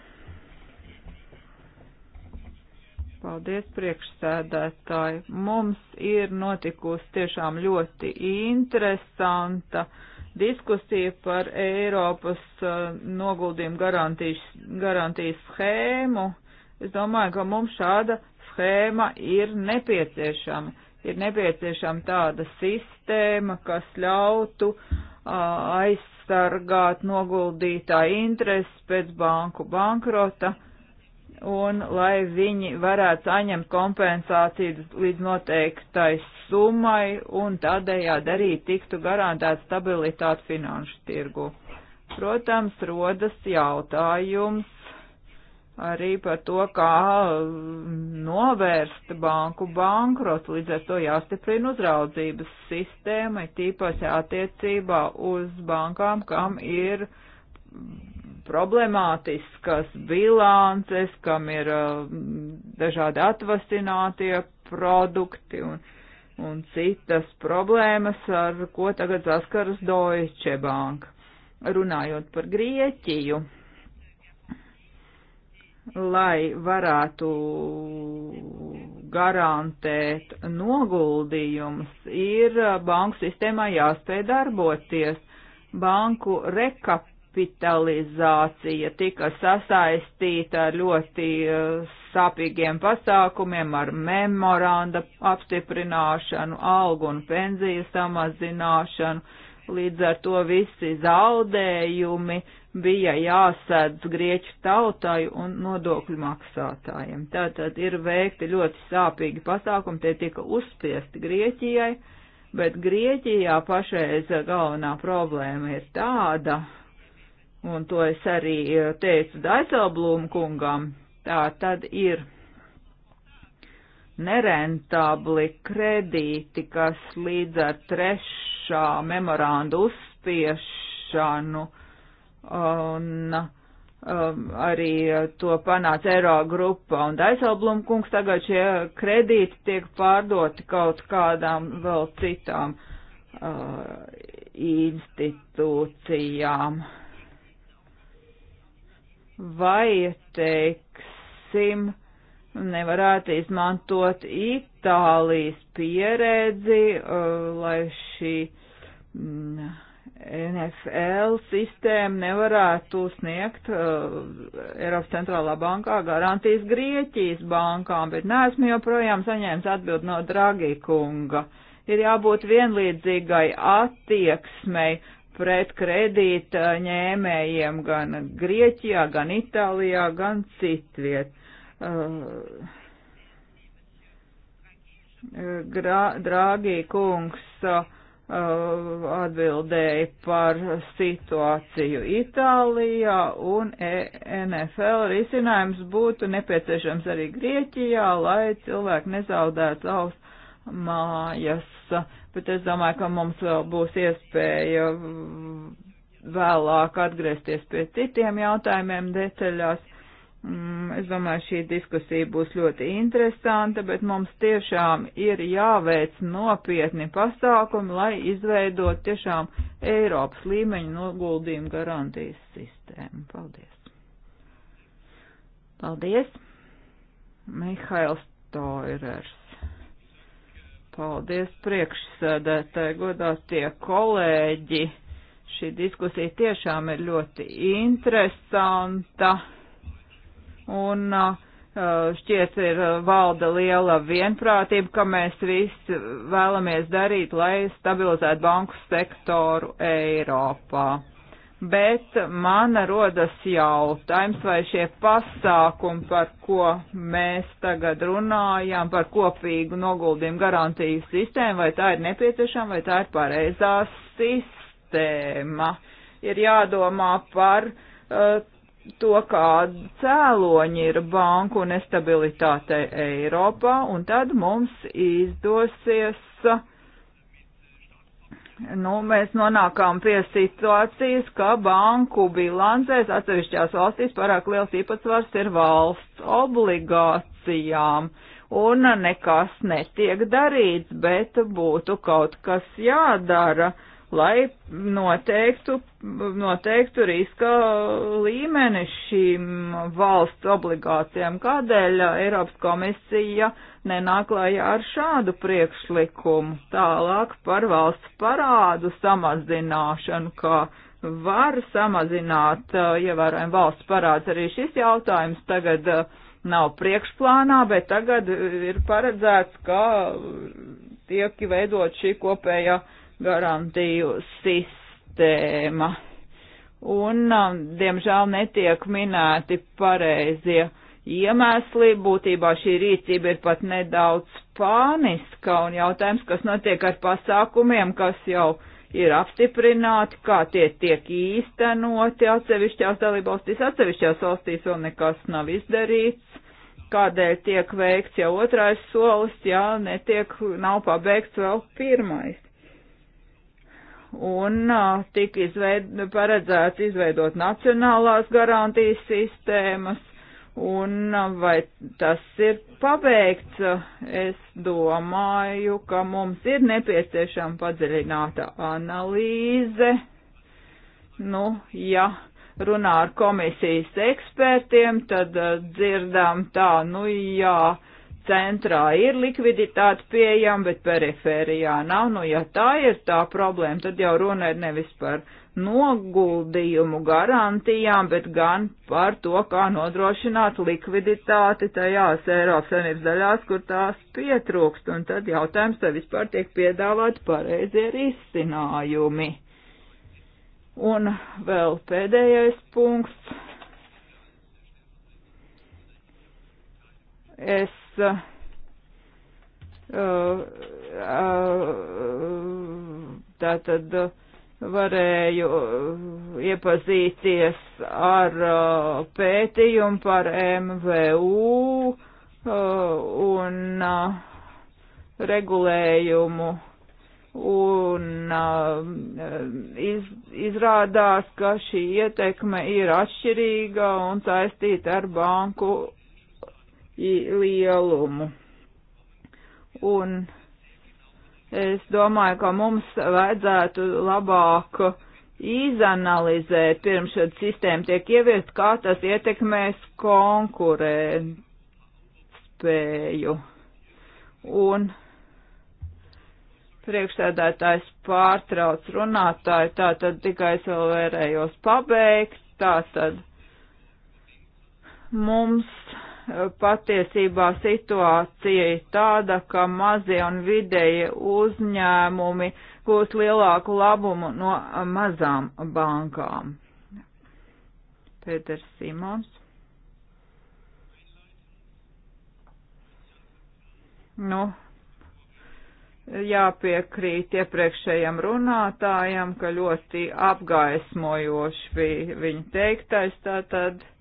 Paldies, priekšsēdētāji. Mums ir notikusi tiešām ļoti interesanta diskusija par Eiropas uh, noguldījumu garantijas, garantijas schēmu. Es domāju, ka mums šāda schēma ir nepieciešama. Ir nepieciešama tāda sistēma, kas ļautu uh, aizsargāt noguldītāju intereses pēc banku bankrota. Uh, un lai viņi varētu saņemt kompensāciju līdz noteiktai summai un tādējādi arī tiktu garantēta stabilitāte finanšu tirgu. Protams, rodas jautājums arī par to, kā mm, novērst banku bankrotu, līdz ar to jāstiprina uzraudzības sistēma, tīpaši attiecībā uz bankām, kam ir problemātiskas bilances, kam ir uh, dažādi atvasinātie produkti un, un citas problēmas, ar ko tagad saskaras Deutsche Bank. Runājot par Grieķiju, lai varētu garantēt noguldījumus, ir uh, banku sistēmā jāspēj darboties. Banku rekap kapitalizācija tika sasaistīta ar ļoti eh, sāpīgiem pasākumiem, ar memoranda apstiprināšanu, algu un pensiju samazināšanu. Līdz ar to visi zaudējumi bija jāsēdz grieķu tautai un nodokļu maksātājiem. Tātad ir veikti ļoti sāpīgi pasākumi, tie tika uzspiesti Grieķijai, bet Grieķijā pašreiz galvenā problēma ir tāda, un to es arī eh, teicu Daiselblūmu kungam, tā tad ir nerentabli kredīti, kas līdz ar trešā memorandu uzspiešanu un um, arī to panāca Eiro grupa un Daiselblūmu kungs, tagad šie kredīti tiek pārdoti kaut kādām vēl citām uh, institūcijām. Uh, vai, teiksim, nevarētu izmantot Itālijas pieredzi, uh, lai šī mm, NFL sistēma nevarētu sniegt uh, Eiropas centrālā bankā garantijas Grieķijas bankām, bet neesmu joprojām saņēmis atbildi no Dragi kunga. Ir jābūt vienlīdzīgai attieksmei pret kredīta eh, ņēmējiem gan Grieķijā, gan Itālijā, gan citviet. Uh, eh, eh, Grā, drāgī kungs uh, atbildēja par situāciju Itālijā un e-, NFL risinājums būtu nepieciešams arī Grieķijā, lai cilvēki nezaudētu savus mājas bet es domāju, ka mums vēl būs iespēja vēlāk atgriezties pie citiem jautājumiem detaļās. Mm, es domāju, šī diskusija būs ļoti interesanta, bet mums tiešām ir jāveic nopietni pasākumi, lai izveidot tiešām Eiropas līmeņa noguldījumu garantijas sistēmu. Paldies! Paldies! Mihails Toirers. Paldies priekšsēdētāji, godātie kolēģi. Šī diskusija tiešām ir ļoti interesanta un uh, šķiet ir valda liela vienprātība, ka mēs visi vēlamies darīt, lai stabilizētu banku sektoru Eiropā bet man rodas jautājums, vai šie pasākumi, par ko mēs tagad runājam, par kopīgu noguldījumu garantiju sistēmu, vai tā ir nepieciešama, vai tā ir pareizā sistēma. Ir jādomā par uh, to, kādi cēloņi ir banku nestabilitātei Eiropā, un tad mums izdosies uh, nu, mēs nonākām pie situācijas, ka banku bilancēs atsevišķās valstīs pārāk liels īpatsvars ir valsts obligācijām. Un nekas netiek darīts, bet būtu kaut kas jādara, lai noteiktu, noteiktu riska līmeni šīm valsts obligācijām. Kādēļ Eiropas komisija uh, nenāklājā ar šādu priekšlikumu tālāk par valsts parādu samazināšanu, kā var samazināt uh, ievērojami ja valsts parāds. Arī šis jautājums tagad uh, nav priekšplānā, bet tagad uh, ir paredzēts, ka tiek veidot šī kopējā garantiju sistēma. Un, um, diemžēl, netiek minēti pareizie iemesli. Būtībā šī rīcība ir pat nedaudz pāniska un jautājums, kas notiek ar pasākumiem, kas jau ir apstiprināti, kā tie tiek īstenoti atsevišķās dalībvalstīs, atsevišķās valstīs vēl nekas nav izdarīts, kādēļ tiek veikts jau otrais solis, jā, netiek, nav pabeigts vēl pirmais. Un tika izveid, paredzēts izveidot nacionālās garantijas sistēmas, Un uh, vai tas ir pabeigts? Es domāju, ka mums ir nepieciešama padziļināta analīze. Nu, ja runā ar komisijas ekspertiem, tad uh, dzirdām tā, nu jā, centrā ir likviditāte pieejama, bet perifērijā nav. Nu, ja tā ir tā problēma, tad jau runa ir nevis par noguldījumu garantijām, bet gan par to, kā nodrošināt likviditāti tajās Eiropas Savienības daļās, kur tās pietrūkst. Un tad jautājums, vai vispār tiek piedāvāti pareizie risinājumi. Un vēl pēdējais punkts. Es uh, uh, tātad uh, uh varēju uh, iepazīties ar uh, pētījumu par MVU uh, un regulējumu. Un iz, izrādās, ka šī ietekme ir atšķirīga un saistīta ar banku lielumu. Un Es domāju, ka mums vajadzētu labāk izanalizēt, pirms šāda sistēma tiek ieviest, kā tas ietekmēs konkurētspēju. Un priekšsēdētājs pārtrauc runātāju, tā tad tikai es vēl vērējos pabeigt, tā tad mums patiesībā situācija ir tāda, ka mazie un vidēji uzņēmumi gūst lielāku labumu no mazām bankām. Pēters Simons. Nu, jāpiekrīt iepriekšējiem runātājiem, ka ļoti apgaismojoši bija viņa teiktais tātad. Tā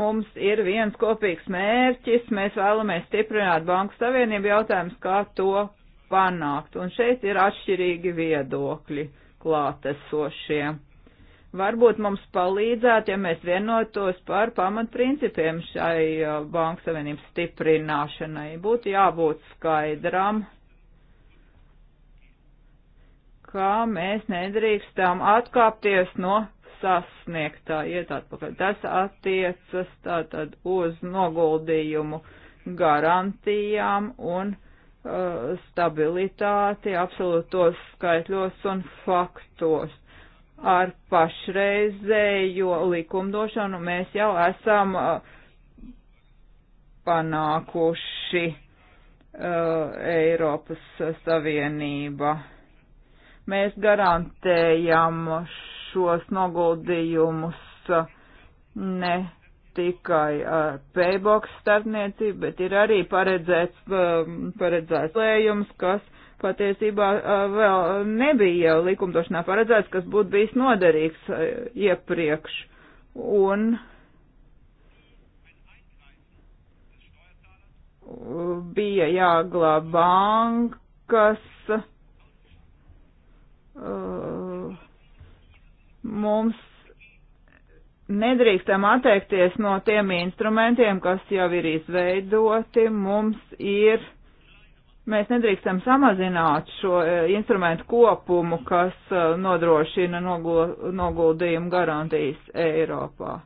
Mums ir viens kopīgs mērķis, mēs vēlamies stiprināt Banku Savienību jautājums, kā to panākt. Un šeit ir atšķirīgi viedokļi klātesošie. Varbūt mums palīdzētu, ja mēs vienotos par pamatprincipiem šai uh, Banku Savienības stiprināšanai. Būtu jābūt skaidram, kā mēs nedrīkstam atkāpties no sasniegtā iet atpakaļ. Tas attiecas tātad uz noguldījumu garantijām un uh, stabilitāti absolūtos skaitļos un faktos. Ar pašreizējo likumdošanu mēs jau esam uh, panākuši uh, Eiropas Savienība. Mēs garantējam šos noguldījumus uh, ne tikai uh, paybox starpniecība, bet ir arī paredzēts, uh, paredzēts lējums, kas patiesībā uh, vēl nebija likumdošanā paredzēts, kas būtu bijis noderīgs uh, iepriekš. Un uh, bija jāglāb bankas. Uh, Mums nedrīkstam atteikties no tiem instrumentiem, kas jau ir izveidoti. Mums ir, mēs nedrīkstam samazināt šo e, instrumentu kopumu, kas e, nodrošina noguldījumu garantijas Eiropā.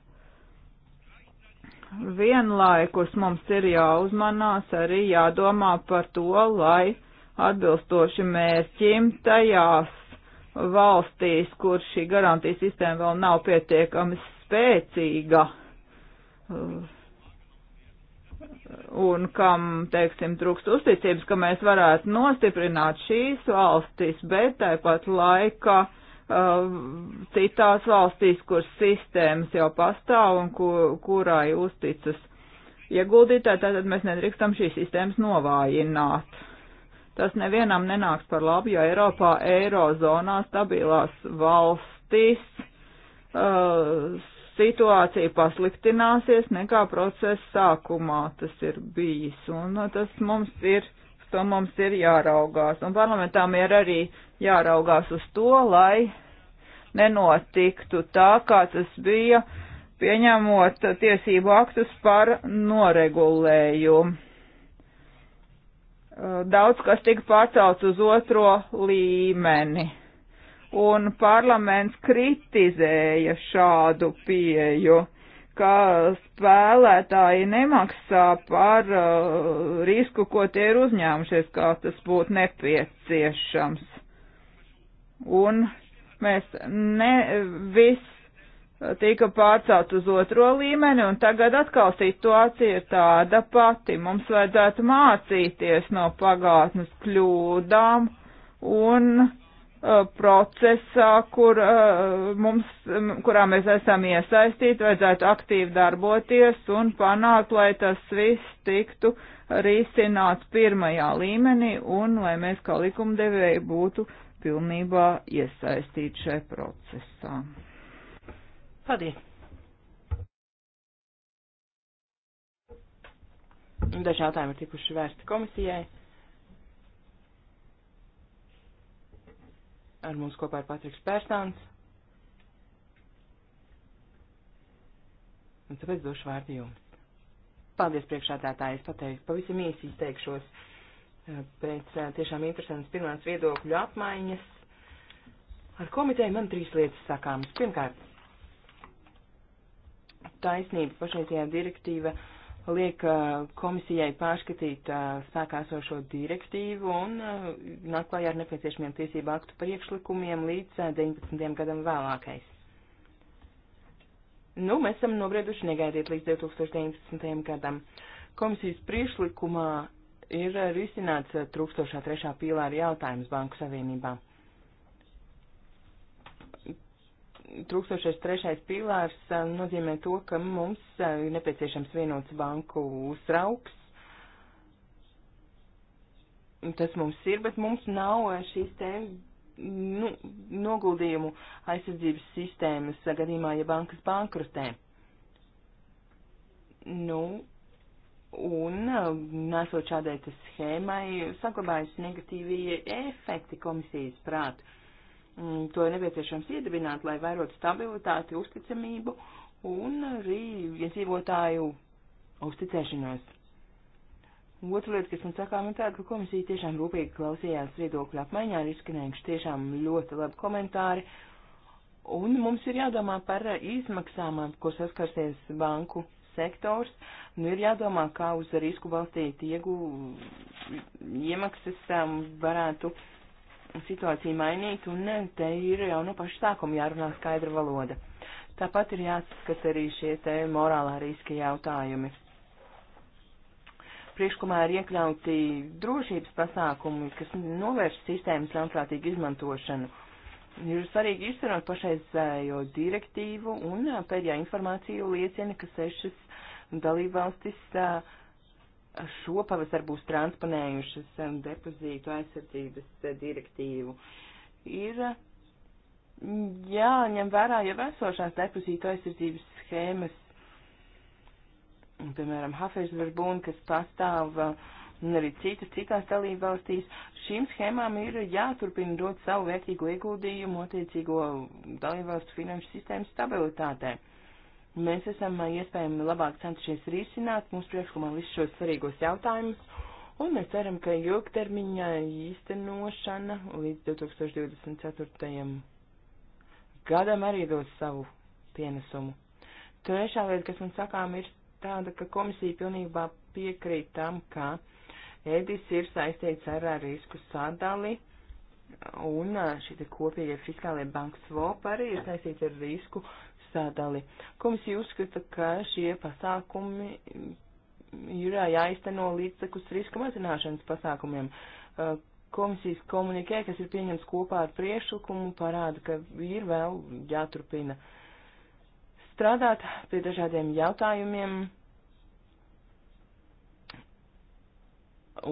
Vienlaikus mums ir jāuzmanās arī jādomā par to, lai atbilstoši mērķim tajās valstīs, kur šī garantijas sistēma vēl nav pietiekami spēcīga un kam, teiksim, trūkst uzticības, ka mēs varētu nostiprināt šīs valstis, bet tāpat laikā uh, citās valstīs, kur sistēmas jau pastāv un kur, kurai uzticas ieguldītāji, ja tātad mēs nedrīkstam šīs sistēmas novājināt. Tas nevienam nenāks par labu, jo Eiropā, Eirozonā stabilās valstis uh, situācija pasliktināsies nekā procesa sākumā tas ir bijis. Un uh, tas mums ir, to mums ir jāraugās. Un parlamentām ir arī jāraugās uz to, lai nenotiktu tā, kā tas bija pieņemot tiesību aktus par noregulējumu Eh, daudz kas tika pārcelts uz otro līmeni. Un parlaments kritizēja šādu pieju, ka spēlētāji nemaksā par uh, risku, ko tie ir uzņēmušies, kā tas būtu nepieciešams. Un mēs ne, vis, tika pārcelt uz otro līmeni, un tagad atkal situācija ir tāda pati. Mums vajadzētu mācīties no pagātnes kļūdām un uh, procesā, kur, uh, mums, kurā mēs esam iesaistīti, vajadzētu aktīvi darboties un panākt, lai tas viss tiktu risināts pirmajā līmenī un lai mēs kā likumdevēji būtu pilnībā iesaistīti šajā procesā. Paldies! Daži jautājumi ir tikuši vērsti komisijai. Ar mums kopā ir Patriks Pērstāns. Un tāpēc došu vārdu jums. Paldies priekšādātāji, es pateiktu, pavisam īsi izteikšos eh, pēc eh, tiešām interesantas pirmās viedokļu apmaiņas. Ar komiteju man trīs lietas sakāmas. Pirmkārt, taisnība pašreizajā direktīva liek komisijai pārskatīt spēkā esošo direktīvu un nāk klājā ar nepieciešamiem tiesību aktu priekšlikumiem līdz 19. gadam vēlākais. Nu, mēs esam nobrieduši negaidīt līdz 2019. gadam. Komisijas priekšlikumā ir risināts trūkstošā trešā pīlāra jautājums Banku Savienībā. trūkstošais trešais pīlārs nozīmē to, ka mums ir nepieciešams vienots banku uzrauks. Tas mums ir, bet mums nav šīs te nu, noguldījumu aizsardzības sistēmas gadījumā, ja bankas bankrutē. Nu, un nesot šādai schēmai saglabājas negatīvie efekti komisijas prātu. Uh, Mm, to ir nepieciešams iedibināt, lai vairot stabilitāti, uzticamību un arī iedzīvotāju uzticēšanos. Otra lieta, kas man sakām, ir tāda, ka komisija tiešām rūpīgi klausījās viedokļu apmaiņā, ir izskanējuši tiešām ļoti labi komentāri. Un mums ir jādomā par izmaksām, ko saskarsies banku sektors. Nu, ir jādomā, kā uz risku balstīt iegu iemaksas um, varētu uh, situāciju mainīt, un te ir jau no paša sākuma jārunā skaidra valoda. Tāpat ir jāskata arī šie te morālā riska jautājumi. Priekšlikumā ir iekļauti drošības pasākumi, kas novērš sistēmas ļaunprātīgu izmantošanu. Ir svarīgi izsverot pašreizējo direktīvu, un pēdējā informācija liecina, ka sešas dalībvalstis uh, šo pavasar būs transponējušas um, depozītu aizsardzības uh, direktīvu. Ir mm, jāņem vērā jau esošās depozītu aizsardzības schēmas, piemēram, Hafeizverbūna, kas pastāv uh, un arī citas citās dalībvalstīs. Šīm schēmām ir jāturpina dot savu vērtīgo ieguldījumu attiecīgo dalībvalstu finanšu sistēmu stabilitātei. Mēs esam iespējami labāk centušies risināt mūsu priekšlikumā visus šos svarīgos jautājumus, un mēs ceram, ka ilgtermiņā īstenošana līdz 2024. gadam arī dos savu pienesumu. Trešā lieta, kas man sakām, ir tāda, ka komisija pilnībā piekrīt tam, ka Edis ir saistīts ar risku sadali, un šī kopīgie fiskālie banku svop arī ir saistīts ar risku sadali. Komisija uzskata, ka šie pasākumi ir jāizteno līdzsakus riska mazināšanas pasākumiem. Komisijas komunikē, kas ir pieņemts kopā ar priešlikumu, parāda, ka ir vēl jāturpina strādāt pie dažādiem jautājumiem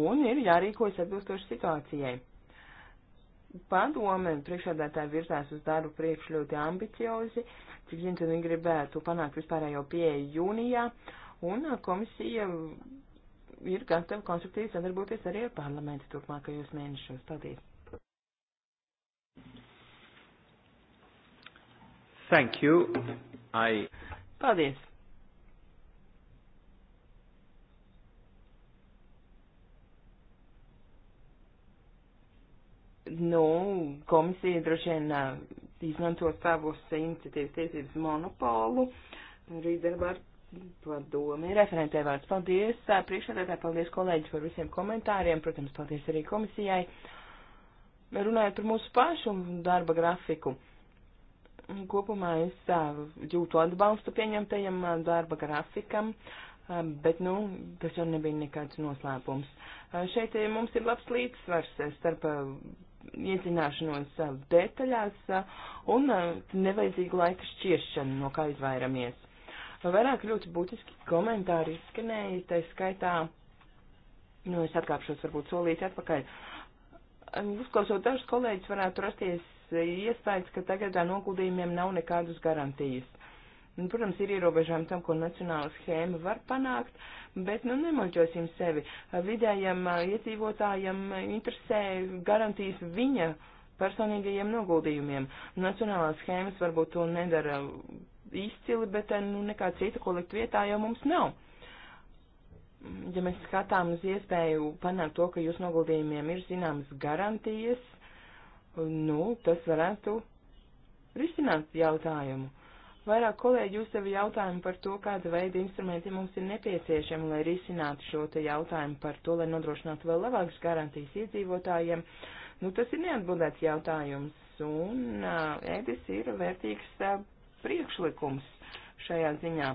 un ir jārīkojas atbilstoši situācijai padome priekšādātāji virzās uz darbu priekš ļoti ambiciozi, cik zinu, tad viņi gribētu panākt vispārējo pieeju jūnijā, un uh, komisija ir gatava konstruktīvi sadarboties arī ar parlamentu turpmākajos mēnešos. Paldies! Thank you. I... Paldies! Nu, komisija droši vien izmanto savus iniciatīvas tiesības monopolu. Rītdien var padomi referentē vārds. Paldies, priekšsēdētāji, paldies kolēģi par visiem komentāriem, protams, paldies arī komisijai. Runājot par mūsu pašu darba grafiku kopumā es jūtu atbalstu pieņemtajam darba grafikam, bet, nu, tas jau nebija nekāds noslēpums. Šeit mums ir labs līdzsvars starp iedzināšanos eh, detaļās eh, un eh, nevajadzīgu laika šķiešanu, no kā izvairamies. Vairāk ļoti būtiski komentāri izskanēja, tā skaitā, nu es atkāpšos varbūt solīti atpakaļ. Uzklausot dažus kolēģus, varētu rasties iespējas, ka tagad noguldījumiem nav nekādas garantijas. Un, nu, protams, ir ierobežojumi tam, ko nacionāla schēma var panākt, bet nu nemuļķosim sevi. Vidējam iedzīvotājam interesē garantijas viņa personīgajiem noguldījumiem. Nacionālās schēmas varbūt to nedara izcili, bet nu, nekā cita, ko likt vietā, jau mums nav. Ja mēs skatām uz iespēju panākt to, ka jūs noguldījumiem ir zināmas garantijas, nu, tas varētu risināt jautājumu. Vairāk kolēģi uzdeva jautājumu par to, kāda veida instrumenti mums ir nepieciešami, lai risinātu šo te jautājumu par to, lai nodrošinātu vēl labākas garantijas iedzīvotājiem. Nu, tas ir neatbildēts jautājums, un uh, ēdis ir vērtīgs uh, priekšlikums šajā ziņā.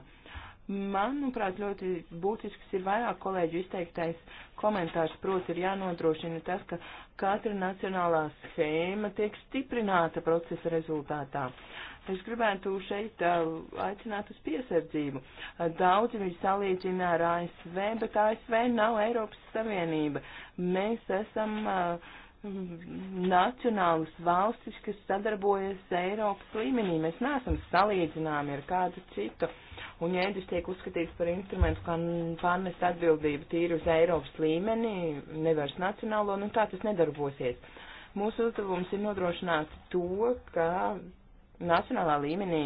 Manuprāt, ļoti būtisks ir vairāk kolēģu izteiktais komentārs, proti ir jānodrošina tas, ka katra nacionālā schēma tiek stiprināta procesa rezultātā. Uh, Es gribētu šeit uh, aicināt uz piesardzību. Daudzi viņu salīdzina ar ASV, bet ASV nav Eiropas Savienība. Mēs esam uh, nacionālas valstis, kas sadarbojas Eiropas līmenī. Mēs neesam salīdzināmi ar kādu citu. Un ja ēdis tiek uzskatīts par instrumentu, kā pārnest atbildību tīri uz Eiropas līmenī, nevis nacionālo, nu tā tas nedarbosies. Mūsu uzdevums ir nodrošināt to, ka nacionālā līmenī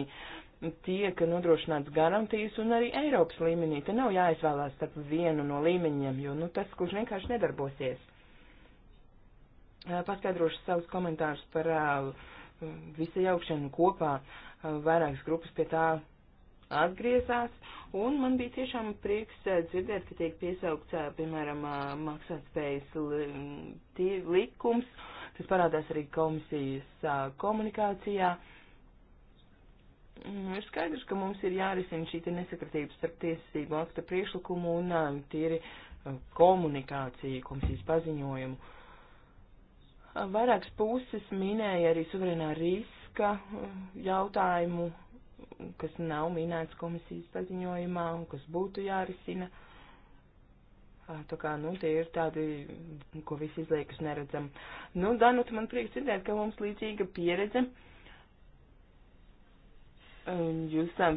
tiek nodrošināts garantijas un arī Eiropas līmenī. Te nav jāizvēlās starp vienu no līmeņiem, jo nu, tas kurš vienkārši nedarbosies. Paskaidrošu savus komentārus par visu jaukšanu kopā. Vairākas grupas pie tā atgriezās, un man bija tiešām prieks dzirdēt, ka tiek piesaukts, piemēram, maksātspējas likums. Tas parādās arī komisijas komunikācijā. Uh, Mm, ir skaidrs, ka mums ir jārisina šī nesakritība starp tiesību akta priekšlikumu un tīri komunikāciju, komisijas paziņojumu. Vairākas puses minēja arī suverēnā riska jautājumu, kas nav minēts komisijas paziņojumā un kas būtu jārisina. Tā kā, nu, tie ir tādi, ko visi izliekas neredzam. Nu, Danut, man prieks dzirdēt, ka mums līdzīga pieredze. Uh, Jūs, tā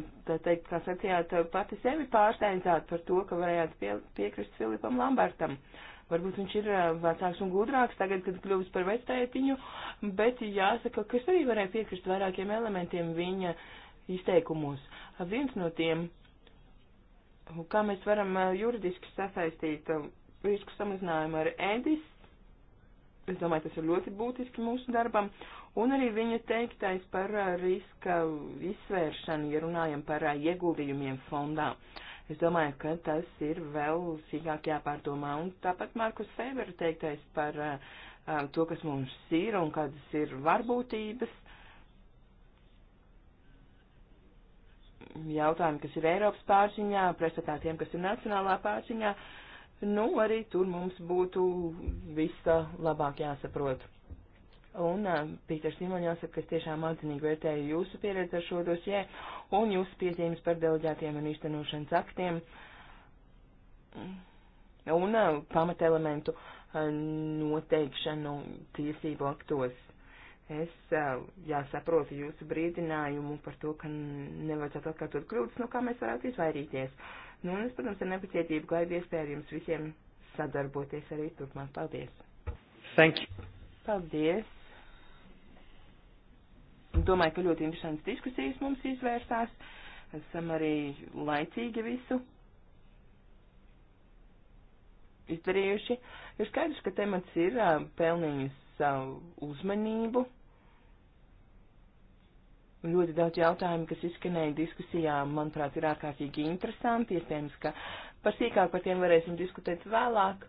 teikt, kā sacījāt, pati sevi pārsteidzāt par to, ka varējāt pie, piekrist Filipam Lambertam. Varbūt viņš ir eh, vecāks un gudrāks tagad, kad kļūst par vectētiņu, bet jāsaka, ka es arī varēju piekrist vairākiem elementiem viņa izteikumos. Viens no tiem, kā mēs varam eh, juridiski sasaistīt eh, risku samazinājumu ar Edis, Es domāju, tas ir ļoti būtiski mūsu darbam. Un arī viņa teiktais par uh, riska izsvēršanu, ja runājam par uh, ieguldījumiem fondā. Es domāju, ka tas ir vēl sīkāk jāpārdomā. Un tāpat Markus Febera teiktais par uh, to, kas mums ir un kādas ir varbūtības. Jautājumi, kas ir Eiropas pārziņā, pretstatā tiem, kas ir nacionālā pārziņā. Uh, nu, arī tur mums būtu visa labāk jāsaprot. Un Pīters Simon jāsaka, es tiešām atzinīgi vērtēju jūsu pieredzi ar šo dosjē un jūsu piezīmes par deleģētiem un īstenošanas aktiem un pamatelementu noteikšanu tiesību aktos. Es jāsaprotu jūsu brīdinājumu par to, ka nevajadzētu atkārtot kļūdas, no nu, kā mēs varētu izvairīties. Uh, Nu, un es, protams, ar nepacietību gaidu iespēju ar jums visiem sadarboties arī turpmāk. Paldies! Thank you! Paldies! Domāju, ka ļoti interesants diskusijas mums izvērsās. Esam arī laicīgi visu izdarījuši. Ir skaidrs, ka temats ir pelnījis savu uzmanību ļoti daudz jautājumu, kas izskanēja diskusijā, manuprāt, ir ārkārtīgi interesanti. Iespējams, ka par sīkāk par tiem varēsim diskutēt vēlāk.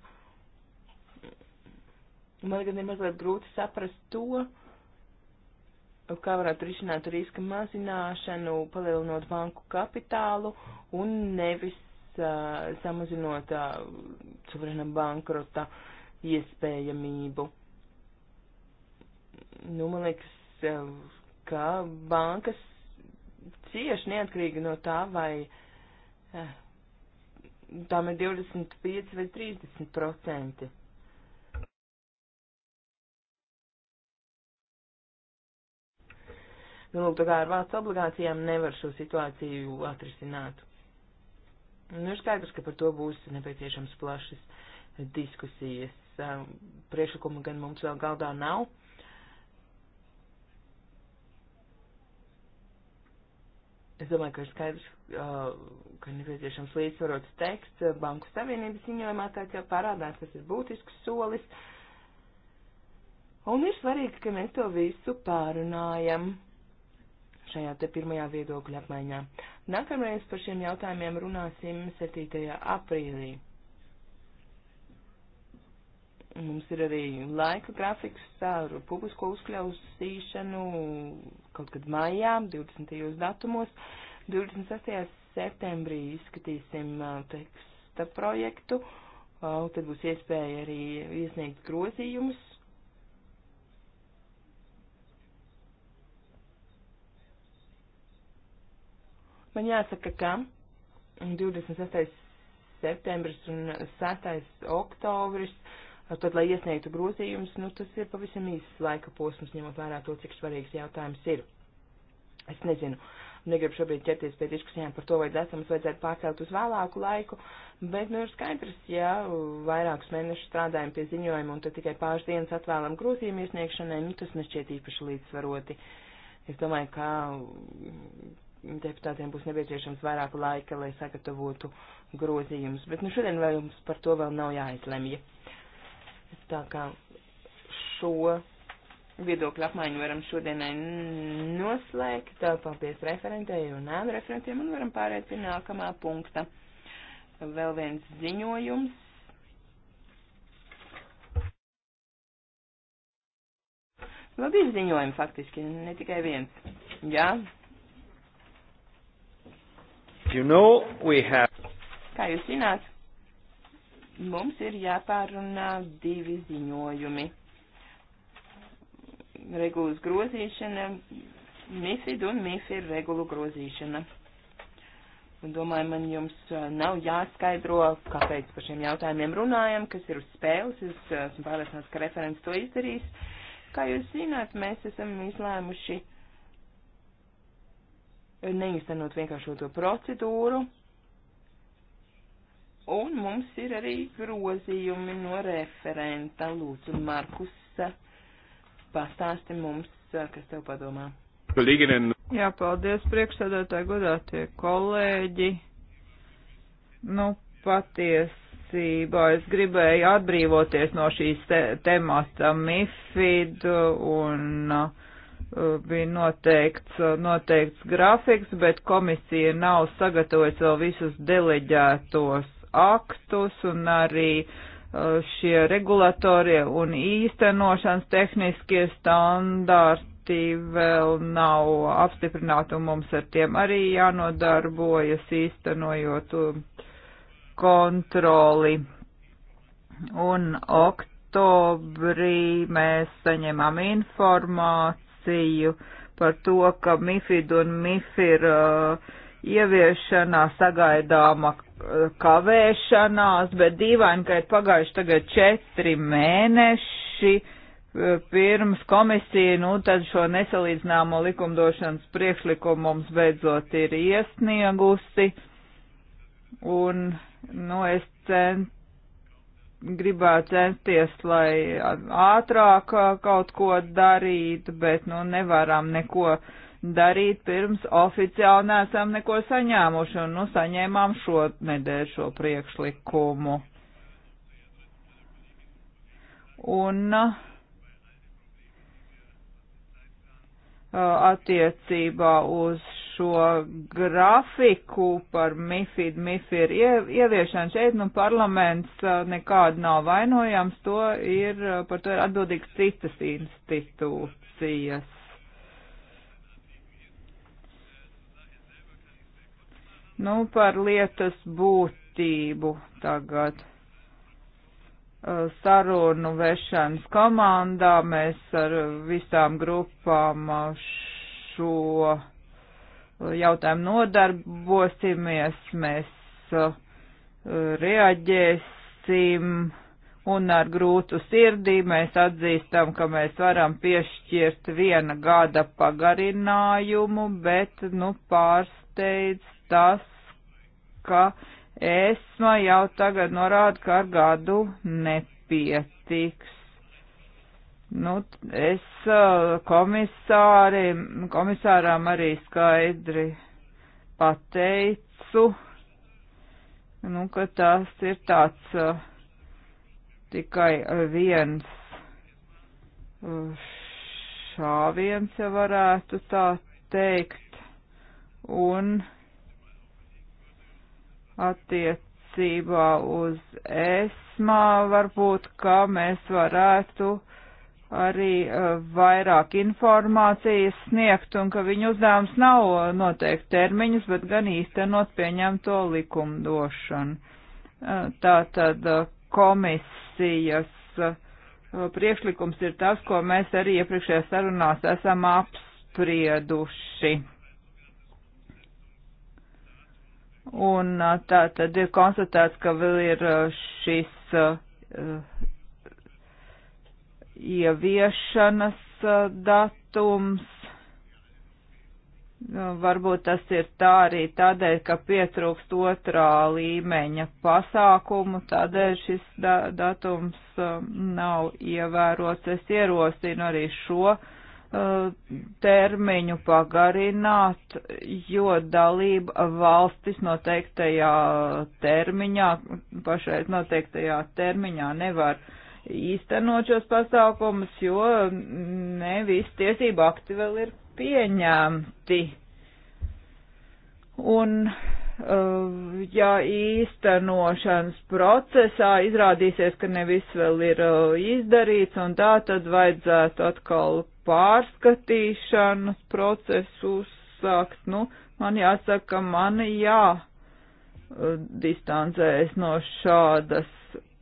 Man gan ir mazliet grūti saprast to, kā varētu risināt riska mazināšanu, palielinot banku kapitālu un nevis uh, samazinot uh, suverēna bankrota iespējamību. Nu, man liekas, uh, ka bankas cieši neatkarīgi no tā, vai eh, tām ir 25 vai 30 procenti. Nu, lūk, tā kā ar valsts obligācijām nevar šo situāciju atrisināt. Nu, ir skaidrs, ka par to būs nepieciešams plašas diskusijas. Priešlikuma gan mums vēl galdā nav. Es domāju, ka ir skaidrs, ka nepieciešams līdzsvarots teksts Banku Savienības ziņojumā, tāds jau parādās, tas ir būtisks solis. Un ir svarīgi, ka mēs to visu pārunājam šajā te pirmajā viedokļa apmaiņā. Nākamreiz par šiem jautājumiem runāsim 7. aprīlī. Mums ir arī laika grafiks ar publisko uzklausīšanu, kaut kad maijā, 20. datumos. 26. septembrī izskatīsim teksta projektu, tad būs iespēja arī iesniegt grozījumus. Man jāsaka, ka 26. septembris un 6. oktobris Tad, lai iesniegtu grozījumus, nu, tas ir pavisam īsts laika posms, ņemot vērā to, cik svarīgs jautājums ir. Es nezinu, negribu šobrīd ķerties pie diskusijām par to, vai dzēsams vajadzētu pārcelt uz vēlāku laiku, bet, nu, ir skaidrs, ja vairākus mēnešus strādājam pie ziņojuma un tad tikai pāris dienas atvēlam grozījumu iesniegšanai, nu, tas nešķiet īpaši līdzsvaroti. Es domāju, ka deputātiem būs nepieciešams vairāk laika, lai sagatavotu grozījumus, bet, nu, šodien vēl jums par to vēl nav jāizlemj. Ja. Tā kā šo viedokļu apmaiņu varam šodienai noslēgt. Paldies referentēju un ēnu referentiem un varam pārēt pie nākamā punkta. Vēl viens ziņojums. Labi ziņojumi faktiski, ne tikai viens. Jā. You know, have... Kā jūs zināt? mums ir jāpārunā divi ziņojumi. Regulas grozīšana, MIFID un MIFIR regulu grozīšana. Un domāju, man jums uh, nav jāskaidro, kāpēc par šiem jautājumiem runājam, kas ir uz spēles. Es uh, esmu pārliecināts, ka referents to izdarīs. Kā jūs zināt, mēs esam izlēmuši neiztenot vienkāršoto procedūru Un mums ir arī grozījumi no referenta. Lūdzu, Markus, pastāsti mums, kas tev padomā. Jā, paldies, priekšsēdētāji, godātie kolēģi. Nu, patiesībā es gribēju atbrīvoties no šīs te temata MIFID un uh, bija noteikts, uh, noteikts grafiks, bet komisija nav sagatavojusi vēl visus deleģētos aktus un arī uh, šie regulatorie un īstenošanas tehniskie standarti vēl nav apstiprināti un mums ar tiem arī jānodarbojas īstenojot uh, kontroli. Un oktobrī mēs saņemam informāciju par to, ka MIFID un MIFIR uh, ieviešanā sagaidāma eh, kavēšanās, bet dīvaini, ka ir pagājuši tagad četri mēneši eh, pirms komisija, nu tad šo nesalīdzināmo likumdošanas priekšlikumu mums beidzot ir iesniegusi. Un, nu, es cent, gribētu censties, lai ātrāk eh, kaut ko darītu, bet, nu, nevaram neko uh, darīt pirms oficiāli nesam neko saņēmuši, un nu saņēmām šo nedēļu šo priekšlikumu. Un uh, attiecībā uz šo grafiku par MIFID, MIFIR ieviešanu šeit, nu, parlaments nekādu nav vainojams, to ir, par to ir atbildīgs citas institūcijas. Nu, par lietas būtību tagad. Uh, sarunu vešanas komandā mēs ar visām grupām uh, šo uh, jautājumu nodarbosimies, mēs reaģēsim un ar grūtu sirdī mēs atzīstam, ka mēs varam piešķirt viena gada pagarinājumu, bet, nu, pārsteidz tas, ka esma jau tagad norāda, ka ar gadu nepietiks. Nu, es eh, komisāri, komisāram arī skaidri pateicu, nu, ka tas ir tāds uh, tikai viens eh, šāviens, ja varētu tā teikt, un attiecībā uz esmā varbūt, ka mēs varētu arī uh, vairāk informācijas sniegt un ka viņu uzdevums nav noteikt termiņus, bet gan īstenot pieņemto likumdošanu. Uh, tātad uh, komisijas priekšlikums ir tas, ko mēs arī iepriekšējā sarunās esam apsprieduši. Un tā tad ir konstatēts, ka vēl ir šis ieviešanas datums. Nu, varbūt tas ir tā arī tādēļ, ka pietrūkst otrā līmeņa pasākumu, tādēļ šis da datums nav ievērots. Es ierosinu arī šo uh, Uh, termiņu pagarināt, jo dalība valstis noteiktajā termiņā, pašreiz noteiktajā termiņā nevar īstenot šos pasākumus, jo ne visi tiesību akti vēl ir pieņemti. Un uh, ja īstenošanas procesā izrādīsies, ka ne viss vēl ir uh, izdarīts, un tā tad vajadzētu atkal pārskatīšanas procesu uzsākt, nu, man jāsaka, man jā eh, distancējas no šādas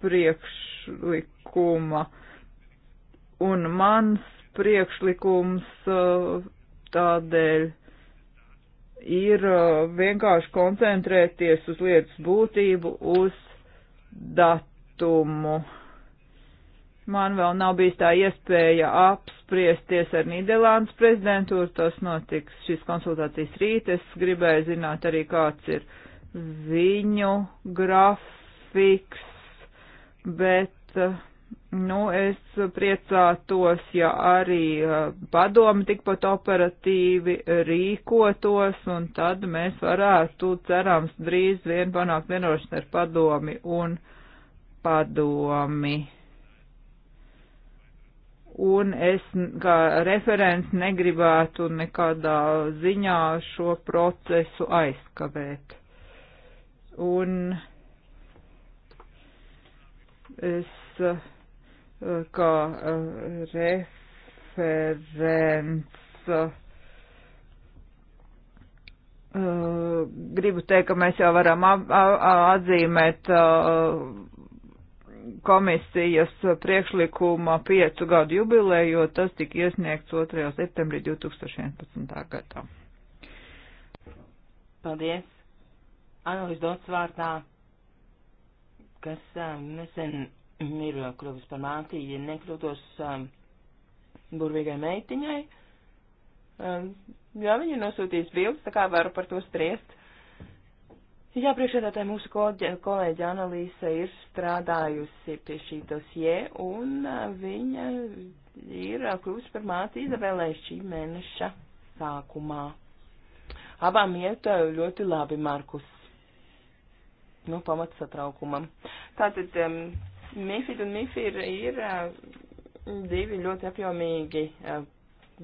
priekšlikuma. Un mans priekšlikums eh, tādēļ ir eh, vienkārši koncentrēties uz lietas būtību, uz datumu. Man vēl nav bijis tā iespēja apspriesties ar Nīderlandes prezidentūru, tas notiks šīs konsultācijas rīt. Es gribēju zināt arī, kāds ir viņu grafiks, bet, nu, es priecātos, ja arī eh, padomi tikpat operatīvi rīkotos, un tad mēs varētu, cerams, drīz vien panākt vienošanu ar padomi un padomi un es kā referents negribētu nekādā ziņā šo procesu aizkavēt. Un es kā eh, referents eh, gribu teikt, ka mēs jau varam atzīmēt eh, komisijas priekšlikuma piecu gadu jubilē, jo tas tika iesniegts 2. septembrī 2011. gadā. Paldies! Anolis Dots vārtā, kas um, nesen ir kļuvis par māti, ja nekļūtos um, burvīgai meitiņai. Um, jā, viņa nosūtīs bildes, tā kā varu par to spriest. Jā, priekšsēdētāji, mūsu kolēģi Analīse ir strādājusi pie šī dosie, un viņa ir kļūst par māti Izabelē šī mēneša sākumā. Abām iet ļoti labi, Markus. Nu, pamats satraukumam. Tātad, um, Mifid un Mifir ir uh, divi ļoti apjomīgi uh,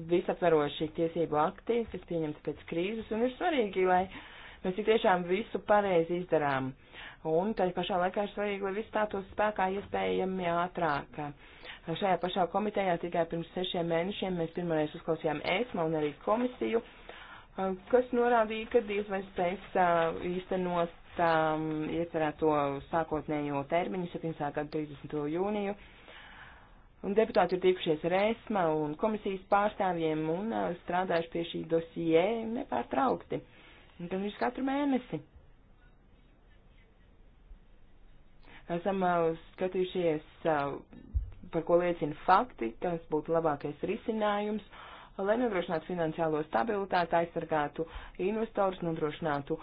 visaptveroši tiesību akti, kas pieņemti pēc krīzes, un ir svarīgi, lai uh, mēs tik tiešām visu pareizi izdarām. Un tad pašā laikā ir svarīgi, lai viss stātos spēkā iespējami ātrāk. Šajā pašā komitejā tikai pirms sešiem mēnešiem mēs pirmoreiz uzklausījām ESMA un arī komisiju, kas norādīja, ka diez vai spēs īstenot iecerēto sākotnējo termiņu 7. gada 30. jūniju. Un deputāti ir tikušies ar ESMA un komisijas pārstāvjiem un strādājuši pie šī dosie nepārtraukti. Gan viņš katru mēnesi. Esam uh, skatījušies, uh, par ko liecina fakti, kas būtu labākais risinājums, lai nodrošinātu finansiālo stabilitāti, aizsargātu investorus, nodrošinātu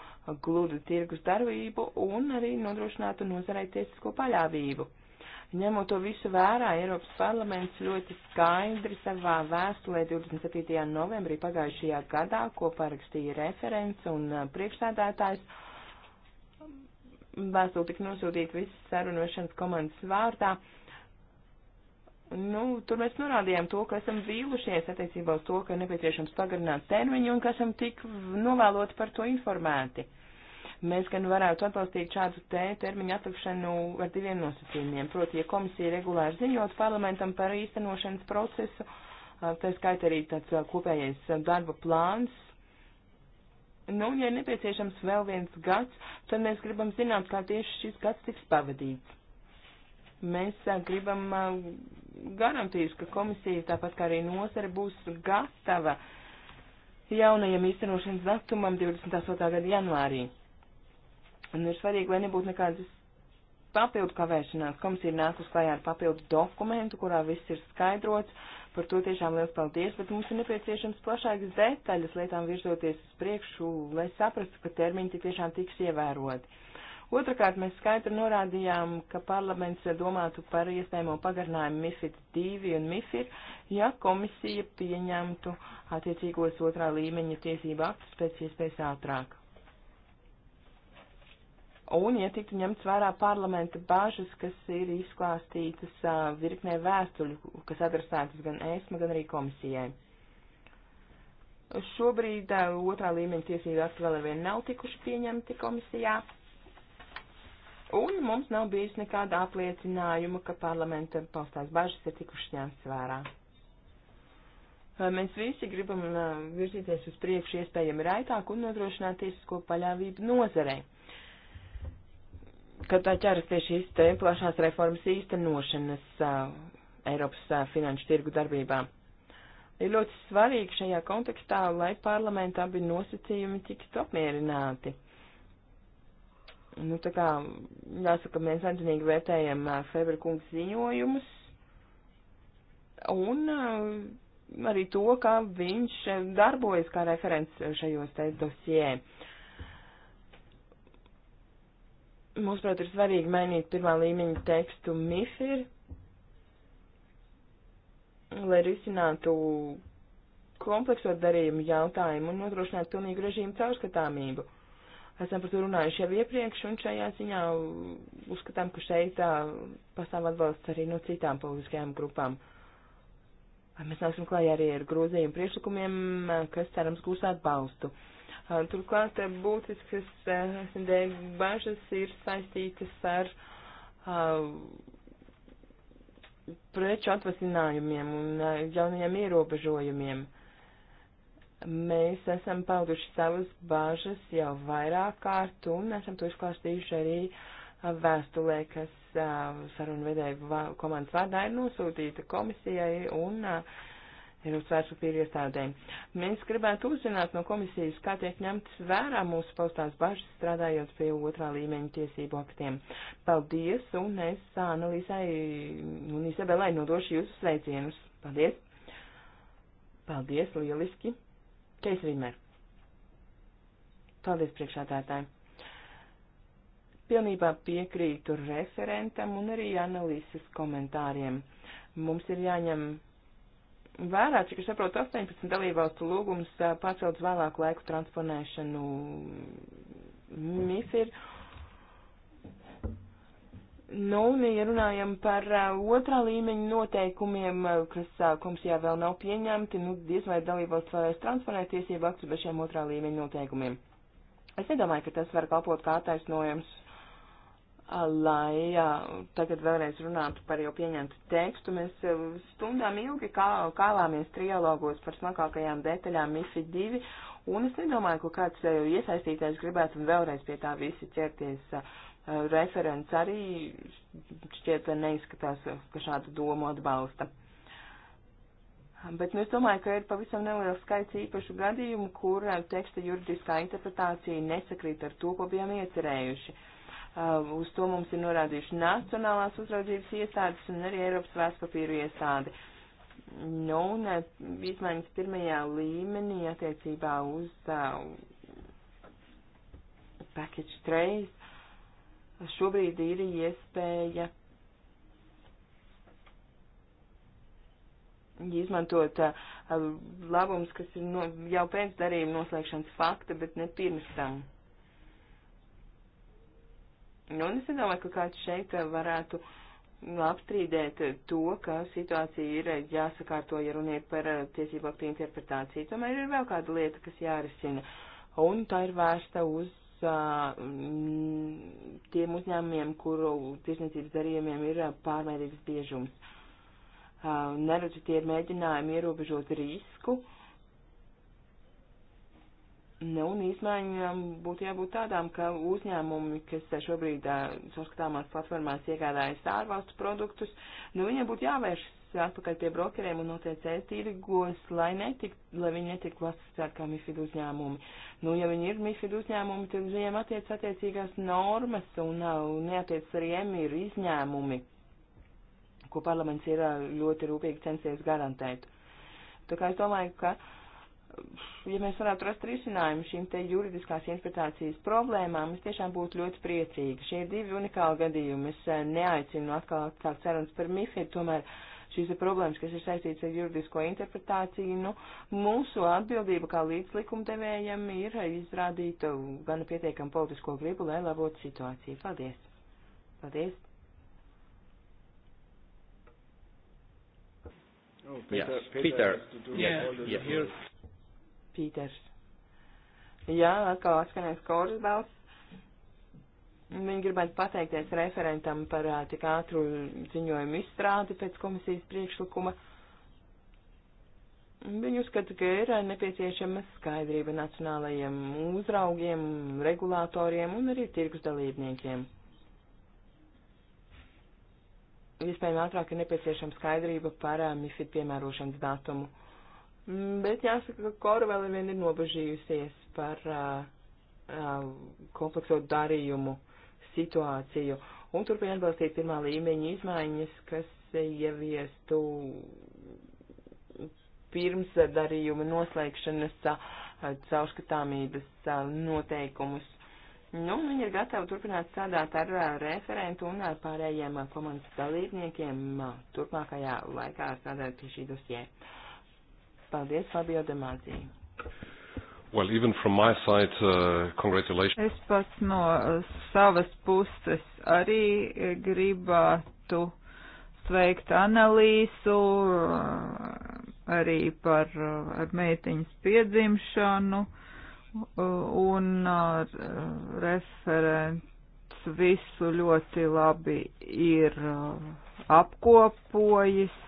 gludu tirgus darbību un arī nodrošinātu nozarei tiesisko paļāvību. Ņemot to visu vērā, Eiropas parlaments ļoti skaidri savā vēstulē 27. novembrī pagājušajā gadā, ko parakstīja referents un uh, priekšsēdētājs, vēstuli tika nosūtīta visas sarunošanas komandas vārdā. Nu, tur mēs norādījām to, ka esam vīlušies attiecībā uz to, ka nepieciešams pagarināt termiņu un ka esam tik novēloti par to informēti. Uh, mēs gan varētu atbalstīt šādu te termiņu atlikšanu ar diviem nosacījumiem. Proti, ja komisija regulāri ziņot parlamentam par īstenošanas procesu, tā skaita arī tāds kopējais darba plāns. Nu, ja ir nepieciešams vēl viens gads, tad mēs gribam zināt, kā tieši šis gads tiks pavadīts. Mēs gribam garantīs, ka komisija, tāpat kā arī nozare, būs gatava jaunajam īstenošanas datumam 28. gada janvārī. Un ir svarīgi, lai nebūtu nekādas papildu kavēšanās. Komisija ir nākus klajā ar papildu dokumentu, kurā viss ir skaidrots. Par to tiešām liels paldies, bet mums ir nepieciešams plašākas detaļas lietām virzoties uz priekšu, lai saprastu, ka termiņi tik tiešām tiks ievēroti. Otrakārt, mēs skaidri norādījām, ka parlaments domātu par iespējamo pagarinājumu MIFID 2 un MIFID, ja komisija pieņemtu attiecīgos otrā līmeņa tiesību aktus pēc iespējas ātrāk un, ja tiktu ņemts vērā parlamenta bāžas, kas ir izklāstītas uh, virknē vēstuļu, kas adresētas gan ESMA, gan arī komisijai. Šobrīd uh, otrā līmeņa tiesību akti vēl arvien nav tikuši pieņemti komisijā, un mums nav bijis nekāda apliecinājuma, ka parlamenta paustās bāžas ir tikušas ņemts vērā. Mēs visi gribam virzīties uz priekšu iespējami raitāk un nodrošināt tiesisko paļāvību nozarei kad tā ķeras pie šīs te plašās reformas īstenošanas uh, Eiropas uh, finanšu tirgu darbībā. Ir ļoti svarīgi šajā kontekstā, lai parlamentā bija nosacījumi tiktu apmierināti. Nu, tā kā, jāsaka, mēs atzinīgi vērtējam uh, Febra kungs ziņojumus un uh, arī to, kā viņš darbojas kā referents šajos te dosijē. Uh, Mums, prāt, ir svarīgi mainīt pirmā līmeņa tekstu MIFIR, lai risinātu kompleksot darījumu jautājumu un nodrošinātu pilnīgu režīmu caurskatāmību. Esam par to runājuši jau iepriekš, un šajā ziņā uzskatām, ka šeit pastāv atbalsts arī no citām politiskajām grupām. Mēs nāksim klājā arī ar grozījumu priekšlikumiem, kas cerams gūs atbalstu. Uh, Uh, turklāt uh, būtiskas uh, SND bažas ir saistītas ar preču atvasinājumiem un jaunajiem ierobežojumiem. Mēs esam pauduši savas bāžas jau vairāk kārt un esam to izklāstījuši arī vēstulē, kas sarunvedēju komandas vārdā ir nosūtīta komisijai un uh, ir uz vērtspapīra iestādēm. Mēs gribētu uzzināt no komisijas, kā tiek ņemtas vērā mūsu paustās bažas strādājot pie otrā līmeņa tiesību aktiem. Paldies, un es Analisai un Izabelai nodošu jūsu sveicienus. Paldies! Paldies, lieliski! Keis Rīmer! Paldies priekšādātājiem! Pilnībā piekrītu referentam un arī analīzes komentāriem. Mums ir jāņem vērā, cik es saprotu, 18 dalībvalstu lūgums pacelt uz vēlāku laiku transponēšanu MIFIR. Nu, un, ja runājam par uh, otrā līmeņa noteikumiem, kas uh, komisijā vēl nav pieņemti, nu, diez vai dalībvalsts varēs transponēt tiesību aktus bez šiem otrā līmeņa noteikumiem. Es nedomāju, ka tas var kalpot kā attaisnojums lai tagad vēlreiz runātu par jau pieņemtu tekstu. Mēs eh, stundām ilgi kā, kālāmies trialogos par smakākajām detaļām MIFI 2, un es nedomāju, ka kāds eh, iesaistītais gribētu un vēlreiz pie tā visi ķerties. Eh, referents arī šķiet neizskatās, ka šādu domu atbalsta. Bet nu, es domāju, ka ir pavisam neliels skaits īpašu gadījumu, kur teksta juridiskā interpretācija nesakrīt ar to, ko bijām iecerējuši. Uh, Uh, uz to mums ir norādījuši Nacionālās uzraudzības iestādes un arī Eiropas vēstpapīru iestādi. Nu, un uh, izmaiņas pirmajā līmenī attiecībā uz uh, package trace šobrīd ir iespēja izmantot uh, labums, kas ir no, jau pēc darījuma noslēgšanas fakta, bet ne pirms tam. Nu, un es domāju, ka kāds šeit varētu apstrīdēt to, ka situācija ir jāsakārto, ja runa ir par eh, tiesību aktu interpretāciju. Tomēr ir vēl kāda lieta, kas jārisina. Un tā ir vērsta uz uh, tiem uzņēmumiem, kuru tirsniecības darījumiem ir eh, pārmērīgs biežums. Uh, ah, neredzu tie ir mēģinājumi ierobežot risku. Uh, Nu, un izmaiņām būtu jābūt tādām, ka uzņēmumi, kas šobrīd saskatāmās platformās iegādājas ārvalstu produktus, nu, viņiem būtu jāvēršas atpakaļ pie brokeriem un OTC tirgos, lai, netik, lai viņi netiktu klasificēti kā MIFID uzņēmumi. Nu, ja viņi ir MIFID uzņēmumi, tad viņiem attiec attiecīgās normas un, un neatiec arī emīru izņēmumi, ko parlaments ir ļoti rūpīgi censies garantēt. Tā kā es domāju, ka. Uh, ja mēs varētu rast risinājumu šīm te juridiskās interpretācijas problēmām, es tiešām būtu ļoti priecīga. Šie ir divi unikāli gadījumi. Es eh, neaicinu atkal atsākt sarunas par MIFID, tomēr šīs ir problēmas, kas ir saistītas ar juridisko interpretāciju. Nu, mūsu atbildība kā līdzlikumdevējam ir izrādīt gan pietiekam politisko gribu, lai labotu situāciju. Paldies! Paldies! Oh, Peter, yes, Peter, Peter yes, yes. Pīters. Jā, atkal atskanēs koris balss. Viņi gribētu pateikties referentam par uh, tik ātru ziņojumu izstrādi pēc komisijas priekšlikuma. Viņi uzskata, ka ir nepieciešama skaidrība nacionālajiem uzraugiem, regulātoriem un arī tirgus dalībniekiem. Vispējām ātrāk ir nepieciešama skaidrība par uh, MIFID piemērošanas datumu. Mm, bet jāsaka, ka Korvela vien ir nobežījusies par uh, uh, komplekso darījumu situāciju un turpina atbalstīt pirmā līmeņa izmaiņas, kas ieviestu pirms darījuma noslēgšanas caurskatāmības noteikumus. Nu, viņi ir gatavi turpināt strādāt ar referentu un ar pārējiem komandas dalībniekiem turpmākajā laikā strādāt pie šī dosieja. Paldies, Fabio Demāzī. Well, even from my side, uh, congratulations. Es pats no uh, savas puses arī gribētu sveikt analīzu uh, arī par uh, ar meitiņas piedzimšanu uh, un uh, referents visu ļoti labi ir uh, apkopojis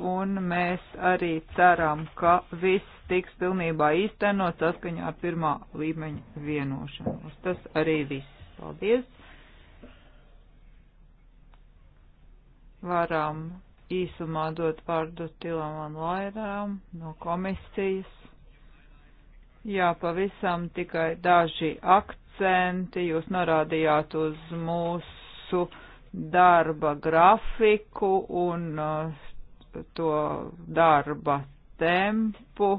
un mēs arī ceram, ka viss tiks pilnībā īstenot saskaņā ar pirmā līmeņa vienošanos. Tas arī viss. Paldies! Varam īsumā dot vārdu Tilam un Lairam no komisijas. Jā, pavisam tikai daži akcenti. Jūs norādījāt uz mūsu darba grafiku un uh, to darba tempu,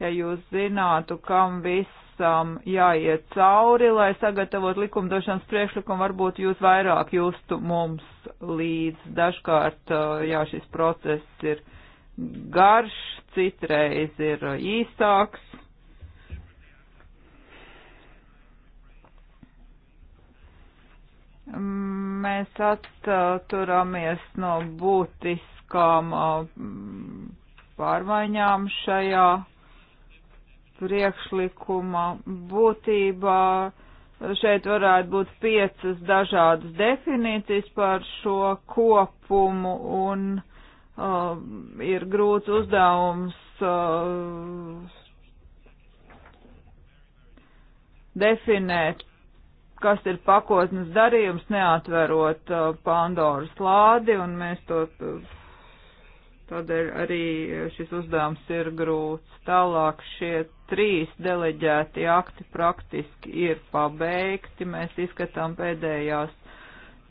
ja jūs zinātu, kam visam jāiet cauri, lai sagatavot likumdošanas priekšlikumu, varbūt jūs vairāk justu mums līdz. Dažkārt, jā, šis process ir garš, citreiz ir īsāks. Mēs atturamies no būtisks būtiskām pārmaiņām šajā priekšlikuma būtībā. Šeit varētu būt piecas dažādas definīcijas par šo kopumu un uh, ir grūts uzdevums uh, definēt, kas ir pakotnes darījums, neatverot uh, Pandoras lādi, un mēs to Tādēļ arī šis uzdevums ir grūts. Tālāk šie trīs deleģēti akti praktiski ir pabeigti. Mēs izskatām pēdējās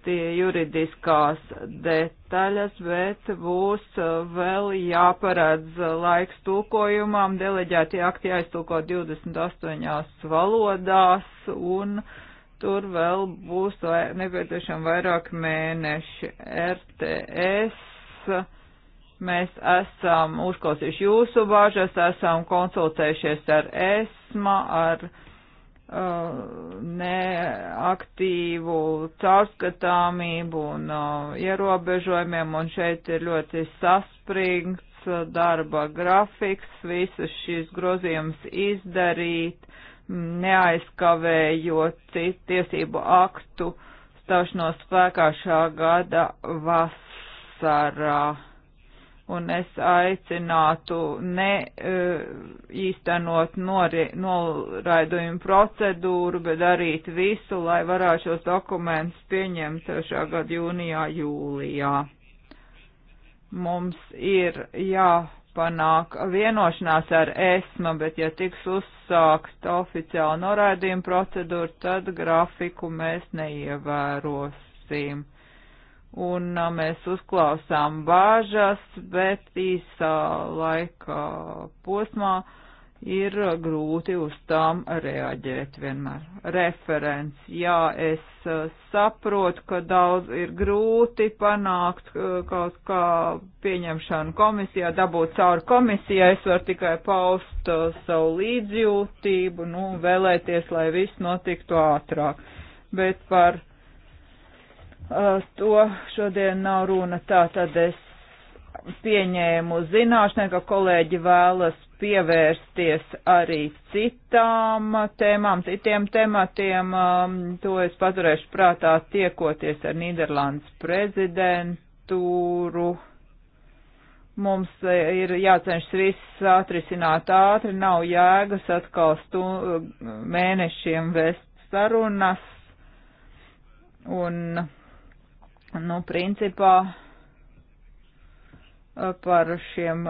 tie juridiskās detaļas, bet būs vēl jāparedz laiks tulkojumam. Deleģēti akti jāiztulko 28 valodās un tur vēl būs vai, nepieciešami vairāk mēneši RTS Mēs esam uzklausījuši jūsu bāžas, esam konsultējušies ar ESMA, ar uh, neaktīvu caurskatāmību un uh, ierobežojumiem, un šeit ir ļoti saspringts darba grafiks, visas šīs grozījums izdarīt, neaizkavējot citu tiesību aktu stāšanos spēkā šā gada vasarā un es aicinātu ne eh, īstenot nori, noraidojumu procedūru, bet darīt visu, lai varētu šos dokumentus pieņemt šā gada jūnijā, jūlijā. Mums ir jāpanāk vienošanās ar ESMA, bet ja tiks uzsākta oficiāla noraidījuma procedūra, tad grafiku mēs neievērosim un mēs uzklausām bāžas, bet īsā laika posmā ir grūti uz tām reaģēt vienmēr. Referents, jā, es saprotu, ka daudz ir grūti panākt kaut kā pieņemšanu komisijā, dabūt cauri komisijai, es varu tikai paust savu līdzjūtību, nu, vēlēties, lai viss notiktu ātrāk. Bet par Eh, to šodien nav runa. Tā tad es pieņēmu zināšanai, ka kolēģi vēlas pievērsties arī citām tēmām, citiem tematiem. Um, to es paturēšu prātā tiekoties ar Nīderlandes prezidentūru. Mums eh, ir jācenšas viss atrisināt ātri, nav jēgas atkal stu, eh, mēnešiem vest sarunas. Un nu, principā par šiem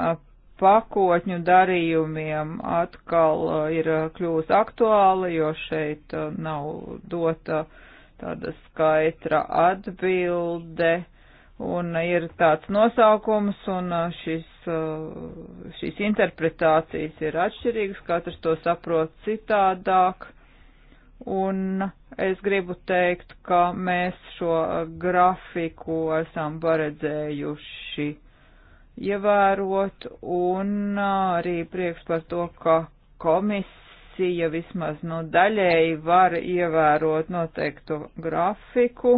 pakotņu darījumiem atkal ir kļūst aktuāli, jo šeit nav dota tāda skaitra atbilde un ir tāds nosaukums un šis, šīs interpretācijas ir atšķirīgas, katrs to saprot citādāk un Es gribu teikt, ka mēs šo uh, grafiku esam paredzējuši ievērot un uh, arī prieks par to, ka komisija vismaz no nu, daļēji var ievērot noteiktu grafiku.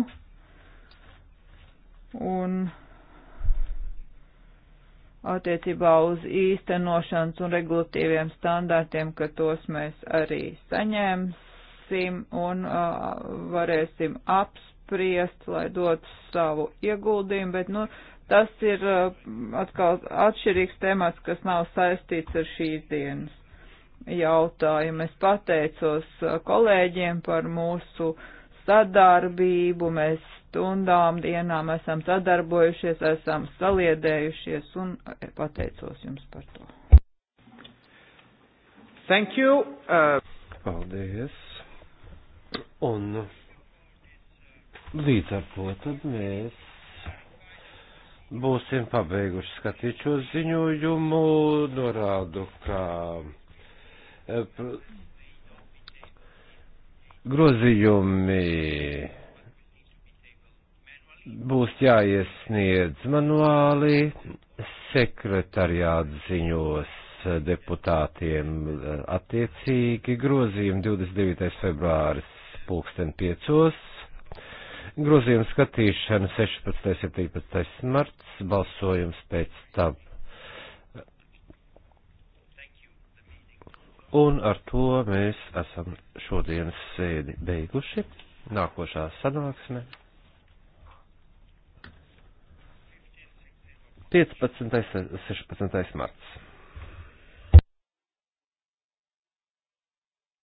Un attiecībā uz īstenošanas un regulatīviem standārtiem, ka tos mēs arī saņēmsim tiksim un uh, varēsim apspriest, lai dotu savu ieguldījumu, bet, nu, tas ir uh, atkal atšķirīgs temats, kas nav saistīts ar šīs dienas jautājumu. Es pateicos uh, kolēģiem par mūsu sadarbību, mēs stundām, dienām esam sadarbojušies, esam saliedējušies un pateicos jums par to. Thank you. Uh... Paldies. Un līdz ar to tad mēs būsim pabeiguši skatīt šo ziņojumu, norādu, ka e, grozījumi būs jāiesniedz manuāli, sekretariāts ziņos deputātiem e, attiecīgi grozījumi 29. februāris pulksten piecos. Grozījuma skatīšana 16. un 17. marts, balsojums pēc tam. Un ar to mēs esam šodienas sēdi beiguši. Nākošā sanāksme 15. un 16. marts.